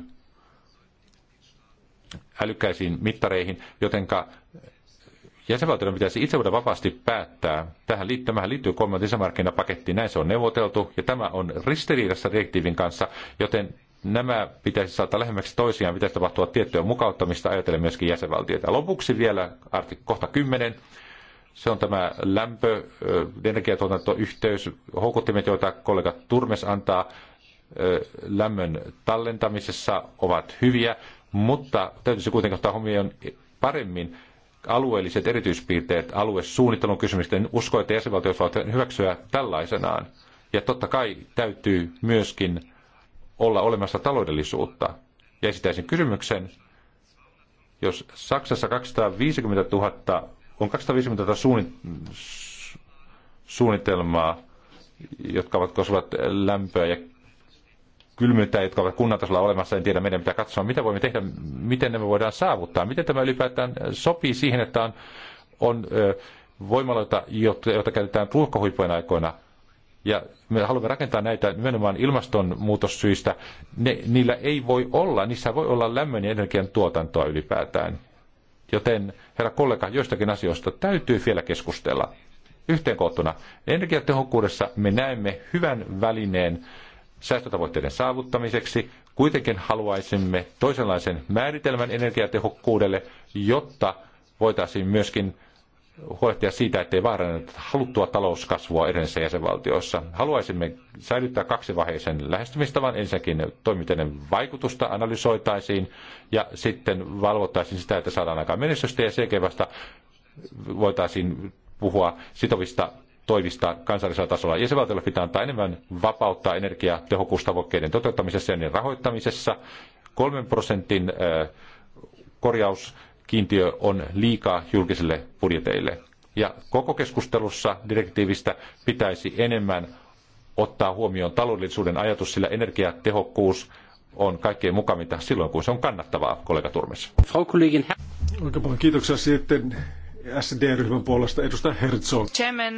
älykkäisiin mittareihin, jotenka jäsenvaltioiden pitäisi itse voida vapaasti päättää. Tähän, tämähän liittyy kolmannen sisämarkkinapaketti, näin se on neuvoteltu, ja tämä on ristiriidassa direktiivin kanssa, joten nämä pitäisi saada lähemmäksi toisiaan, pitäisi tapahtua tiettyä mukauttamista ajatellen myöskin jäsenvaltioita. Lopuksi vielä artik kohta 10. Se on tämä lämpö, energiatuotantoyhteys, houkuttimet, joita kollega Turmes antaa lämmön tallentamisessa ovat hyviä, mutta täytyisi kuitenkin ottaa huomioon paremmin alueelliset erityispiirteet aluesuunnittelun kysymysten. usko, että jäsenvaltiot voivat hyväksyä tällaisenaan. Ja totta kai täytyy myöskin olla olemassa taloudellisuutta. Ja esittäisin kysymyksen, jos Saksassa 250 000, on 250 000 suunnit, suunnitelmaa, jotka ovat koskevat lämpöä ja kylmyyttä, jotka ovat kunnan tasolla olemassa, en tiedä, meidän pitää katsoa, mitä voimme tehdä, miten ne voidaan saavuttaa, miten tämä ylipäätään sopii siihen, että on, on voimaloita, joita, joita käytetään ruuhkahuippujen aikoina – ja me haluamme rakentaa näitä nimenomaan ilmastonmuutossyistä. Ne, niillä ei voi olla, niissä voi olla lämmön ja energian tuotantoa ylipäätään. Joten, herra kollega, joistakin asioista täytyy vielä keskustella. Yhteenkoottuna, energiatehokkuudessa me näemme hyvän välineen säästötavoitteiden saavuttamiseksi. Kuitenkin haluaisimme toisenlaisen määritelmän energiatehokkuudelle, jotta voitaisiin myöskin huolehtia siitä, ettei vaaranneta haluttua talouskasvua edellisissä jäsenvaltioissa. Haluaisimme säilyttää kaksivaiheisen lähestymistavan. Ensinnäkin toimintainen vaikutusta analysoitaisiin ja sitten valvottaisiin sitä, että saadaan aikaan menestystä ja sen vasta voitaisiin puhua sitovista toivista kansallisella tasolla. Jäsenvaltiolla pitää antaa enemmän vapauttaa energiatehokkuustavoitteiden toteuttamisessa ja niiden rahoittamisessa. Kolmen prosentin korjaus kiintiö on liikaa julkisille budjeteille. Ja koko keskustelussa direktiivistä pitäisi enemmän ottaa huomioon taloudellisuuden ajatus, sillä energiatehokkuus on kaikkein mukavinta silloin, kun se on kannattavaa, kollega Turmes.
Oikein paljon kiitoksia sitten SD-ryhmän puolesta edustaja Herzog.
Chairman,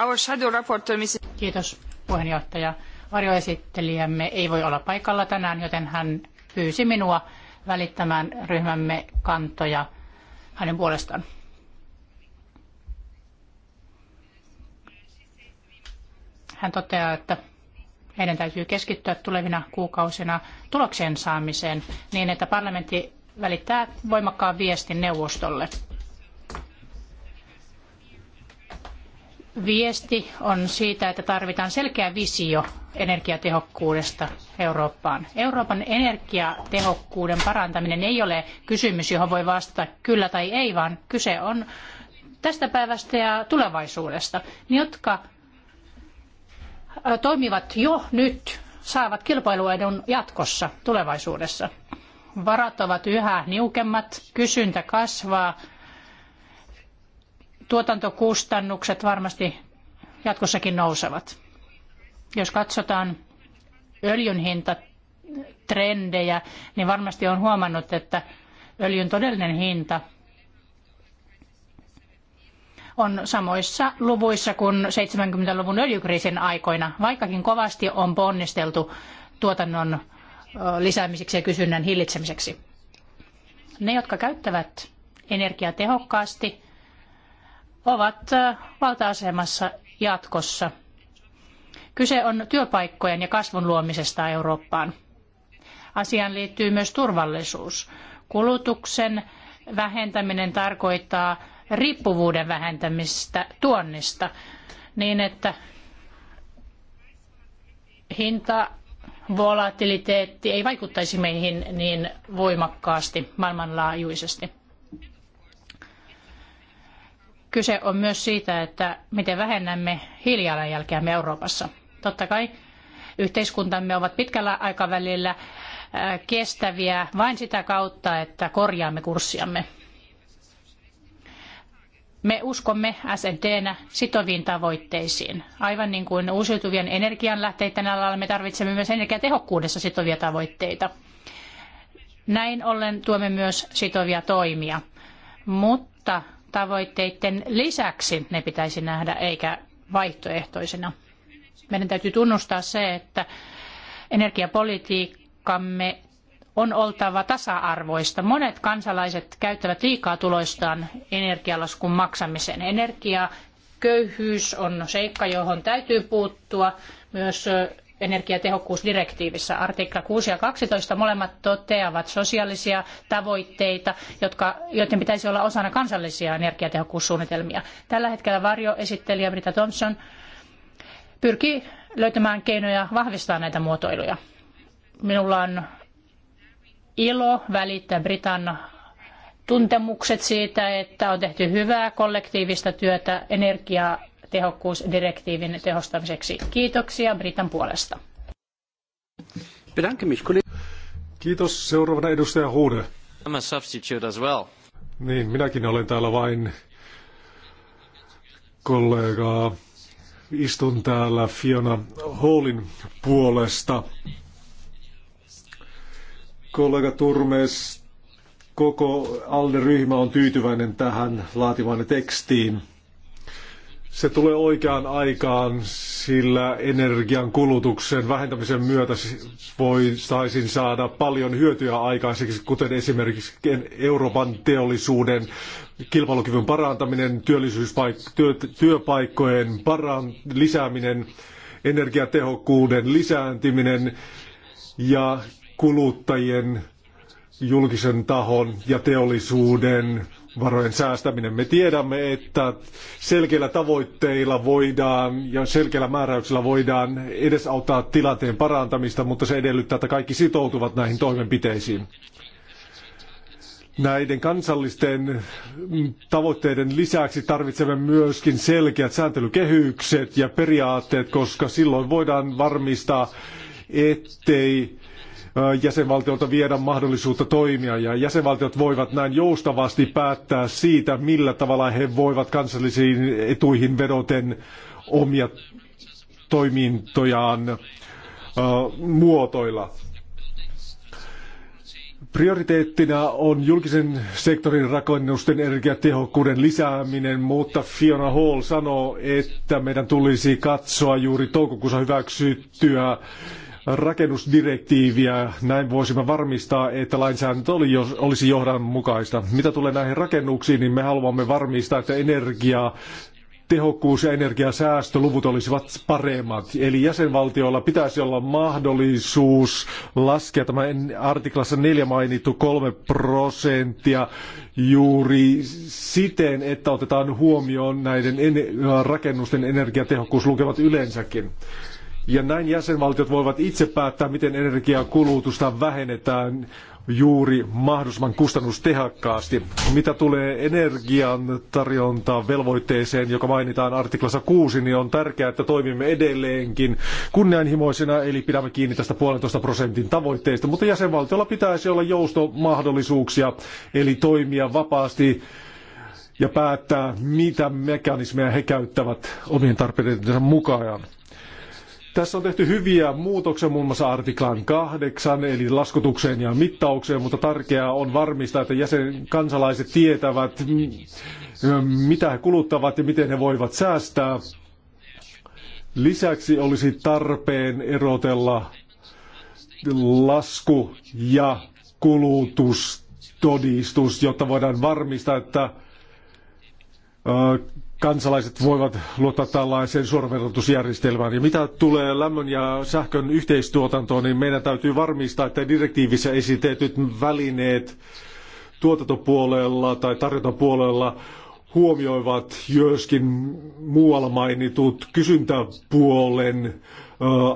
uh, our shadow rapporteur, Kiitos puheenjohtaja. Varjoesittelijämme ei voi olla paikalla tänään, joten hän pyysi minua välittämään ryhmämme kantoja hänen puolestaan. Hän toteaa, että meidän täytyy keskittyä tulevina kuukausina tuloksen saamiseen niin, että parlamentti välittää voimakkaan viestin neuvostolle. viesti on siitä, että tarvitaan selkeä visio energiatehokkuudesta Eurooppaan. Euroopan energiatehokkuuden parantaminen ei ole kysymys, johon voi vastata kyllä tai ei, vaan kyse on tästä päivästä ja tulevaisuudesta. Ne, jotka toimivat jo nyt, saavat kilpailuedun jatkossa tulevaisuudessa. Varat ovat yhä niukemmat, kysyntä kasvaa tuotantokustannukset varmasti jatkossakin nousevat. Jos katsotaan öljyn hintatrendejä, niin varmasti on huomannut, että öljyn todellinen hinta on samoissa luvuissa kuin 70-luvun öljykriisin aikoina, vaikkakin kovasti on ponnisteltu tuotannon lisäämiseksi ja kysynnän hillitsemiseksi. Ne, jotka käyttävät energiaa tehokkaasti, ovat äh, valta-asemassa jatkossa. Kyse on työpaikkojen ja kasvun luomisesta Eurooppaan. Asiaan liittyy myös turvallisuus. Kulutuksen vähentäminen tarkoittaa riippuvuuden vähentämistä tuonnista niin, että hinta volatiliteetti ei vaikuttaisi meihin niin voimakkaasti maailmanlaajuisesti. Kyse on myös siitä, että miten vähennämme hiilijalanjälkeämme Euroopassa. Totta kai yhteiskuntamme ovat pitkällä aikavälillä äh, kestäviä vain sitä kautta, että korjaamme kurssiamme. Me uskomme SNTnä sitoviin tavoitteisiin. Aivan niin kuin uusiutuvien energianlähteiden alalla me tarvitsemme myös energiatehokkuudessa sitovia tavoitteita. Näin ollen tuomme myös sitovia toimia. Mutta tavoitteiden lisäksi ne pitäisi nähdä eikä vaihtoehtoisina. Meidän täytyy tunnustaa se, että energiapolitiikkamme on oltava tasa-arvoista. Monet kansalaiset käyttävät liikaa tuloistaan energialaskun maksamiseen. Energiaköyhyys on seikka, johon täytyy puuttua. Myös energiatehokkuusdirektiivissä. Artikla 6 ja 12 molemmat toteavat sosiaalisia tavoitteita, jotka, joiden pitäisi olla osana kansallisia energiatehokkuussuunnitelmia. Tällä hetkellä varjoesittelijä Brita Thompson pyrkii löytämään keinoja vahvistaa näitä muotoiluja. Minulla on ilo välittää Britan tuntemukset siitä, että on tehty hyvää kollektiivista työtä energia energiatehokkuusdirektiivin tehostamiseksi. Kiitoksia Britan puolesta.
Kiitos. Seuraavana edustaja Huude. I'm a substitute as well. Niin, minäkin olen täällä vain kollegaa. Istun täällä Fiona Hallin puolesta. Kollega Turmes, koko ALDE-ryhmä on tyytyväinen tähän laativaan tekstiin. Se tulee oikeaan aikaan, sillä energian kulutuksen vähentämisen myötä voitaisiin saada paljon hyötyä aikaiseksi, kuten esimerkiksi Euroopan teollisuuden kilpailukyvyn parantaminen, työ, työpaikkojen paran, lisääminen, energiatehokkuuden lisääntyminen ja kuluttajien, julkisen tahon ja teollisuuden varojen säästäminen. Me tiedämme, että selkeillä tavoitteilla voidaan ja selkeillä määräyksillä voidaan edesauttaa tilanteen parantamista, mutta se edellyttää, että kaikki sitoutuvat näihin toimenpiteisiin. Näiden kansallisten tavoitteiden lisäksi tarvitsemme myöskin selkeät sääntelykehykset ja periaatteet, koska silloin voidaan varmistaa, ettei jäsenvaltiolta viedä mahdollisuutta toimia ja jäsenvaltiot voivat näin joustavasti päättää siitä, millä tavalla he voivat kansallisiin etuihin vedoten omia toimintojaan muotoilla. Prioriteettina on julkisen sektorin rakennusten energiatehokkuuden lisääminen, mutta Fiona Hall sanoo, että meidän tulisi katsoa juuri toukokuussa hyväksyttyä rakennusdirektiiviä. Näin voisimme varmistaa, että lainsäädäntö oli, jos olisi johdonmukaista. Mitä tulee näihin rakennuksiin, niin me haluamme varmistaa, että energiaa tehokkuus- ja energiasäästöluvut olisivat paremmat. Eli jäsenvaltioilla pitäisi olla mahdollisuus laskea tämä artiklassa 4 mainittu 3 prosenttia juuri siten, että otetaan huomioon näiden rakennusten energiatehokkuuslukevat yleensäkin. Ja näin jäsenvaltiot voivat itse päättää, miten energian kulutusta vähennetään juuri mahdollisimman kustannustehokkaasti. Mitä tulee energian tarjontaan velvoitteeseen, joka mainitaan artiklassa 6, niin on tärkeää, että toimimme edelleenkin kunnianhimoisena, eli pidämme kiinni tästä puolentoista prosentin tavoitteesta, mutta jäsenvaltiolla pitäisi olla joustomahdollisuuksia, eli toimia vapaasti ja päättää, mitä mekanismeja he käyttävät omien tarpeidensa mukaan. Tässä on tehty hyviä muutoksia muun muassa artiklan kahdeksan eli laskutukseen ja mittaukseen, mutta tärkeää on varmistaa, että jäsen kansalaiset tietävät, mitä he kuluttavat ja miten he voivat säästää. Lisäksi olisi tarpeen erotella lasku ja kulutustodistus, jotta voidaan varmistaa, että kansalaiset voivat luottaa tällaiseen suoraverotusjärjestelmään. Ja niin mitä tulee lämmön ja sähkön yhteistuotantoon, niin meidän täytyy varmistaa, että direktiivissä esitetyt välineet tuotantopuolella tai tarjontapuolella huomioivat myöskin muualla mainitut kysyntäpuolen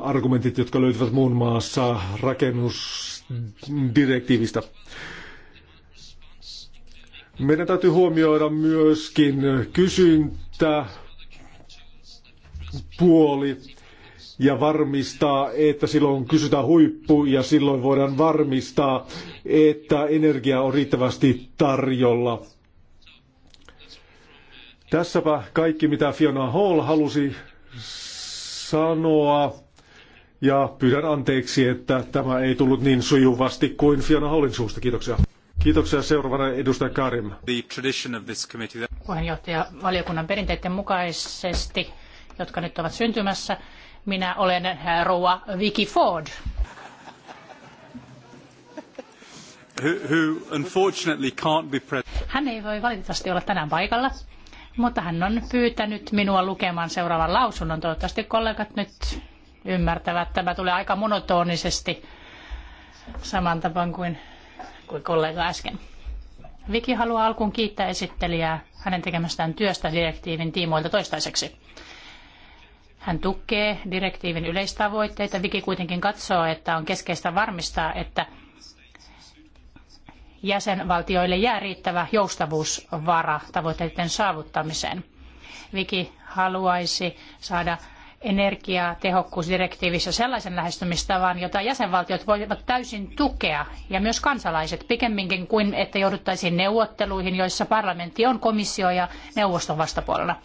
argumentit, jotka löytyvät muun maassa rakennusdirektiivistä. Meidän täytyy huomioida myöskin kysyntä, puoli ja varmistaa, että silloin kysytään huippu ja silloin voidaan varmistaa, että energia on riittävästi tarjolla. Tässäpä kaikki, mitä Fiona Hall halusi sanoa. Ja pyydän anteeksi, että tämä ei tullut niin sujuvasti kuin Fiona Hallin suusta. Kiitoksia. Kiitoksia. Seuraavana edustaja Karim.
Puheenjohtaja, valiokunnan perinteiden mukaisesti, jotka nyt ovat syntymässä, minä olen eh, rouva Vicky Ford. Hän ei voi valitettavasti olla tänään paikalla, mutta hän on pyytänyt minua lukemaan seuraavan lausunnon. Toivottavasti kollegat nyt ymmärtävät. Tämä tulee aika monotonisesti saman tapaan kuin kuin kollega äsken. Viki haluaa alkuun kiittää esittelijää hänen tekemästään työstä direktiivin tiimoilta toistaiseksi. Hän tukee direktiivin yleistavoitteita. Viki kuitenkin katsoo, että on keskeistä varmistaa, että jäsenvaltioille jää riittävä joustavuusvara tavoitteiden saavuttamiseen. Viki haluaisi saada energiatehokkuusdirektiivissä sellaisen lähestymistavan, jota jäsenvaltiot voivat täysin tukea ja myös kansalaiset pikemminkin kuin että jouduttaisiin neuvotteluihin, joissa parlamentti on komissio ja neuvoston vastapuolella.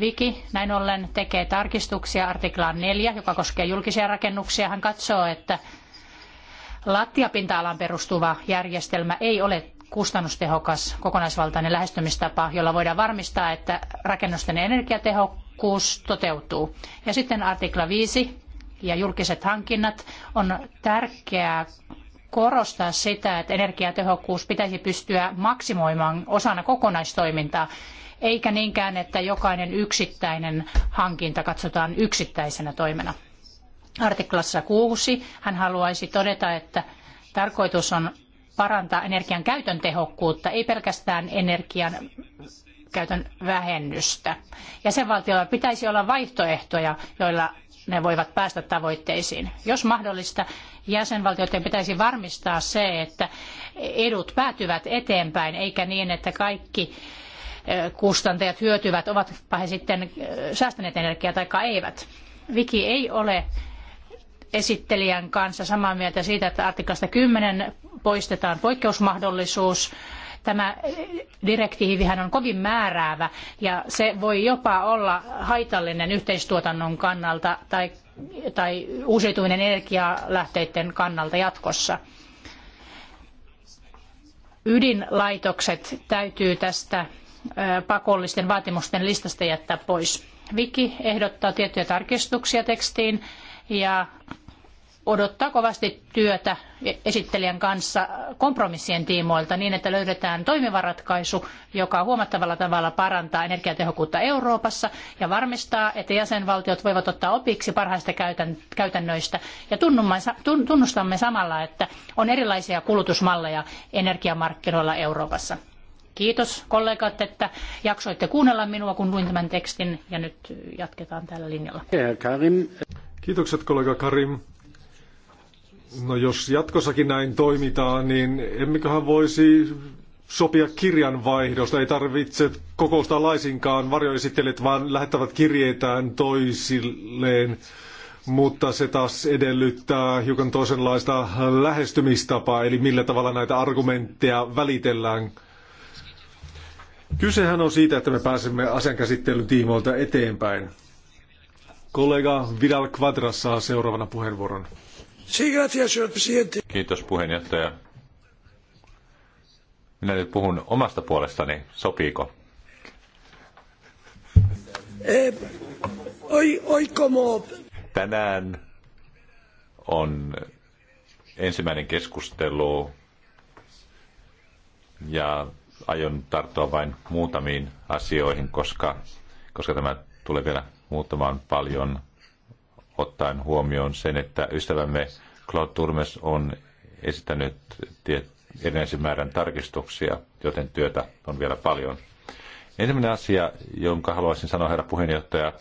Viki näin ollen tekee tarkistuksia artiklaan 4, joka koskee julkisia rakennuksia. Hän katsoo, että lattiapinta-alan perustuva järjestelmä ei ole kustannustehokas kokonaisvaltainen lähestymistapa, jolla voidaan varmistaa, että rakennusten energiatehokkuus tehokkuus toteutuu. Ja sitten artikla 5 ja julkiset hankinnat on tärkeää korostaa sitä, että energiatehokkuus pitäisi pystyä maksimoimaan osana kokonaistoimintaa, eikä niinkään, että jokainen yksittäinen hankinta katsotaan yksittäisenä toimena. Artiklassa 6 hän haluaisi todeta, että tarkoitus on parantaa energian käytön tehokkuutta, ei pelkästään energian käytön vähennystä. Jäsenvaltioilla pitäisi olla vaihtoehtoja, joilla ne voivat päästä tavoitteisiin. Jos mahdollista, jäsenvaltioiden pitäisi varmistaa se, että edut päätyvät eteenpäin, eikä niin, että kaikki kustantajat hyötyvät, ovatpa he sitten säästäneet energiaa tai eivät. Viki ei ole esittelijän kanssa samaa mieltä siitä, että artiklasta 10 poistetaan poikkeusmahdollisuus Tämä direktiivihän on kovin määräävä ja se voi jopa olla haitallinen yhteistuotannon kannalta tai, tai uusiutuvien energialähteiden kannalta jatkossa. Ydinlaitokset täytyy tästä pakollisten vaatimusten listasta jättää pois. Viki ehdottaa tiettyjä tarkistuksia tekstiin ja odottaa kovasti työtä esittelijän kanssa kompromissien tiimoilta niin, että löydetään toimiva ratkaisu, joka huomattavalla tavalla parantaa energiatehokkuutta Euroopassa ja varmistaa, että jäsenvaltiot voivat ottaa opiksi parhaista käytännöistä. Ja tunnustamme samalla, että on erilaisia kulutusmalleja energiamarkkinoilla Euroopassa. Kiitos kollegat, että jaksoitte kuunnella minua, kun luin tämän tekstin ja nyt jatketaan tällä linjalla.
Kiitokset kollega Karim. No jos jatkossakin näin toimitaan, niin emmeköhän voisi sopia kirjanvaihdosta. Ei tarvitse kokousta laisinkaan varjoesittelijät, vaan lähettävät kirjeitään toisilleen. Mutta se taas edellyttää hiukan toisenlaista lähestymistapaa, eli millä tavalla näitä argumentteja välitellään. Kysehän on siitä, että me pääsemme asian käsittelyn tiimoilta eteenpäin. Kollega Vidal Quadras saa seuraavana puheenvuoron.
Kiitos puheenjohtaja. Minä nyt puhun omasta puolestani, sopiiko?
Eh,
oi,
Tänään on ensimmäinen keskustelu ja aion tarttua vain muutamiin asioihin, koska, koska tämä tulee vielä muuttamaan paljon ottaen huomioon sen, että ystävämme Claude Turmes on esittänyt erinäisen määrän tarkistuksia, joten työtä on vielä paljon. Ensimmäinen asia, jonka haluaisin sanoa, herra puheenjohtaja,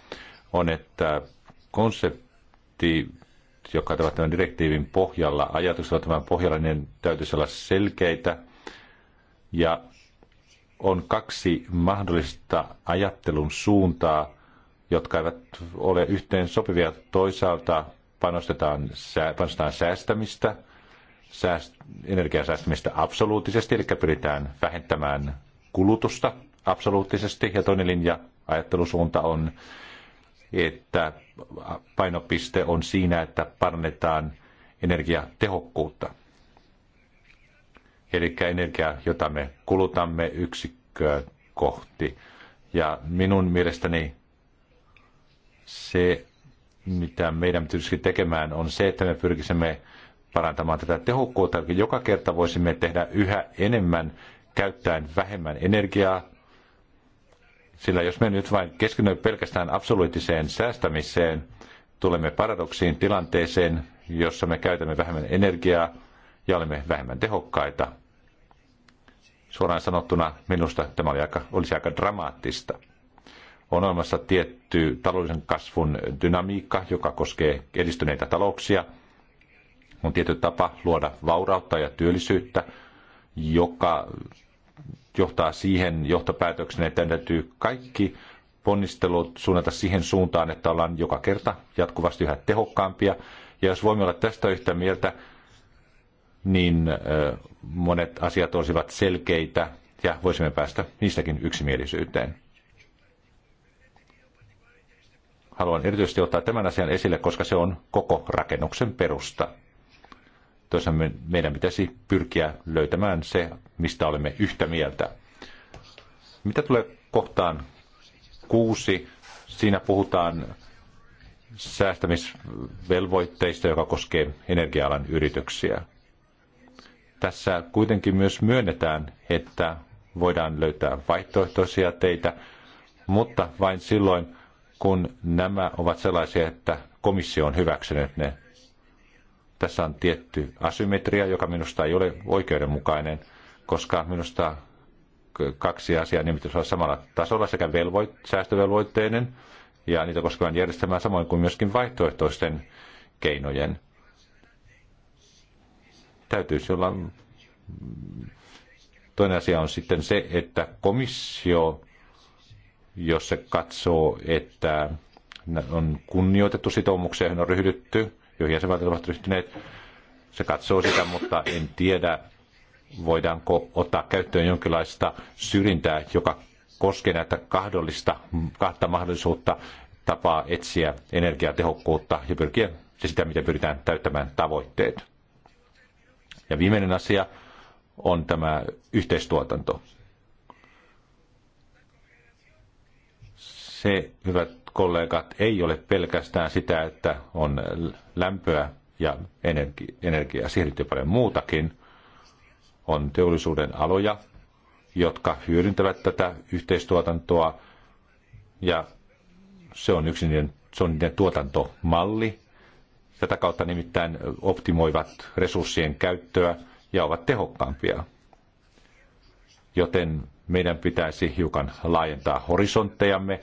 on, että konsepti, joka ovat tämän direktiivin pohjalla, ajatuksella tämän pohjalla, niin täytyisi olla selkeitä. Ja on kaksi mahdollista ajattelun suuntaa – jotka eivät ole yhteen sopivia. Toisaalta panostetaan, panostetaan säästämistä, sääst, energiasäästämistä säästämistä absoluuttisesti, eli pyritään vähentämään kulutusta absoluuttisesti. Ja toinen linja ajattelusuunta on, että painopiste on siinä, että parannetaan energiatehokkuutta. Eli energia, jota me kulutamme yksikköä kohti. Ja minun mielestäni se, mitä meidän tulisi tekemään, on se, että me pyrkisimme parantamaan tätä tehokkuutta. Joka kerta voisimme tehdä yhä enemmän käyttäen vähemmän energiaa, sillä jos me nyt vain keskitymme pelkästään absoluuttiseen säästämiseen, tulemme paradoksiin tilanteeseen, jossa me käytämme vähemmän energiaa ja olemme vähemmän tehokkaita. Suoraan sanottuna minusta tämä oli aika, olisi aika dramaattista on olemassa tietty taloudellisen kasvun dynamiikka, joka koskee edistyneitä talouksia. On tietty tapa luoda vaurautta ja työllisyyttä, joka johtaa siihen johtopäätöksen, että täytyy kaikki ponnistelut suunnata siihen suuntaan, että ollaan joka kerta jatkuvasti yhä tehokkaampia. Ja jos voimme olla tästä yhtä mieltä, niin monet asiat olisivat selkeitä ja voisimme päästä niistäkin yksimielisyyteen. haluan erityisesti ottaa tämän asian esille, koska se on koko rakennuksen perusta. Toisaalta meidän pitäisi pyrkiä löytämään se, mistä olemme yhtä mieltä. Mitä tulee kohtaan kuusi, siinä puhutaan säästämisvelvoitteista, joka koskee energia yrityksiä. Tässä kuitenkin myös myönnetään, että voidaan löytää vaihtoehtoisia teitä, mutta vain silloin, kun nämä ovat sellaisia, että komissio on hyväksynyt ne. Tässä on tietty asymmetria, joka minusta ei ole oikeudenmukainen, koska minusta kaksi asiaa nimittäin olla samalla tasolla, sekä velvoit, säästövelvoitteinen ja niitä koskevan järjestelmää, samoin kuin myöskin vaihtoehtoisten keinojen. Täytyisi olla... Toinen asia on sitten se, että komissio jos se katsoo, että on kunnioitettu sitoumuksia, joihin on ryhdytty, joihin jäsenvaltiot ovat ryhtyneet. Se katsoo sitä, mutta en tiedä, voidaanko ottaa käyttöön jonkinlaista syrjintää, joka koskee näitä kahdollista, kahta mahdollisuutta tapaa etsiä energiatehokkuutta ja pyrkiä se sitä, mitä pyritään täyttämään tavoitteet. Ja viimeinen asia on tämä yhteistuotanto. se, hyvät kollegat, ei ole pelkästään sitä, että on lämpöä ja energi- energiaa. Siihen liittyy paljon muutakin. On teollisuuden aloja, jotka hyödyntävät tätä yhteistuotantoa ja se on yksi niiden, se on niiden tuotantomalli. Tätä kautta nimittäin optimoivat resurssien käyttöä ja ovat tehokkaampia. Joten meidän pitäisi hiukan laajentaa horisonttejamme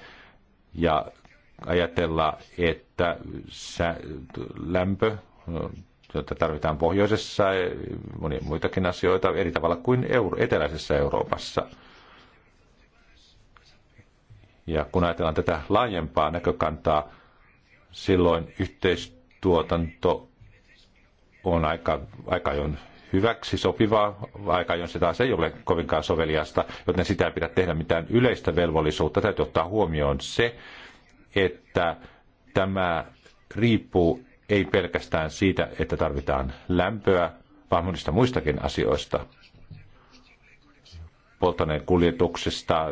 ja ajatella, että sä, lämpö, jota tarvitaan pohjoisessa, monia muitakin asioita eri tavalla kuin euro, eteläisessä Euroopassa. Ja kun ajatellaan tätä laajempaa näkökantaa, silloin yhteistuotanto on aika, aika jo hyväksi sopivaa, aika jolloin se taas ei ole kovinkaan soveliasta, joten sitä ei pidä tehdä mitään yleistä velvollisuutta. Täytyy ottaa huomioon se, että tämä riippuu ei pelkästään siitä, että tarvitaan lämpöä, vaan monista muistakin asioista. Polttoaineen kuljetuksesta,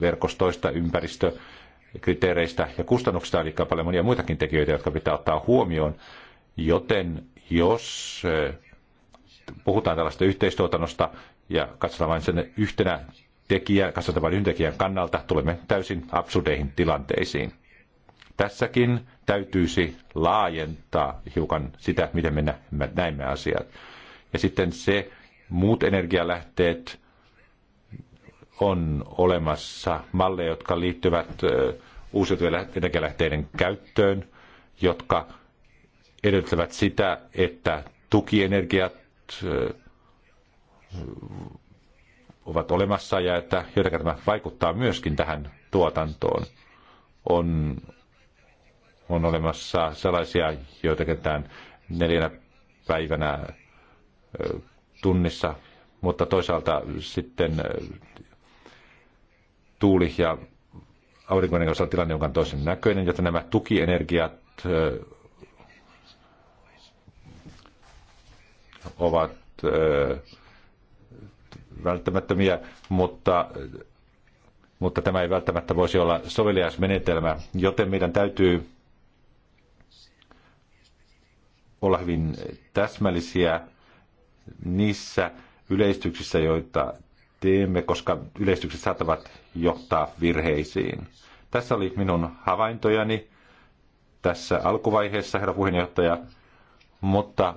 verkostoista, ympäristökriteereistä ja kustannuksista, eli paljon monia muitakin tekijöitä, jotka pitää ottaa huomioon. Joten jos puhutaan tällaista yhteistuotannosta ja katsotaan vain sen yhtenä tekijä, katsotaan vain yhden tekijän kannalta, tulemme täysin absurdeihin tilanteisiin. Tässäkin täytyisi laajentaa hiukan sitä, miten me näemme asiat. Ja sitten se, muut energialähteet on olemassa malleja, jotka liittyvät uusiutuvien energialähteiden käyttöön, jotka edellyttävät sitä, että tukienergiat ovat olemassa ja että jotenkin tämä vaikuttaa myöskin tähän tuotantoon. On, on olemassa sellaisia, joita ketään neljänä päivänä tunnissa, mutta toisaalta sitten tuuli ja aurinkoinen osalta tilanne on toisen näköinen, joten nämä tukienergiat ovat välttämättömiä, mutta, mutta tämä ei välttämättä voisi olla sovelias menetelmä, joten meidän täytyy olla hyvin täsmällisiä niissä yleistyksissä, joita teemme, koska yleistykset saattavat johtaa virheisiin. Tässä oli minun havaintojani tässä alkuvaiheessa, herra puheenjohtaja, mutta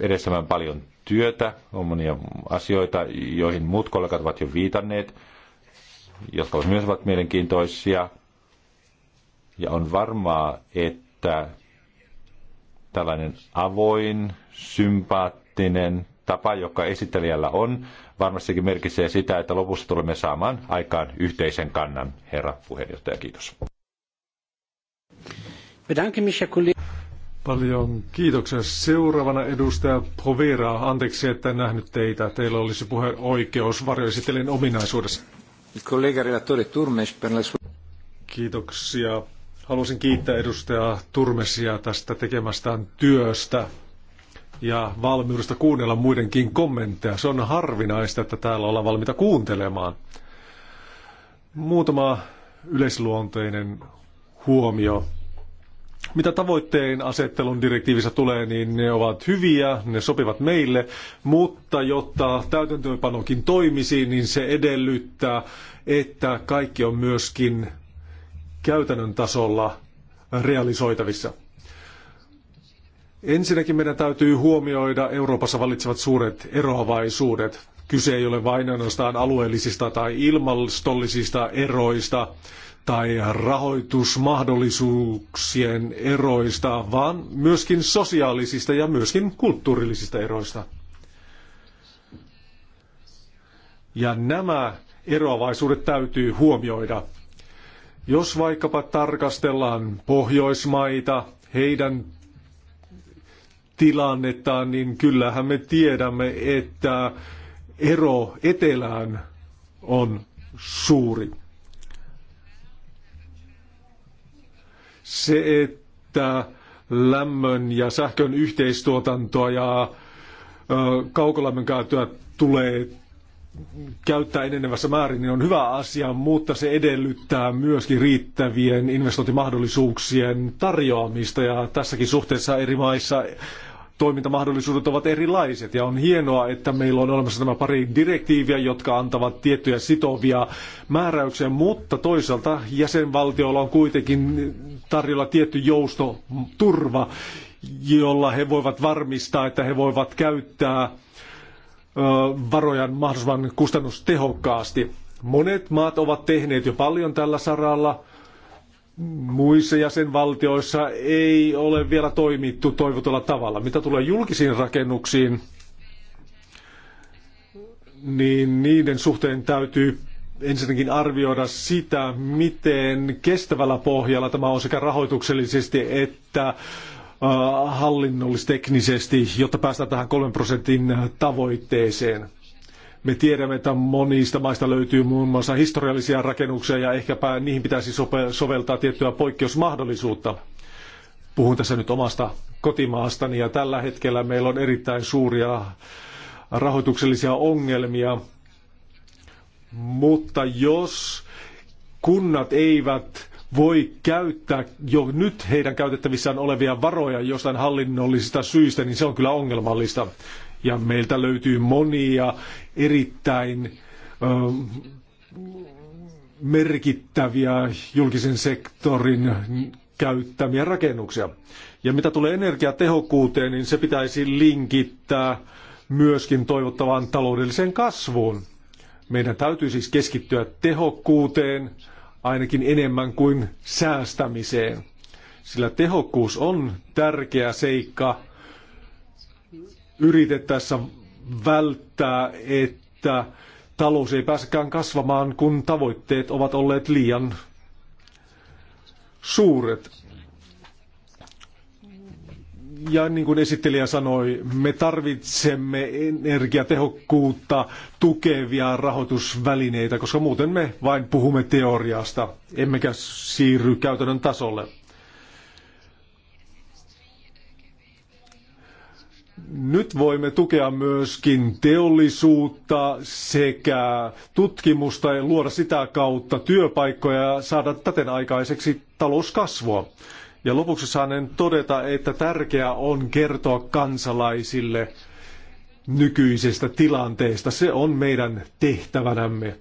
edessämään paljon työtä, on monia asioita, joihin muut kollegat ovat jo viitanneet, jotka myös ovat mielenkiintoisia. Ja on varmaa, että tällainen avoin, sympaattinen tapa, joka esittelijällä on, varmastikin merkitsee sitä, että lopussa tulemme saamaan aikaan yhteisen kannan. Herra puheenjohtaja, kiitos.
Bedanke mich, Herr Paljon kiitoksia. Seuraavana edustaja Povera. Anteeksi, että en nähnyt teitä. Teillä olisi puhe oikeus varjoesittelijän ominaisuudessa. Kollega Kiitoksia. Haluaisin kiittää edustaja Turmesia tästä tekemästään työstä ja valmiudesta kuunnella muidenkin kommentteja. Se on harvinaista, että täällä ollaan valmiita kuuntelemaan. Muutama yleisluonteinen huomio. Mitä tavoitteen asettelun direktiivissä tulee, niin ne ovat hyviä, ne sopivat meille, mutta jotta täytäntöönpanokin toimisi, niin se edellyttää, että kaikki on myöskin käytännön tasolla realisoitavissa. Ensinnäkin meidän täytyy huomioida Euroopassa valitsevat suuret eroavaisuudet. Kyse ei ole vain ainoastaan alueellisista tai ilmastollisista eroista, tai rahoitusmahdollisuuksien eroista, vaan myöskin sosiaalisista ja myöskin kulttuurillisista eroista. Ja nämä eroavaisuudet täytyy huomioida. Jos vaikkapa tarkastellaan Pohjoismaita, heidän tilannettaan, niin kyllähän me tiedämme, että ero etelään on suuri. Se, että lämmön ja sähkön yhteistuotantoa ja kaukolämmön käyttöä tulee käyttää enenevässä määrin, niin on hyvä asia, mutta se edellyttää myöskin riittävien investointimahdollisuuksien tarjoamista ja tässäkin suhteessa eri maissa toimintamahdollisuudet ovat erilaiset ja on hienoa, että meillä on olemassa nämä pari direktiiviä, jotka antavat tiettyjä sitovia määräyksiä, mutta toisaalta jäsenvaltioilla on kuitenkin tarjolla tietty joustoturva, jolla he voivat varmistaa, että he voivat käyttää varojaan mahdollisimman kustannustehokkaasti. Monet maat ovat tehneet jo paljon tällä saralla, muissa jäsenvaltioissa ei ole vielä toimittu toivotulla tavalla. Mitä tulee julkisiin rakennuksiin, niin niiden suhteen täytyy ensinnäkin arvioida sitä, miten kestävällä pohjalla tämä on sekä rahoituksellisesti että äh, hallinnollisteknisesti, jotta päästään tähän kolmen prosentin tavoitteeseen. Me tiedämme, että monista maista löytyy muun muassa historiallisia rakennuksia ja ehkäpä niihin pitäisi soveltaa tiettyä poikkeusmahdollisuutta. Puhun tässä nyt omasta kotimaastani ja tällä hetkellä meillä on erittäin suuria rahoituksellisia ongelmia. Mutta jos kunnat eivät voi käyttää jo nyt heidän käytettävissään olevia varoja jostain hallinnollisista syistä, niin se on kyllä ongelmallista ja meiltä löytyy monia erittäin ö, merkittäviä julkisen sektorin käyttämiä rakennuksia. Ja mitä tulee energiatehokkuuteen, niin se pitäisi linkittää myöskin toivottavaan taloudelliseen kasvuun. Meidän täytyy siis keskittyä tehokkuuteen ainakin enemmän kuin säästämiseen, sillä tehokkuus on tärkeä seikka yritettäessä välttää, että talous ei pääsekään kasvamaan, kun tavoitteet ovat olleet liian suuret. Ja niin kuin esittelijä sanoi, me tarvitsemme energiatehokkuutta tukevia rahoitusvälineitä, koska muuten me vain puhumme teoriasta, emmekä siirry käytännön tasolle. nyt voimme tukea myöskin teollisuutta sekä tutkimusta ja luoda sitä kautta työpaikkoja ja saada täten aikaiseksi talouskasvua. Ja lopuksi saanen todeta, että tärkeää on kertoa kansalaisille nykyisestä tilanteesta. Se on meidän tehtävänämme.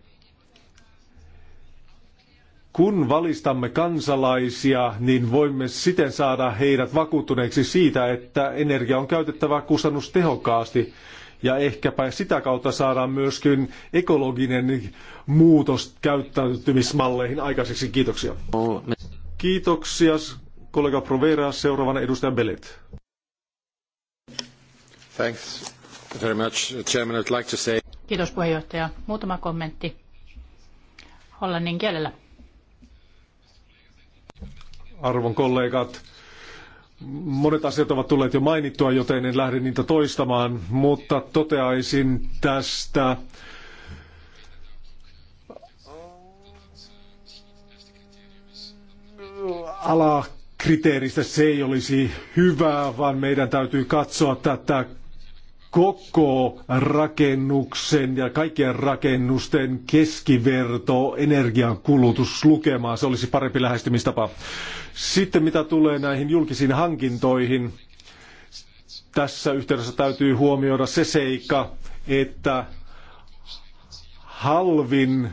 Kun valistamme kansalaisia, niin voimme siten saada heidät vakuuttuneiksi siitä, että energia on käytettävä kustannustehokkaasti. Ja ehkäpä sitä kautta saadaan myöskin ekologinen muutos käyttäytymismalleihin aikaiseksi. Kiitoksia. Kiitoksia kollega Provera, seuraavana edustaja Belet. Thanks very much, Chairman.
I'd like to say...
Kiitos puheenjohtaja. Muutama kommentti hollannin kielellä
arvon kollegat. Monet asiat ovat tulleet jo mainittua, joten en lähde niitä toistamaan, mutta toteaisin tästä alakriteeristä. Se ei olisi hyvää, vaan meidän täytyy katsoa tätä koko rakennuksen ja kaikkien rakennusten keskiverto energiankulutus Se olisi parempi lähestymistapa. Sitten mitä tulee näihin julkisiin hankintoihin, tässä yhteydessä täytyy huomioida se seikka, että halvin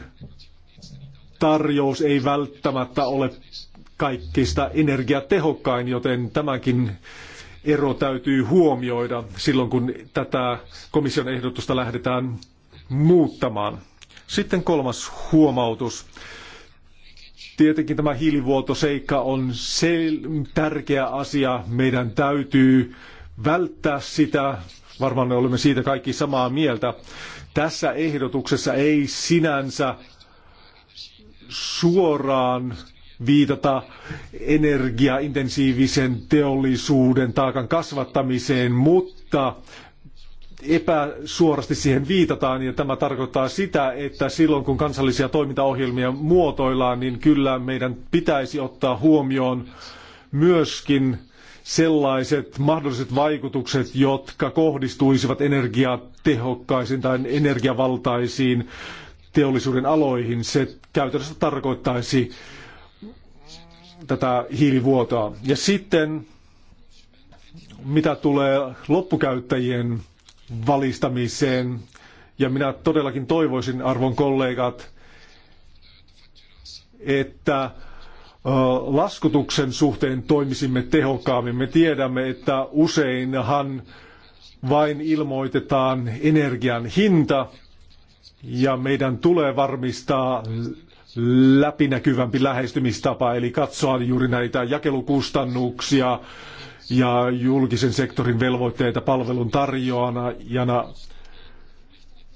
tarjous ei välttämättä ole kaikista energiatehokkain, joten tämäkin ero täytyy huomioida silloin, kun tätä komission ehdotusta lähdetään muuttamaan. Sitten kolmas huomautus. Tietenkin tämä hiilivuotoseikka on sel- tärkeä asia. Meidän täytyy välttää sitä. Varmaan me olemme siitä kaikki samaa mieltä. Tässä ehdotuksessa ei sinänsä suoraan viitata energiaintensiivisen teollisuuden taakan kasvattamiseen, mutta epäsuorasti siihen viitataan ja tämä tarkoittaa sitä, että silloin kun kansallisia toimintaohjelmia muotoillaan, niin kyllä meidän pitäisi ottaa huomioon myöskin sellaiset mahdolliset vaikutukset, jotka kohdistuisivat energiatehokkaisiin tai energiavaltaisiin teollisuuden aloihin. Se käytännössä tarkoittaisi tätä hiilivuotoa. Ja sitten mitä tulee loppukäyttäjien valistamiseen, ja minä todellakin toivoisin, arvon kollegat, että laskutuksen suhteen toimisimme tehokkaammin. Me tiedämme, että useinhan vain ilmoitetaan energian hinta, ja meidän tulee varmistaa läpinäkyvämpi lähestymistapa, eli katsoa juuri näitä jakelukustannuksia ja julkisen sektorin velvoitteita palvelun tarjoajana,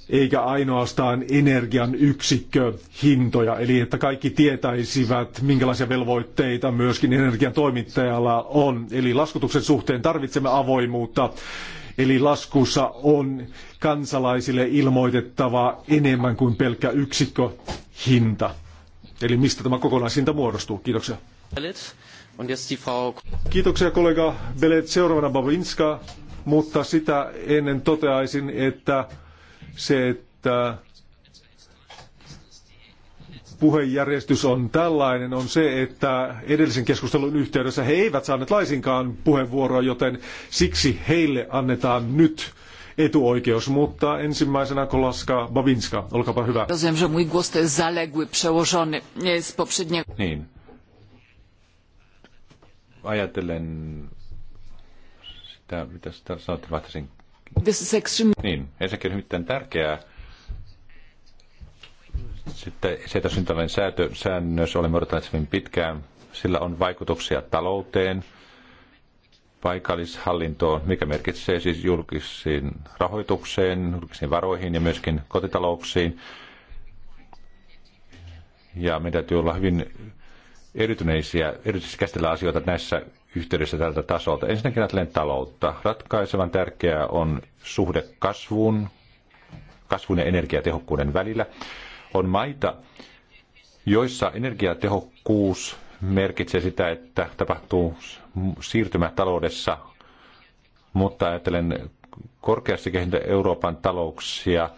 eikä ainoastaan energian yksikköhintoja, eli että kaikki tietäisivät, minkälaisia velvoitteita myöskin energian toimittajalla on. Eli laskutuksen suhteen tarvitsemme avoimuutta, eli laskussa on kansalaisille ilmoitettava enemmän kuin pelkkä yksikköhinta. Eli mistä tämä kokonaisinta muodostuu? Kiitoksia. Kiitoksia kollega Belet. Seuraavana Babinska, mutta sitä ennen toteaisin, että se, että puhejärjestys on tällainen, on se, että edellisen keskustelun yhteydessä he eivät saaneet laisinkaan puheenvuoroa, joten siksi heille annetaan nyt etuoikeus, mutta ensimmäisenä Kolaska Babinska, olkaapa hyvä. Rozumiem, że mój głos to jest zaległy, przełożony z poprzedniego. Niin.
Ajattelen sitä, mitä sitä sanotte Vatsin. This is extreme. Niin, ensinnäkin on tärkeää, sitten että säätö, säännös olemme odottaneet pitkään. Sillä on vaikutuksia talouteen – paikallishallintoon, mikä merkitsee siis julkisiin rahoitukseen, julkisiin varoihin ja myöskin kotitalouksiin. Ja meidän täytyy olla hyvin erityneisiä, erityisesti käsitellä asioita näissä yhteydessä tältä tasolta. Ensinnäkin ajattelen taloutta. Ratkaisevan tärkeää on suhde kasvuun, kasvun ja energiatehokkuuden välillä. On maita, joissa energiatehokkuus merkitsee sitä, että tapahtuu siirtymätaloudessa, mutta ajattelen korkeasti kehittyä Euroopan talouksia,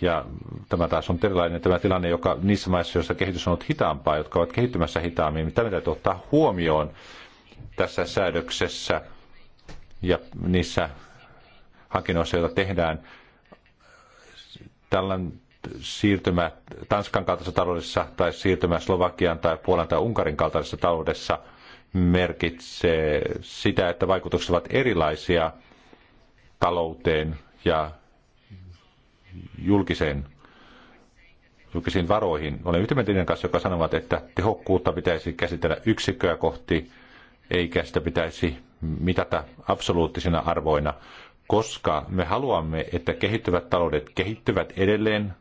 ja tämä taas on erilainen tämä tilanne, joka niissä maissa, joissa kehitys on ollut hitaampaa, jotka ovat kehittymässä hitaammin, mitä täytyy ottaa huomioon tässä säädöksessä ja niissä hankinnoissa, joita tehdään. tällainen siirtymä Tanskan kaltaisessa taloudessa tai siirtymä Slovakian tai Puolan tai Unkarin kaltaisessa taloudessa merkitsee sitä, että vaikutukset ovat erilaisia talouteen ja julkiseen, julkisiin varoihin. Olen yhtymätinen kanssa, joka sanovat, että tehokkuutta pitäisi käsitellä yksikköä kohti, eikä sitä pitäisi mitata absoluuttisina arvoina, koska me haluamme, että kehittyvät taloudet kehittyvät edelleen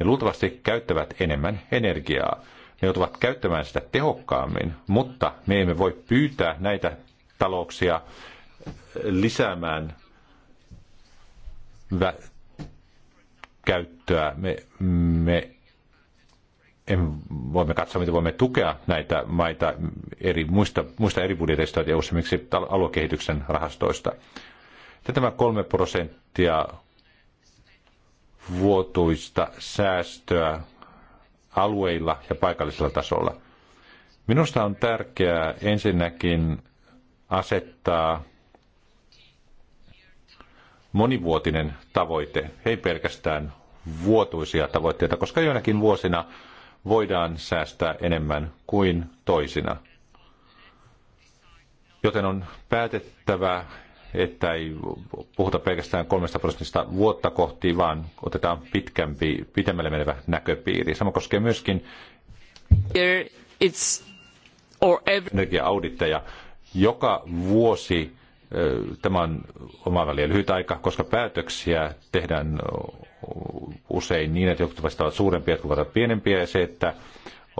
ne luultavasti käyttävät enemmän energiaa. Ne joutuvat käyttämään sitä tehokkaammin, mutta me emme voi pyytää näitä talouksia eh, lisäämään vä- käyttöä. Me, me en, voimme katsoa, miten voimme tukea näitä maita eri, muista, muista eri budjeteista ja esimerkiksi aluekehityksen rahastoista. tämä kolme prosenttia vuotuista säästöä alueilla ja paikallisella tasolla. Minusta on tärkeää ensinnäkin asettaa monivuotinen tavoite, ei pelkästään vuotuisia tavoitteita, koska joinakin vuosina voidaan säästää enemmän kuin toisina. Joten on päätettävä että ei puhuta pelkästään kolmesta prosentista vuotta kohti, vaan otetaan pitkämpi, pitemmälle menevä näköpiiri. Sama koskee myöskin energiaauditteja. Joka vuosi tämä on oma väliä lyhyt aika, koska päätöksiä tehdään usein niin, että jotkut vastaavat suurempia, jotkut ovat pienempiä, ja se, että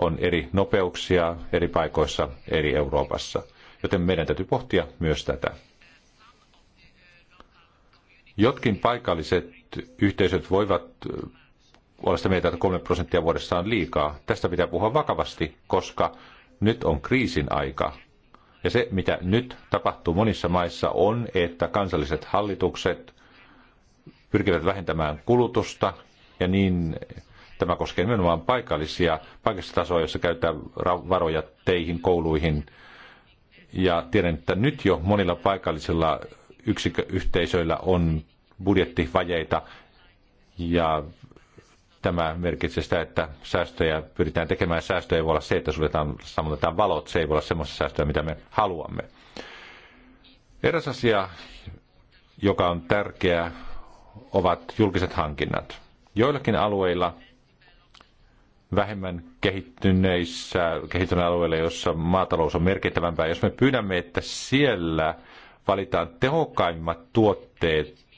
on eri nopeuksia eri paikoissa eri Euroopassa. Joten meidän täytyy pohtia myös tätä. Jotkin paikalliset yhteisöt voivat olla sitä mieltä, että kolme prosenttia vuodessa on liikaa. Tästä pitää puhua vakavasti, koska nyt on kriisin aika. Ja se, mitä nyt tapahtuu monissa maissa, on, että kansalliset hallitukset pyrkivät vähentämään kulutusta, ja niin tämä koskee nimenomaan paikallisia, paikallista tasoa, jossa käytetään varoja teihin, kouluihin. Ja tiedän, että nyt jo monilla paikallisilla yksikö, yhteisöillä on budjettivajeita ja tämä merkitsee sitä, että säästöjä pyritään tekemään. Säästöjä ei voi olla se, että suljetaan, sammutetaan valot. Se ei voi olla semmoista säästöä, mitä me haluamme. Eräs asia, joka on tärkeä, ovat julkiset hankinnat. Joillakin alueilla, vähemmän kehittyneissä, kehittyneillä alueilla, joissa maatalous on merkittävämpää, jos me pyydämme, että siellä valitaan tehokkaimmat tuotteet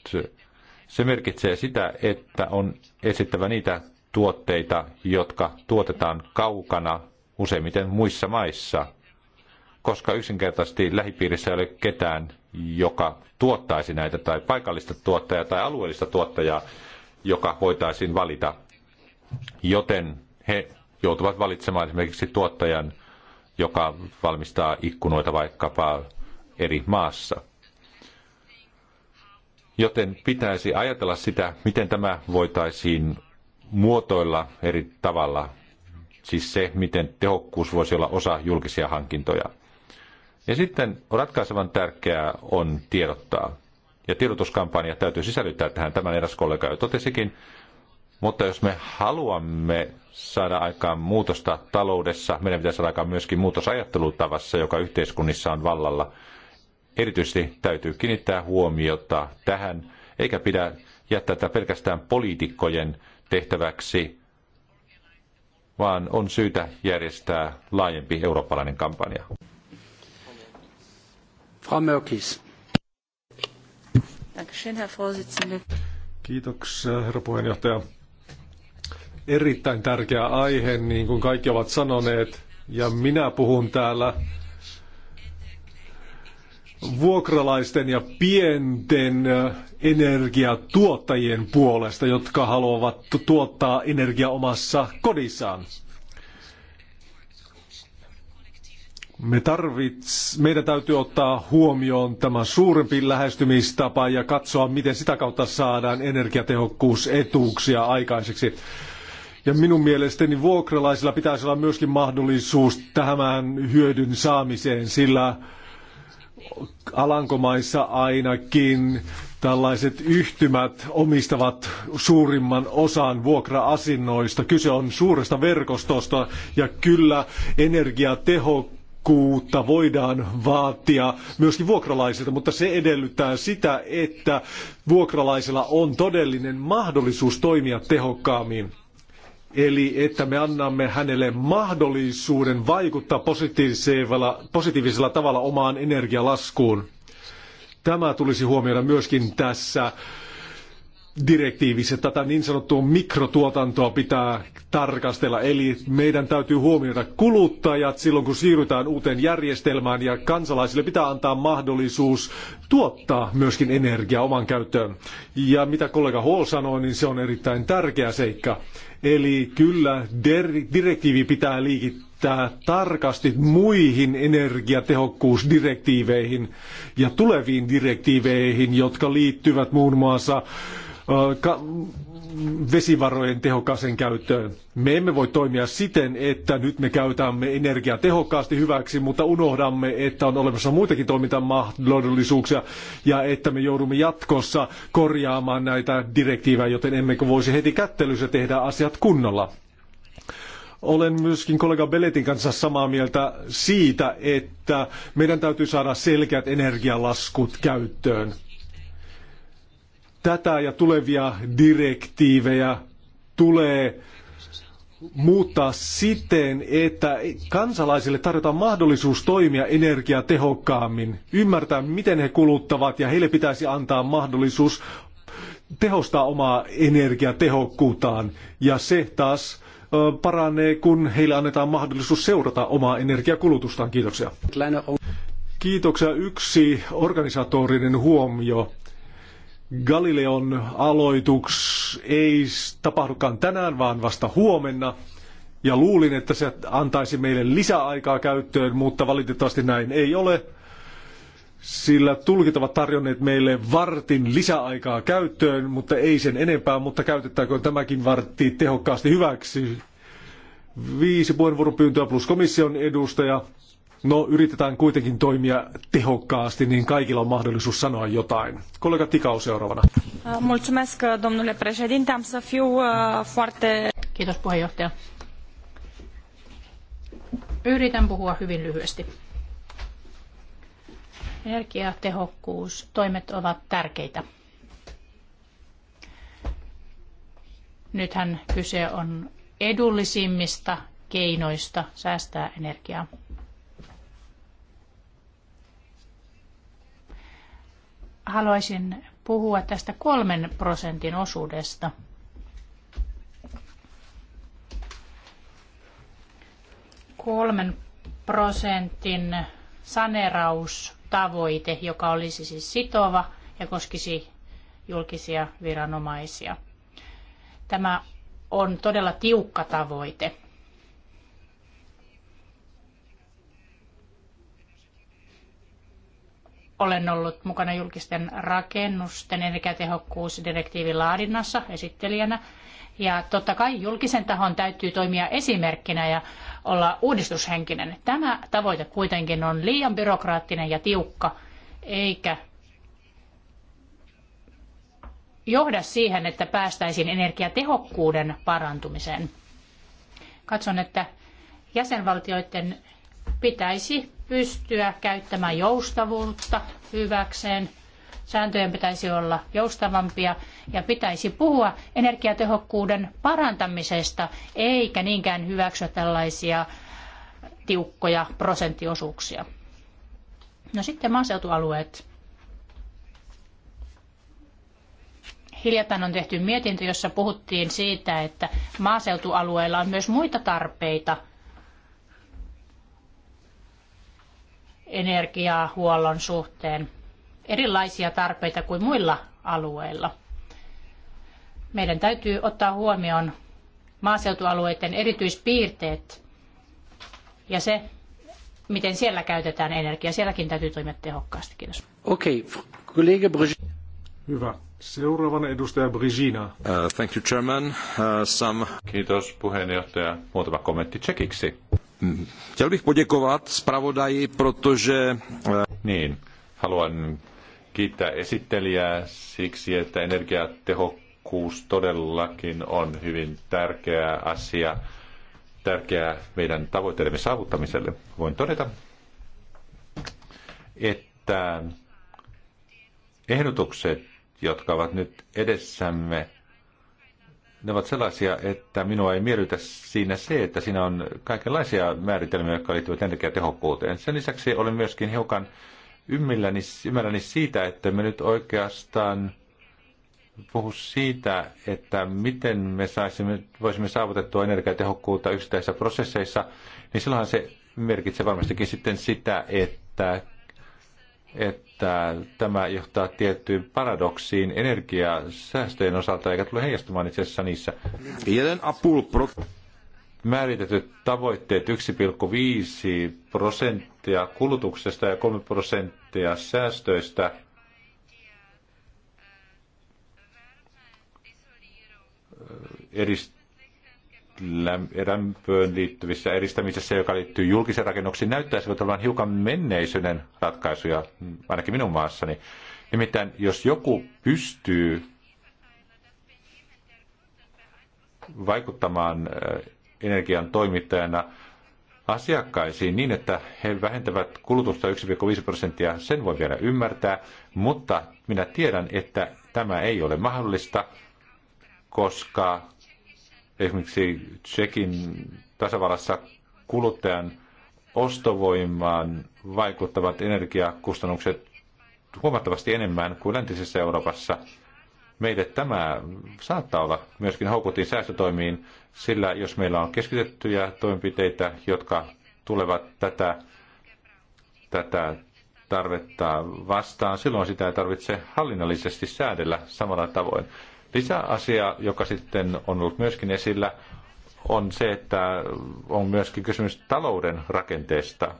se merkitsee sitä, että on esittävä niitä tuotteita, jotka tuotetaan kaukana useimmiten muissa maissa, koska yksinkertaisesti lähipiirissä ei ole ketään, joka tuottaisi näitä tai paikallista tuottajaa tai alueellista tuottajaa, joka voitaisiin valita. Joten he joutuvat valitsemaan esimerkiksi tuottajan, joka valmistaa ikkunoita vaikkapa eri maassa. Joten pitäisi ajatella sitä, miten tämä voitaisiin muotoilla eri tavalla. Siis se, miten tehokkuus voisi olla osa julkisia hankintoja. Ja sitten ratkaisevan tärkeää on tiedottaa. Ja tiedotuskampanja täytyy sisällyttää tähän, tämän eräs kollega jo totesikin. Mutta jos me haluamme saada aikaan muutosta taloudessa, meidän pitäisi saada aikaan myöskin muutosajattelutavassa, ajattelutavassa, joka yhteiskunnissa on vallalla erityisesti täytyy kiinnittää huomiota tähän, eikä pidä jättää tätä pelkästään poliitikkojen tehtäväksi, vaan on syytä järjestää laajempi eurooppalainen kampanja. Frau Mörkis.
herra puheenjohtaja. Erittäin tärkeä aihe, niin kuin kaikki ovat sanoneet, ja minä puhun täällä vuokralaisten ja pienten energiatuottajien puolesta, jotka haluavat tuottaa energiaa omassa kodissaan. Me tarvits, meidän täytyy ottaa huomioon tämä suurempi lähestymistapa ja katsoa, miten sitä kautta saadaan energiatehokkuusetuuksia aikaiseksi. Ja minun mielestäni vuokralaisilla pitäisi olla myöskin mahdollisuus tähän hyödyn saamiseen, sillä Alankomaissa ainakin tällaiset yhtymät omistavat suurimman osan vuokra-asinnoista. Kyse on suuresta verkostosta ja kyllä energiatehokkuutta voidaan vaatia myöskin vuokralaisilta, mutta se edellyttää sitä, että vuokralaisilla on todellinen mahdollisuus toimia tehokkaammin. Eli että me annamme hänelle mahdollisuuden vaikuttaa positiivisella, positiivisella tavalla omaan energialaskuun. Tämä tulisi huomioida myöskin tässä direktiivissä. Tätä niin sanottua mikrotuotantoa pitää tarkastella, eli meidän täytyy huomioida kuluttajat silloin, kun siirrytään uuteen järjestelmään, ja kansalaisille pitää antaa mahdollisuus tuottaa myöskin energiaa oman käyttöön. Ja mitä kollega Hall sanoi, niin se on erittäin tärkeä seikka. Eli kyllä direktiivi pitää liikittää tarkasti muihin energiatehokkuusdirektiiveihin ja tuleviin direktiiveihin, jotka liittyvät muun muassa vesivarojen tehokkaaseen käyttöön. Me emme voi toimia siten, että nyt me käytämme energiaa tehokkaasti hyväksi, mutta unohdamme, että on olemassa muitakin toimintamahdollisuuksia ja että me joudumme jatkossa korjaamaan näitä direktiivejä, joten emmekö voisi heti kättelyssä tehdä asiat kunnolla. Olen myöskin kollega Beletin kanssa samaa mieltä siitä, että meidän täytyy saada selkeät energialaskut käyttöön tätä ja tulevia direktiivejä tulee muuttaa siten, että kansalaisille tarjotaan mahdollisuus toimia energiatehokkaammin, ymmärtää miten he kuluttavat ja heille pitäisi antaa mahdollisuus tehostaa omaa energiatehokkuutaan. Ja se taas paranee, kun heille annetaan mahdollisuus seurata omaa energiakulutustaan. Kiitoksia. Kiitoksia. Yksi organisatorinen huomio. Galileon aloituks ei tapahdukaan tänään, vaan vasta huomenna. Ja luulin, että se antaisi meille lisäaikaa käyttöön, mutta valitettavasti näin ei ole. Sillä tulkit ovat tarjonneet meille vartin lisäaikaa käyttöön, mutta ei sen enempää, mutta käytettäkö tämäkin vartti tehokkaasti hyväksi. Viisi puheenvuoropyyntöä plus komission edustaja. No, yritetään kuitenkin toimia tehokkaasti, niin kaikilla on mahdollisuus sanoa jotain. Kollega Tikau seuraavana.
Uh, uh, domnule Am să fiu uh, foarte... Kiitos puheenjohtaja. Yritän puhua hyvin lyhyesti. Energiatehokkuus, toimet ovat tärkeitä. Nythän kyse on edullisimmista keinoista säästää energiaa. haluaisin puhua tästä kolmen prosentin osuudesta. Kolmen prosentin saneraustavoite, joka olisi siis sitova ja koskisi julkisia viranomaisia. Tämä on todella tiukka tavoite. Olen ollut mukana julkisten rakennusten energiatehokkuusdirektiivin laadinnassa esittelijänä. Ja totta kai julkisen tahon täytyy toimia esimerkkinä ja olla uudistushenkinen. Tämä tavoite kuitenkin on liian byrokraattinen ja tiukka, eikä johda siihen, että päästäisiin energiatehokkuuden parantumiseen. Katson, että jäsenvaltioiden pitäisi pystyä käyttämään joustavuutta hyväkseen. Sääntöjen pitäisi olla joustavampia ja pitäisi puhua energiatehokkuuden parantamisesta, eikä niinkään hyväksyä tällaisia tiukkoja prosenttiosuuksia. No sitten maaseutualueet. Hiljattain on tehty mietintö, jossa puhuttiin siitä, että maaseutualueilla on myös muita tarpeita – energiahuollon suhteen erilaisia tarpeita kuin muilla alueilla. Meidän täytyy ottaa huomioon maaseutualueiden erityispiirteet ja se, miten siellä käytetään energiaa. Sielläkin täytyy toimia tehokkaasti. Kiitos.
Okei, okay. kollega Brigitte. Hyvä. Seuraavana edustaja Brigina.
Uh, thank you, Chairman. Uh, some... Kiitos puheenjohtaja. Muutama kommentti tsekiksi. Chtěl bych poděkovat zpravodaji, protože... Eh, niin, haluan kiittää esittelijää siksi, että energiatehokkuus todellakin on hyvin tärkeä asia, tärkeä meidän tavoitteidemme saavuttamiselle. Voin todeta, että ehdotukset, jotka ovat nyt edessämme, ne ovat sellaisia, että minua ei miellytä siinä se, että siinä on kaikenlaisia määritelmiä, jotka liittyvät energiatehokkuuteen. Sen lisäksi olen myöskin hiukan ymmälläni, ymmälläni siitä, että me nyt oikeastaan puhu siitä, että miten me saisimme, voisimme saavutettua energiatehokkuutta yksittäisissä prosesseissa, niin silloinhan se merkitsee varmastikin sitten sitä, että että tämä johtaa tiettyyn paradoksiin energiasäästöjen osalta, eikä tule heijastumaan itse asiassa niissä. Määritetyt tavoitteet 1,5 prosenttia kulutuksesta ja 3 prosenttia säästöistä eh, edistää lämpöön liittyvissä eristämisessä, joka liittyy julkisen rakennuksiin, näyttäisivät olevan hiukan menneisyyden ratkaisuja, ainakin minun maassani. Nimittäin, jos joku pystyy vaikuttamaan äh, energian toimittajana asiakkaisiin niin, että he vähentävät kulutusta 1,5 prosenttia, sen voi vielä ymmärtää, mutta minä tiedän, että tämä ei ole mahdollista, koska Esimerkiksi Tsekin tasavallassa kuluttajan ostovoimaan vaikuttavat energiakustannukset huomattavasti enemmän kuin läntisessä Euroopassa. Meille tämä saattaa olla myöskin houkutin säästötoimiin, sillä jos meillä on keskitettyjä toimenpiteitä, jotka tulevat tätä, tätä tarvetta vastaan, silloin sitä ei tarvitse hallinnollisesti säädellä samalla tavoin. Lisäasia, joka sitten on ollut myöskin esillä, on se, että on myöskin kysymys talouden rakenteesta.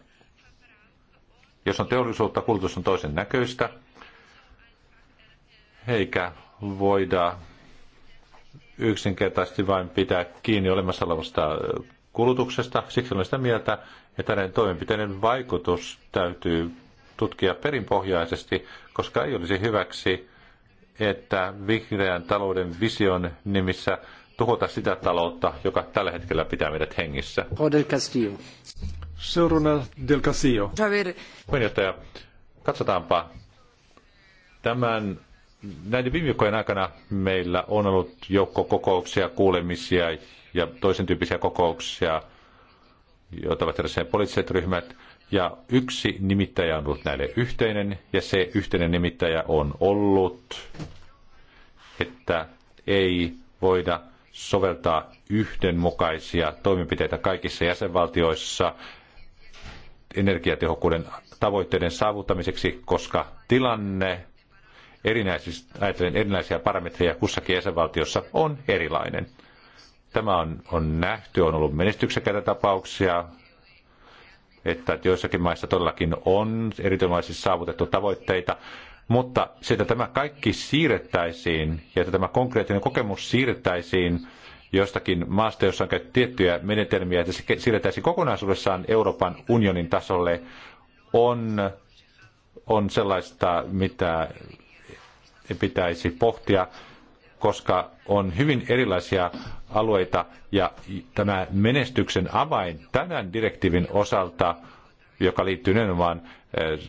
Jos on teollisuutta, kulutus on toisen näköistä, eikä voida yksinkertaisesti vain pitää kiinni olemassa olevasta kulutuksesta. Siksi olen sitä mieltä, että näiden toimenpiteiden vaikutus täytyy tutkia perinpohjaisesti, koska ei olisi hyväksi että vihreän talouden vision nimissä tuhota sitä taloutta, joka tällä hetkellä pitää meidät hengissä.
Del Castillo. Seurana Del Castillo.
Puheenjohtaja, katsotaanpa. Tämän, näiden viime viikkojen aikana meillä on ollut joukko kokouksia, kuulemisia ja toisen tyyppisiä kokouksia, joita ovat poliittiset ryhmät – ja yksi nimittäjä on ollut näille yhteinen, ja se yhteinen nimittäjä on ollut, että ei voida soveltaa yhdenmukaisia toimenpiteitä kaikissa jäsenvaltioissa energiatehokkuuden tavoitteiden saavuttamiseksi, koska tilanne ajatellen erinäisiä parametreja kussakin jäsenvaltiossa on erilainen. Tämä on, on nähty, on ollut menestyksekäitä tapauksia, että joissakin maissa todellakin on erityisesti saavutettu tavoitteita, mutta se, että tämä kaikki siirrettäisiin ja että tämä konkreettinen kokemus siirrettäisiin jostakin maasta, jossa on käytetty tiettyjä menetelmiä, että se siirretäisiin kokonaisuudessaan Euroopan unionin tasolle, on, on sellaista, mitä pitäisi pohtia koska on hyvin erilaisia alueita ja tämä menestyksen avain tämän direktiivin osalta, joka liittyy nimenomaan eh,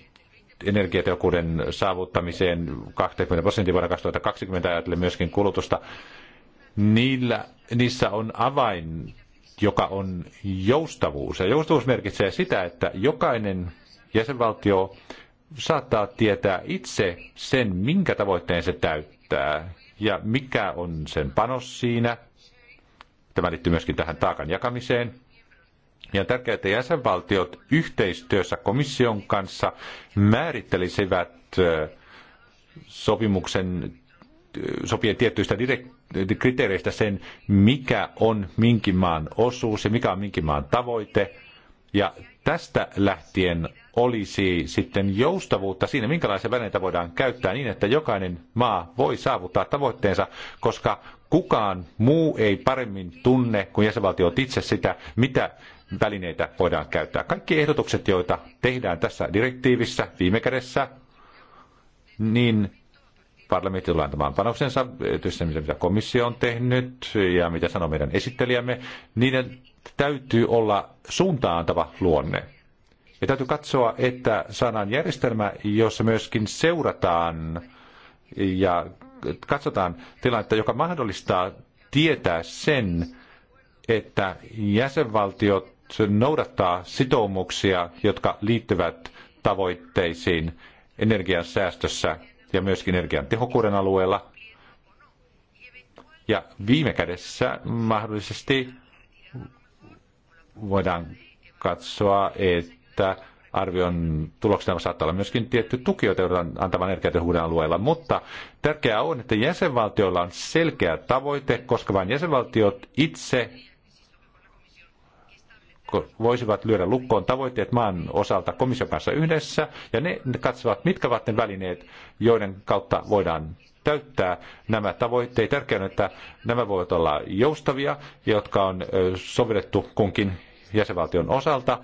energiatehokkuuden saavuttamiseen 20 prosenttia vuonna 2020 ajatellen myöskin kulutusta, niillä, niissä on avain, joka on joustavuus. Ja joustavuus merkitsee sitä, että jokainen jäsenvaltio saattaa tietää itse sen, minkä tavoitteen se täyttää ja mikä on sen panos siinä. Tämä liittyy myöskin tähän taakan jakamiseen. Ja on tärkeää, että jäsenvaltiot yhteistyössä komission kanssa määrittelisivät sopimuksen sopien tietyistä kriteereistä sen, mikä on minkin maan osuus ja mikä on minkin maan tavoite. Ja tästä lähtien olisi sitten joustavuutta siinä, minkälaisia välineitä voidaan käyttää niin, että jokainen maa voi saavuttaa tavoitteensa, koska kukaan muu ei paremmin tunne kuin jäsenvaltiot itse sitä, mitä välineitä voidaan käyttää. Kaikki ehdotukset, joita tehdään tässä direktiivissä viime kädessä, niin parlamentti tulee antamaan panoksensa, tietysti mitä komissio on tehnyt ja mitä sanoo meidän esittelijämme, niiden täytyy olla suuntaantava luonne. Ja täytyy katsoa, että saadaan järjestelmä, jossa myöskin seurataan ja katsotaan tilannetta, joka mahdollistaa tietää sen, että jäsenvaltiot noudattaa sitoumuksia, jotka liittyvät tavoitteisiin energian säästössä ja myöskin energian tehokkuuden alueella. Ja viime kädessä mahdollisesti voidaan katsoa, että että arvion tuloksena saattaa olla myöskin tietty tuki, jota joudutaan antamaan energiatehokkuuden alueella. Mutta tärkeää on, että jäsenvaltioilla on selkeä tavoite, koska vain jäsenvaltiot itse voisivat lyödä lukkoon tavoitteet maan osalta komission kanssa yhdessä, ja ne katsovat, mitkä ovat ne välineet, joiden kautta voidaan täyttää nämä tavoitteet. Tärkeää on, että nämä voivat olla joustavia, jotka on sovellettu kunkin jäsenvaltion osalta,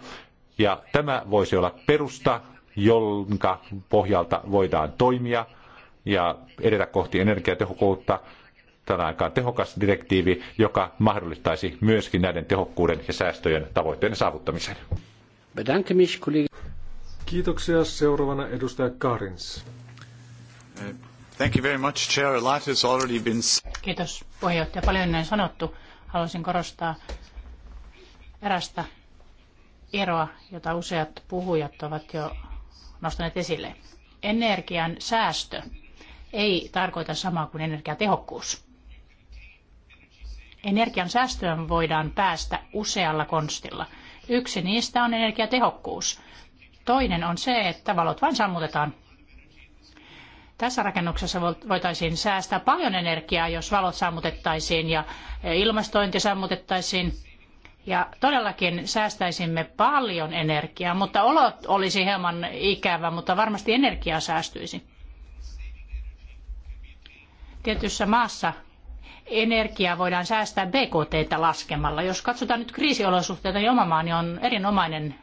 ja tämä voisi olla perusta, jonka pohjalta voidaan toimia ja edetä kohti energiatehokkuutta. Tämä aikaan tehokas direktiivi, joka mahdollistaisi myöskin näiden tehokkuuden ja säästöjen tavoitteiden saavuttamisen.
Kiitoksia. Seuraavana edustaja Karins.
Thank you very much, Chair. A lot has already been... Kiitos puheenjohtaja. Paljon on sanottu. Haluaisin korostaa erästä eroa, jota useat puhujat ovat jo nostaneet esille. Energian säästö ei tarkoita samaa kuin energiatehokkuus. Energian säästöön voidaan päästä usealla konstilla. Yksi niistä on energiatehokkuus. Toinen on se, että valot vain sammutetaan. Tässä rakennuksessa voitaisiin säästää paljon energiaa, jos valot sammutettaisiin ja ilmastointi sammutettaisiin. Ja todellakin säästäisimme paljon energiaa, mutta olot olisi hieman ikävä, mutta varmasti energiaa säästyisi. Tietyssä maassa energiaa voidaan säästää BKT laskemalla. Jos katsotaan nyt kriisiolosuhteita, niin oma maani on erinomainen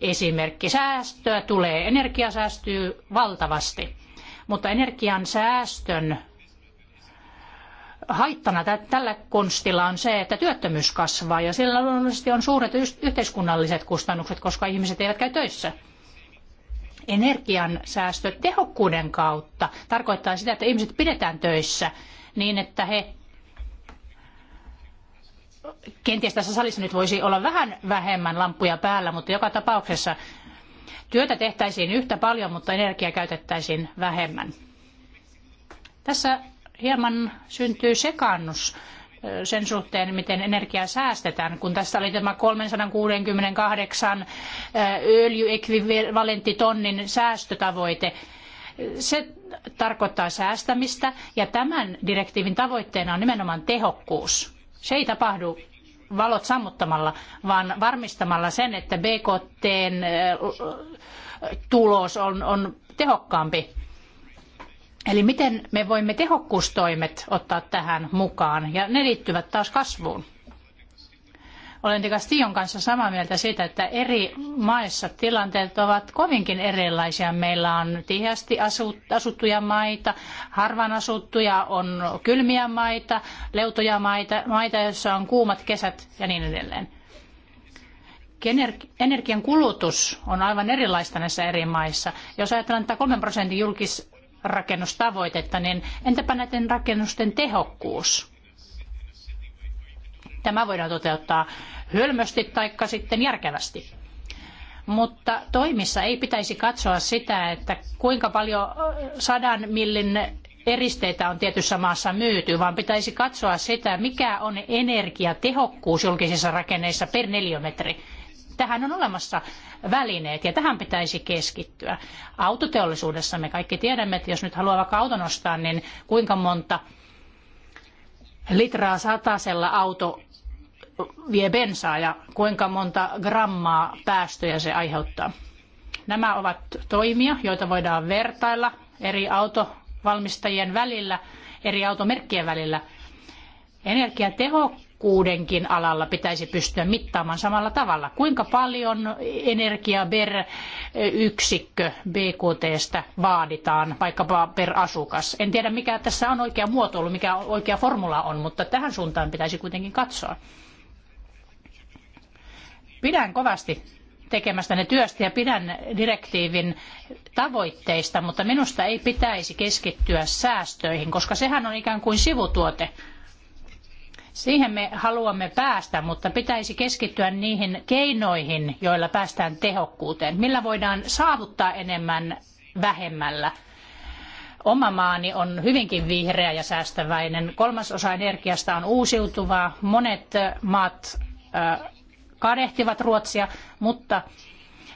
esimerkki. Säästöä tulee, energia säästyy valtavasti, mutta energian säästön haittana tällä konstilla on se, että työttömyys kasvaa ja sillä luonnollisesti on suuret yhteiskunnalliset kustannukset, koska ihmiset eivät käy töissä. Energian säästö tehokkuuden kautta tarkoittaa sitä, että ihmiset pidetään töissä niin, että he kenties tässä salissa nyt voisi olla vähän vähemmän lampuja päällä, mutta joka tapauksessa työtä tehtäisiin yhtä paljon, mutta energiaa käytettäisiin vähemmän. Tässä hieman syntyy sekaannus sen suhteen, miten energiaa säästetään, kun tässä oli tämä 368 öljyekvivalenttitonnin säästötavoite. Se tarkoittaa säästämistä ja tämän direktiivin tavoitteena on nimenomaan tehokkuus. Se ei tapahdu valot sammuttamalla, vaan varmistamalla sen, että BKTn tulos on, on tehokkaampi Eli miten me voimme tehokkuustoimet ottaa tähän mukaan, ja ne liittyvät taas kasvuun. Olen Tion kanssa samaa mieltä siitä, että eri maissa tilanteet ovat kovinkin erilaisia. Meillä on tiheästi asuttuja maita, harvaan asuttuja, on kylmiä maita, leutoja maita, maita joissa on kuumat kesät ja niin edelleen. Energian kulutus on aivan erilaista näissä eri maissa. Jos ajatellaan että 3 prosentin julkis rakennustavoitetta, niin entäpä näiden rakennusten tehokkuus? Tämä voidaan toteuttaa hölmösti tai sitten järkevästi. Mutta toimissa ei pitäisi katsoa sitä, että kuinka paljon sadan millin eristeitä on tietyssä maassa myyty, vaan pitäisi katsoa sitä, mikä on energiatehokkuus julkisissa rakenneissa per neliömetri. Tähän on olemassa välineet ja tähän pitäisi keskittyä. Autoteollisuudessa me kaikki tiedämme, että jos nyt haluaa vaikka auton ostaa, niin kuinka monta litraa satasella auto vie bensaa ja kuinka monta grammaa päästöjä se aiheuttaa. Nämä ovat toimia, joita voidaan vertailla eri autovalmistajien välillä, eri automerkkien välillä. Energiatehokkuus tehokkuudenkin alalla pitäisi pystyä mittaamaan samalla tavalla. Kuinka paljon energiaa per yksikkö BKTstä vaaditaan, vaikkapa per asukas? En tiedä, mikä tässä on oikea muotoilu, mikä oikea formula on, mutta tähän suuntaan pitäisi kuitenkin katsoa. Pidän kovasti tekemästänne työstä ja pidän direktiivin tavoitteista, mutta minusta ei pitäisi keskittyä säästöihin, koska sehän on ikään kuin sivutuote Siihen me haluamme päästä, mutta pitäisi keskittyä niihin keinoihin, joilla päästään tehokkuuteen. Millä voidaan saavuttaa enemmän vähemmällä? Oma maani on hyvinkin vihreä ja säästäväinen. Kolmasosa energiasta on uusiutuvaa. Monet maat kadehtivat Ruotsia, mutta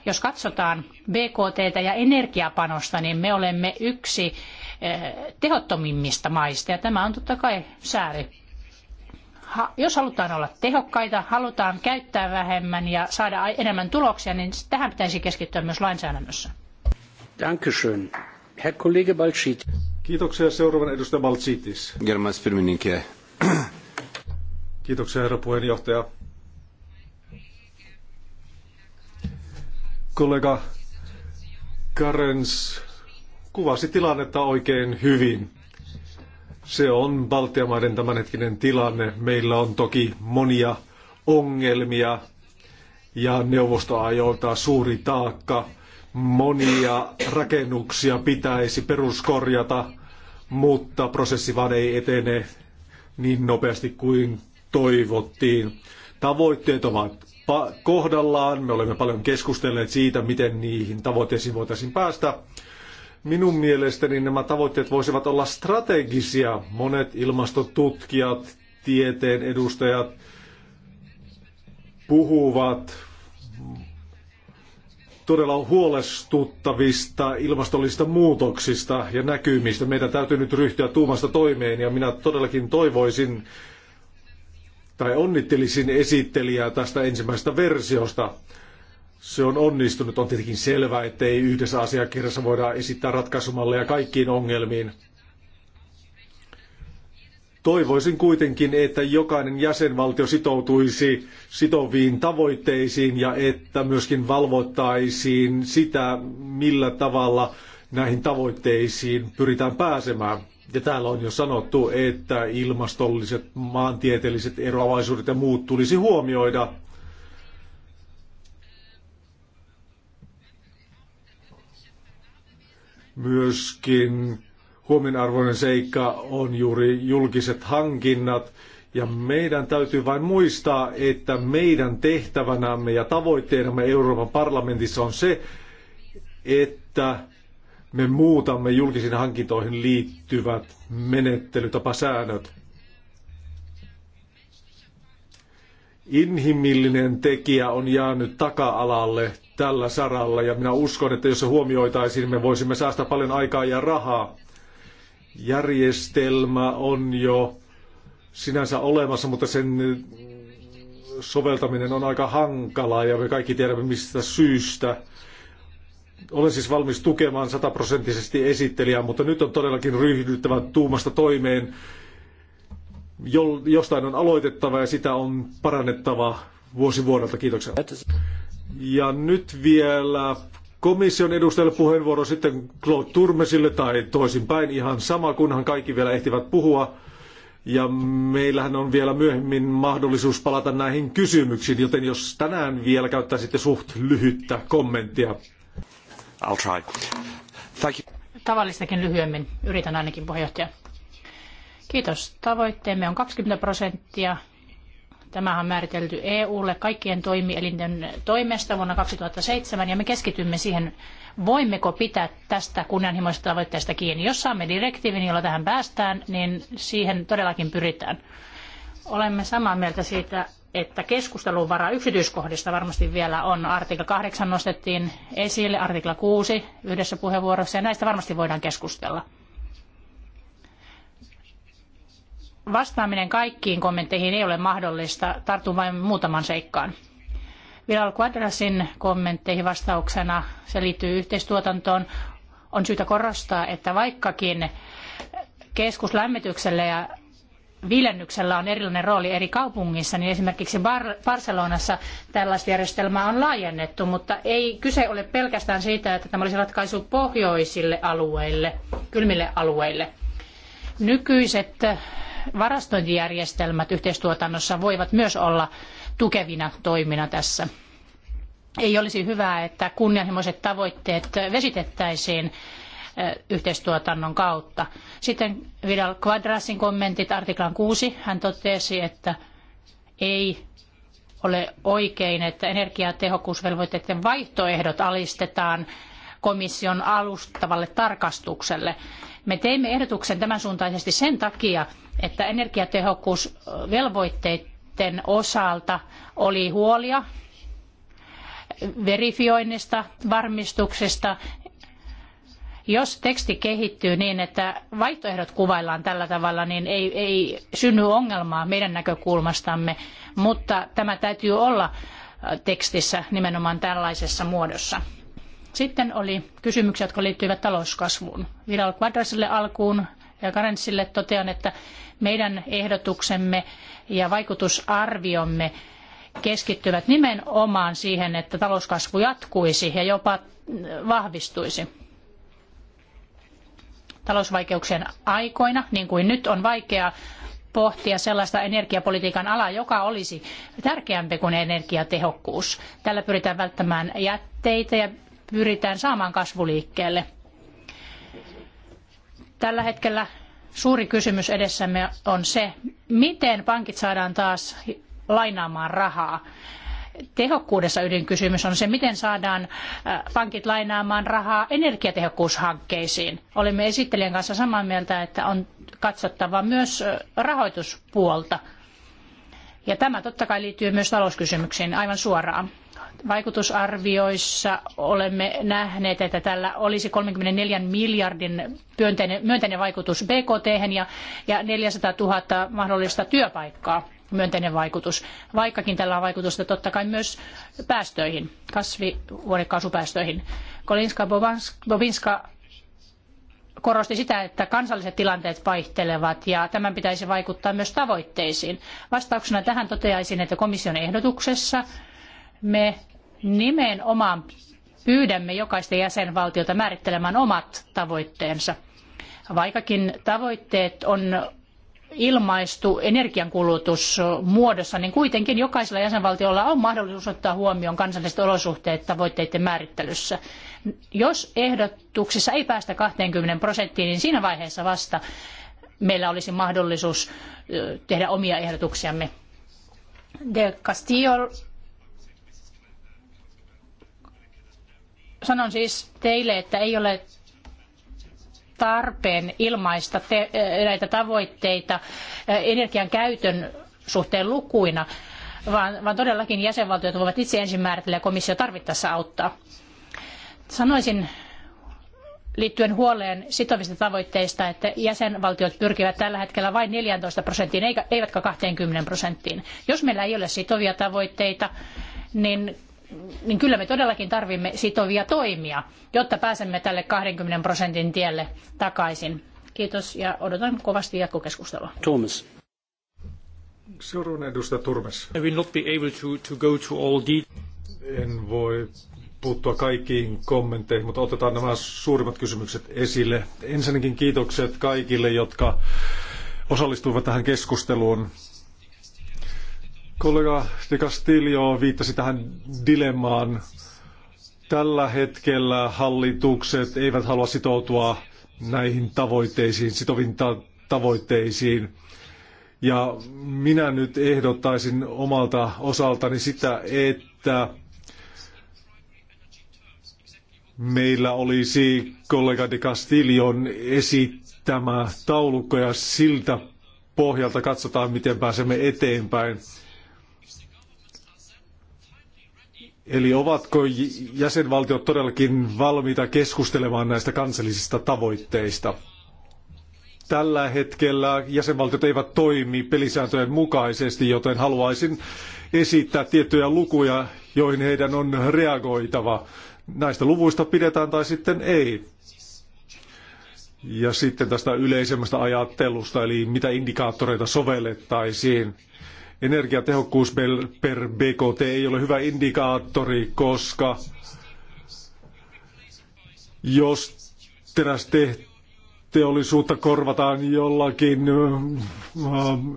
jos katsotaan BKT ja energiapanosta, niin me olemme yksi tehottomimmista maista ja tämä on totta kai sääli jos halutaan olla tehokkaita, halutaan käyttää vähemmän ja saada enemmän tuloksia, niin tähän pitäisi keskittyä myös lainsäädännössä.
Dankeschön. Herr Kollege Balchit. Kiitoksia seuraavan edustaja Balchitis.
Germans Firmininkiä.
Kiitoksia herra puheenjohtaja. Kollega Karens kuvasi tilannetta oikein hyvin. Se on Baltian maiden tämänhetkinen tilanne. Meillä on toki monia ongelmia ja neuvostoajolta suuri taakka. Monia rakennuksia pitäisi peruskorjata, mutta prosessi vaan ei etene niin nopeasti kuin toivottiin. Tavoitteet ovat kohdallaan. Me olemme paljon keskustelleet siitä, miten niihin tavoitteisiin voitaisiin päästä. Minun mielestäni nämä tavoitteet voisivat olla strategisia. Monet ilmastotutkijat, tieteen edustajat puhuvat todella huolestuttavista ilmastollisista muutoksista ja näkymistä. Meidän täytyy nyt ryhtyä tuumasta toimeen ja minä todellakin toivoisin tai onnittelisin esittelijää tästä ensimmäisestä versiosta se on onnistunut. On tietenkin selvää, ettei yhdessä asiakirjassa voida esittää ratkaisumalleja kaikkiin ongelmiin. Toivoisin kuitenkin, että jokainen jäsenvaltio sitoutuisi sitoviin tavoitteisiin ja että myöskin valvottaisiin sitä, millä tavalla näihin tavoitteisiin pyritään pääsemään. Ja täällä on jo sanottu, että ilmastolliset, maantieteelliset eroavaisuudet ja muut tulisi huomioida Myöskin huomionarvoinen seikka on juuri julkiset hankinnat. Ja meidän täytyy vain muistaa, että meidän tehtävänämme ja tavoitteenamme Euroopan parlamentissa on se, että me muutamme julkisiin hankintoihin liittyvät menettelytapasäännöt. inhimillinen tekijä on jäänyt taka-alalle tällä saralla ja minä uskon, että jos se huomioitaisiin, me voisimme säästää paljon aikaa ja rahaa. Järjestelmä on jo sinänsä olemassa, mutta sen soveltaminen on aika hankalaa ja me kaikki tiedämme mistä syystä. Olen siis valmis tukemaan sataprosenttisesti esittelijää, mutta nyt on todellakin ryhdyttävä tuumasta toimeen jostain on aloitettava ja sitä on parannettava vuosi vuodelta. Kiitoksia. Ja nyt vielä komission edustajalle puheenvuoro sitten Claude Turmesille tai toisinpäin ihan sama, kunhan kaikki vielä ehtivät puhua. Ja meillähän on vielä myöhemmin mahdollisuus palata näihin kysymyksiin, joten jos tänään vielä käyttäisitte suht lyhyttä kommenttia. I'll try. Thank you.
Tavallistakin lyhyemmin. Yritän ainakin puheenjohtaja. Kiitos. Tavoitteemme on 20 prosenttia. Tämä on määritelty EUlle kaikkien toimielinten toimesta vuonna 2007 ja me keskitymme siihen, voimmeko pitää tästä kunnianhimoisesta tavoitteesta kiinni. Jos saamme direktiivin, jolla tähän päästään, niin siihen todellakin pyritään. Olemme samaa mieltä siitä, että keskustelun vara yksityiskohdista varmasti vielä on. Artikla 8 nostettiin esille, artikla 6 yhdessä puheenvuorossa ja näistä varmasti voidaan keskustella. vastaaminen kaikkiin kommentteihin ei ole mahdollista. Tartun vain muutaman seikkaan. Bilal Quadrasin kommentteihin vastauksena, se liittyy yhteistuotantoon, on syytä korostaa, että vaikkakin keskuslämmityksellä ja viilennyksellä on erilainen rooli eri kaupungissa, niin esimerkiksi Barcelonassa tällaista järjestelmää on laajennettu, mutta ei kyse ole pelkästään siitä, että tämä olisi ratkaisu pohjoisille alueille, kylmille alueille. Nykyiset varastointijärjestelmät yhteistuotannossa voivat myös olla tukevina toimina tässä. Ei olisi hyvä, että kunnianhimoiset tavoitteet vesitettäisiin yhteistuotannon kautta. Sitten Vidal Quadrasin kommentit artiklan 6. Hän totesi, että ei ole oikein, että energiatehokkuusvelvoitteiden vaihtoehdot alistetaan komission alustavalle tarkastukselle. Me teimme ehdotuksen tämän suuntaisesti sen takia, että energiatehokkuusvelvoitteiden osalta oli huolia verifioinnista, varmistuksesta. Jos teksti kehittyy niin, että vaihtoehdot kuvaillaan tällä tavalla, niin ei, ei synny ongelmaa meidän näkökulmastamme, mutta tämä täytyy olla tekstissä nimenomaan tällaisessa muodossa. Sitten oli kysymyksiä, jotka liittyivät talouskasvuun. Viral Quadrasille alkuun ja Karenssille totean, että meidän ehdotuksemme ja vaikutusarviomme keskittyvät nimenomaan siihen, että talouskasvu jatkuisi ja jopa vahvistuisi. Talousvaikeuksien aikoina, niin kuin nyt, on vaikea pohtia sellaista energiapolitiikan alaa, joka olisi tärkeämpi kuin energiatehokkuus. Tällä pyritään välttämään jätteitä ja pyritään saamaan kasvuliikkeelle. Tällä hetkellä suuri kysymys edessämme on se, miten pankit saadaan taas lainaamaan rahaa. Tehokkuudessa ydinkysymys on se, miten saadaan pankit lainaamaan rahaa energiatehokkuushankkeisiin. Olemme esittelijän kanssa samaa mieltä, että on katsottava myös rahoituspuolta. Ja tämä totta kai liittyy myös talouskysymyksiin aivan suoraan vaikutusarvioissa olemme nähneet, että tällä olisi 34 miljardin myönteinen vaikutus BKT ja, ja 400 000 mahdollista työpaikkaa myönteinen vaikutus, vaikkakin tällä on vaikutusta totta kai myös päästöihin, kasvihuonekaasupäästöihin. Kolinska Bobinska korosti sitä, että kansalliset tilanteet vaihtelevat ja tämän pitäisi vaikuttaa myös tavoitteisiin. Vastauksena tähän toteaisin, että komission ehdotuksessa me nimenomaan pyydämme jokaista jäsenvaltiota määrittelemään omat tavoitteensa. Vaikkakin tavoitteet on ilmaistu energiankulutusmuodossa, niin kuitenkin jokaisella jäsenvaltiolla on mahdollisuus ottaa huomioon kansalliset olosuhteet tavoitteiden määrittelyssä. Jos ehdotuksissa ei päästä 20 prosenttiin, niin siinä vaiheessa vasta meillä olisi mahdollisuus tehdä omia ehdotuksiamme. De Castillo sanon siis teille, että ei ole tarpeen ilmaista te, näitä tavoitteita energian käytön suhteen lukuina, vaan, vaan todellakin jäsenvaltiot voivat itse ensin määritellä ja komissio tarvittaessa auttaa. Sanoisin liittyen huoleen sitovista tavoitteista, että jäsenvaltiot pyrkivät tällä hetkellä vain 14 prosenttiin, eivätkä 20 prosenttiin. Jos meillä ei ole sitovia tavoitteita, niin niin kyllä me todellakin tarvimme sitovia toimia, jotta pääsemme tälle 20 prosentin tielle takaisin. Kiitos ja odotan kovasti jatkokeskustelua.
Thomas. edustaja Turmes. I will not be able to, to go to all En voi puuttua kaikkiin kommentteihin, mutta otetaan nämä suurimmat kysymykset esille. Ensinnäkin kiitokset kaikille, jotka osallistuivat tähän keskusteluun. Kollega De Castillo viittasi tähän dilemmaan. Tällä hetkellä hallitukset eivät halua sitoutua näihin tavoitteisiin, sitoviin tavoitteisiin. Ja minä nyt ehdottaisin omalta osaltani sitä, että meillä olisi kollega de Castillon esittämä taulukko ja siltä pohjalta katsotaan, miten pääsemme eteenpäin. Eli ovatko jäsenvaltiot todellakin valmiita keskustelemaan näistä kansallisista tavoitteista? Tällä hetkellä jäsenvaltiot eivät toimi pelisääntöjen mukaisesti, joten haluaisin esittää tiettyjä lukuja, joihin heidän on reagoitava. Näistä luvuista pidetään tai sitten ei. Ja sitten tästä yleisemmästä ajattelusta, eli mitä indikaattoreita sovellettaisiin energiatehokkuus per BKT ei ole hyvä indikaattori, koska jos terästeollisuutta korvataan jollakin ähm,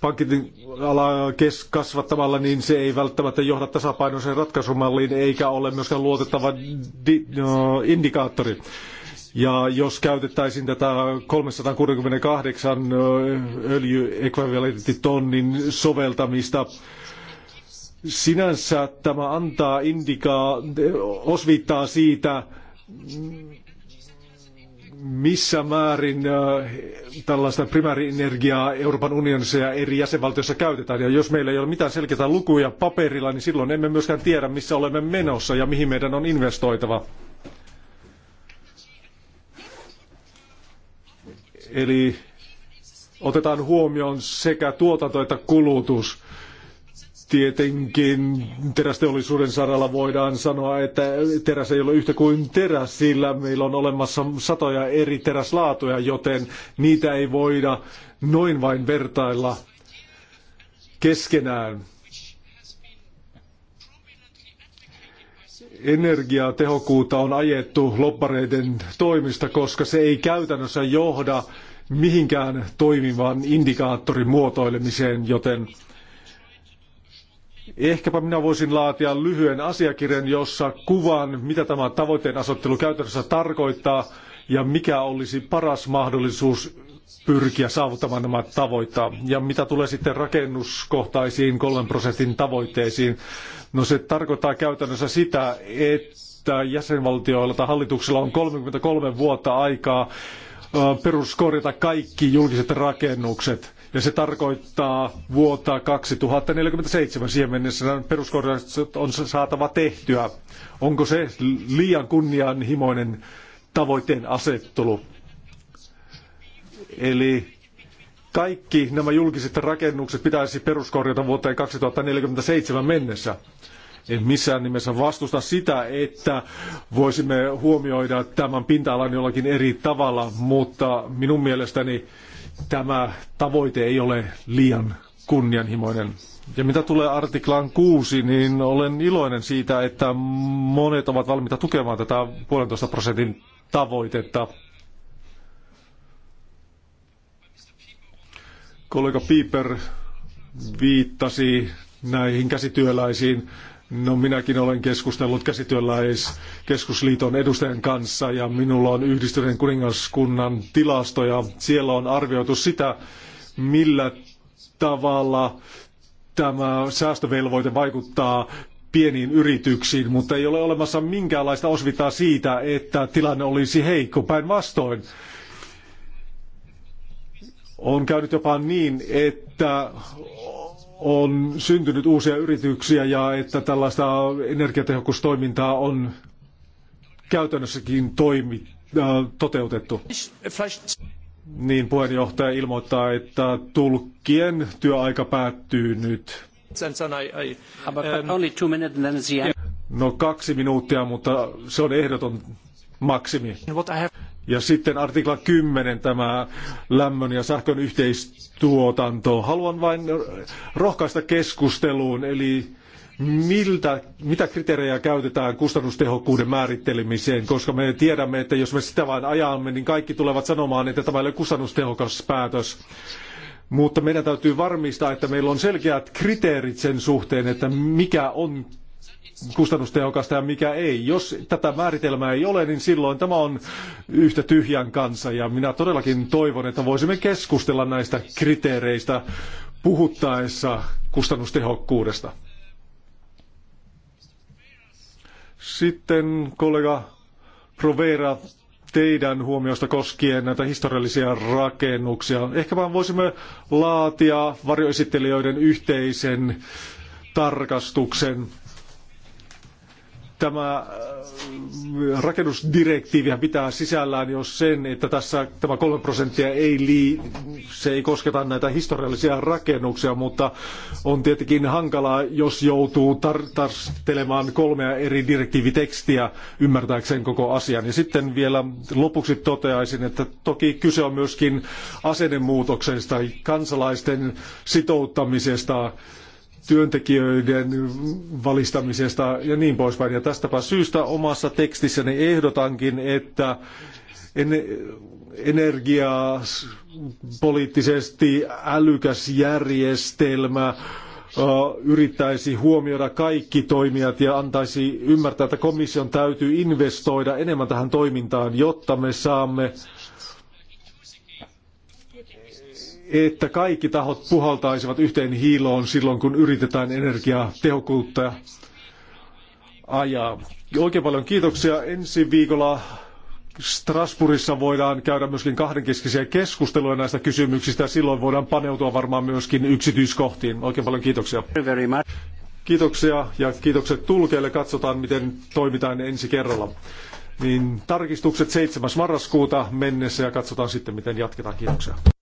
paketin alaa kasvattamalla, niin se ei välttämättä johda tasapainoiseen ratkaisumalliin eikä ole myöskään luotettava no, indikaattori. Ja jos käytettäisiin tätä 368 öljyekvivalenttitonnin soveltamista, sinänsä tämä antaa indikaa, osviittaa siitä, missä määrin tällaista primäärienergiaa Euroopan unionissa ja eri jäsenvaltioissa käytetään. Ja jos meillä ei ole mitään selkeitä lukuja paperilla, niin silloin emme myöskään tiedä, missä olemme menossa ja mihin meidän on investoitava. Eli otetaan huomioon sekä tuotanto että kulutus. Tietenkin terästeollisuuden saralla voidaan sanoa, että teräs ei ole yhtä kuin teräs, sillä meillä on olemassa satoja eri teräslaatuja, joten niitä ei voida noin vain vertailla keskenään. energiatehokkuutta on ajettu loppareiden toimista, koska se ei käytännössä johda mihinkään toimivan indikaattorin muotoilemiseen, joten ehkäpä minä voisin laatia lyhyen asiakirjan, jossa kuvan, mitä tämä tavoitteen asottelu käytännössä tarkoittaa ja mikä olisi paras mahdollisuus pyrkiä saavuttamaan nämä tavoitteet. Ja mitä tulee sitten rakennuskohtaisiin kolmen prosentin tavoitteisiin, no se tarkoittaa käytännössä sitä, että jäsenvaltioilla tai hallituksella on 33 vuotta aikaa peruskorjata kaikki julkiset rakennukset. Ja se tarkoittaa vuotta 2047 siihen mennessä peruskorjaukset on saatava tehtyä. Onko se liian kunnianhimoinen tavoitteen asettelu? Eli kaikki nämä julkiset rakennukset pitäisi peruskorjata vuoteen 2047 mennessä. En missään nimessä vastusta sitä, että voisimme huomioida tämän pinta-alan jollakin eri tavalla, mutta minun mielestäni tämä tavoite ei ole liian kunnianhimoinen. Ja mitä tulee artiklaan 6, niin olen iloinen siitä, että monet ovat valmiita tukemaan tätä puolentoista prosentin tavoitetta Kollega Piper viittasi näihin käsityöläisiin. No minäkin olen keskustellut käsityöläiskeskusliiton edustajan kanssa ja minulla on yhdistyneen kuningaskunnan tilastoja. Siellä on arvioitu sitä, millä tavalla tämä säästövelvoite vaikuttaa pieniin yrityksiin, mutta ei ole olemassa minkäänlaista osvitaa siitä, että tilanne olisi heikko. Päinvastoin on käynyt jopa niin, että on syntynyt uusia yrityksiä ja että tällaista energiatehokkuustoimintaa on käytännössäkin toimi, äh, toteutettu. Niin puheenjohtaja ilmoittaa, että tulkkien työaika päättyy nyt. No kaksi minuuttia, mutta se on ehdoton maksimi. Ja sitten artikla 10, tämä lämmön ja sähkön yhteistuotanto. Haluan vain rohkaista keskusteluun, eli miltä, mitä kriteerejä käytetään kustannustehokkuuden määrittelemiseen, koska me tiedämme, että jos me sitä vain ajamme, niin kaikki tulevat sanomaan, että tämä ei ole kustannustehokas päätös. Mutta meidän täytyy varmistaa, että meillä on selkeät kriteerit sen suhteen, että mikä on kustannustehokasta ja mikä ei. Jos tätä määritelmää ei ole, niin silloin tämä on yhtä tyhjän kanssa. Ja minä todellakin toivon, että voisimme keskustella näistä kriteereistä puhuttaessa kustannustehokkuudesta. Sitten kollega Provera teidän huomiosta koskien näitä historiallisia rakennuksia. Ehkä vaan voisimme laatia varjoesittelijöiden yhteisen tarkastuksen tämä äh, rakennusdirektiivi pitää sisällään jo sen, että tässä tämä kolme prosenttia ei lii, se ei kosketa näitä historiallisia rakennuksia, mutta on tietenkin hankalaa, jos joutuu tarkastelemaan kolmea eri direktiivitekstiä ymmärtääkseen koko asian. Ja sitten vielä lopuksi toteaisin, että toki kyse on myöskin asennemuutoksesta, kansalaisten sitouttamisesta työntekijöiden valistamisesta ja niin poispäin. Ja tästäpä syystä omassa tekstissäni ehdotankin, että energiapoliittisesti älykäs järjestelmä yrittäisi huomioida kaikki toimijat ja antaisi ymmärtää, että komission täytyy investoida enemmän tähän toimintaan, jotta me saamme että kaikki tahot puhaltaisivat yhteen hiiloon silloin, kun yritetään energiatehokkuutta ajaa. Oikein paljon kiitoksia. Ensi viikolla Strasbourgissa voidaan käydä myöskin kahdenkeskisiä keskusteluja näistä kysymyksistä. Silloin voidaan paneutua varmaan myöskin yksityiskohtiin. Oikein paljon kiitoksia. Kiitoksia ja kiitokset tulkeille. Katsotaan, miten toimitaan ensi kerralla. Niin tarkistukset 7. marraskuuta mennessä ja katsotaan sitten, miten jatketaan. Kiitoksia.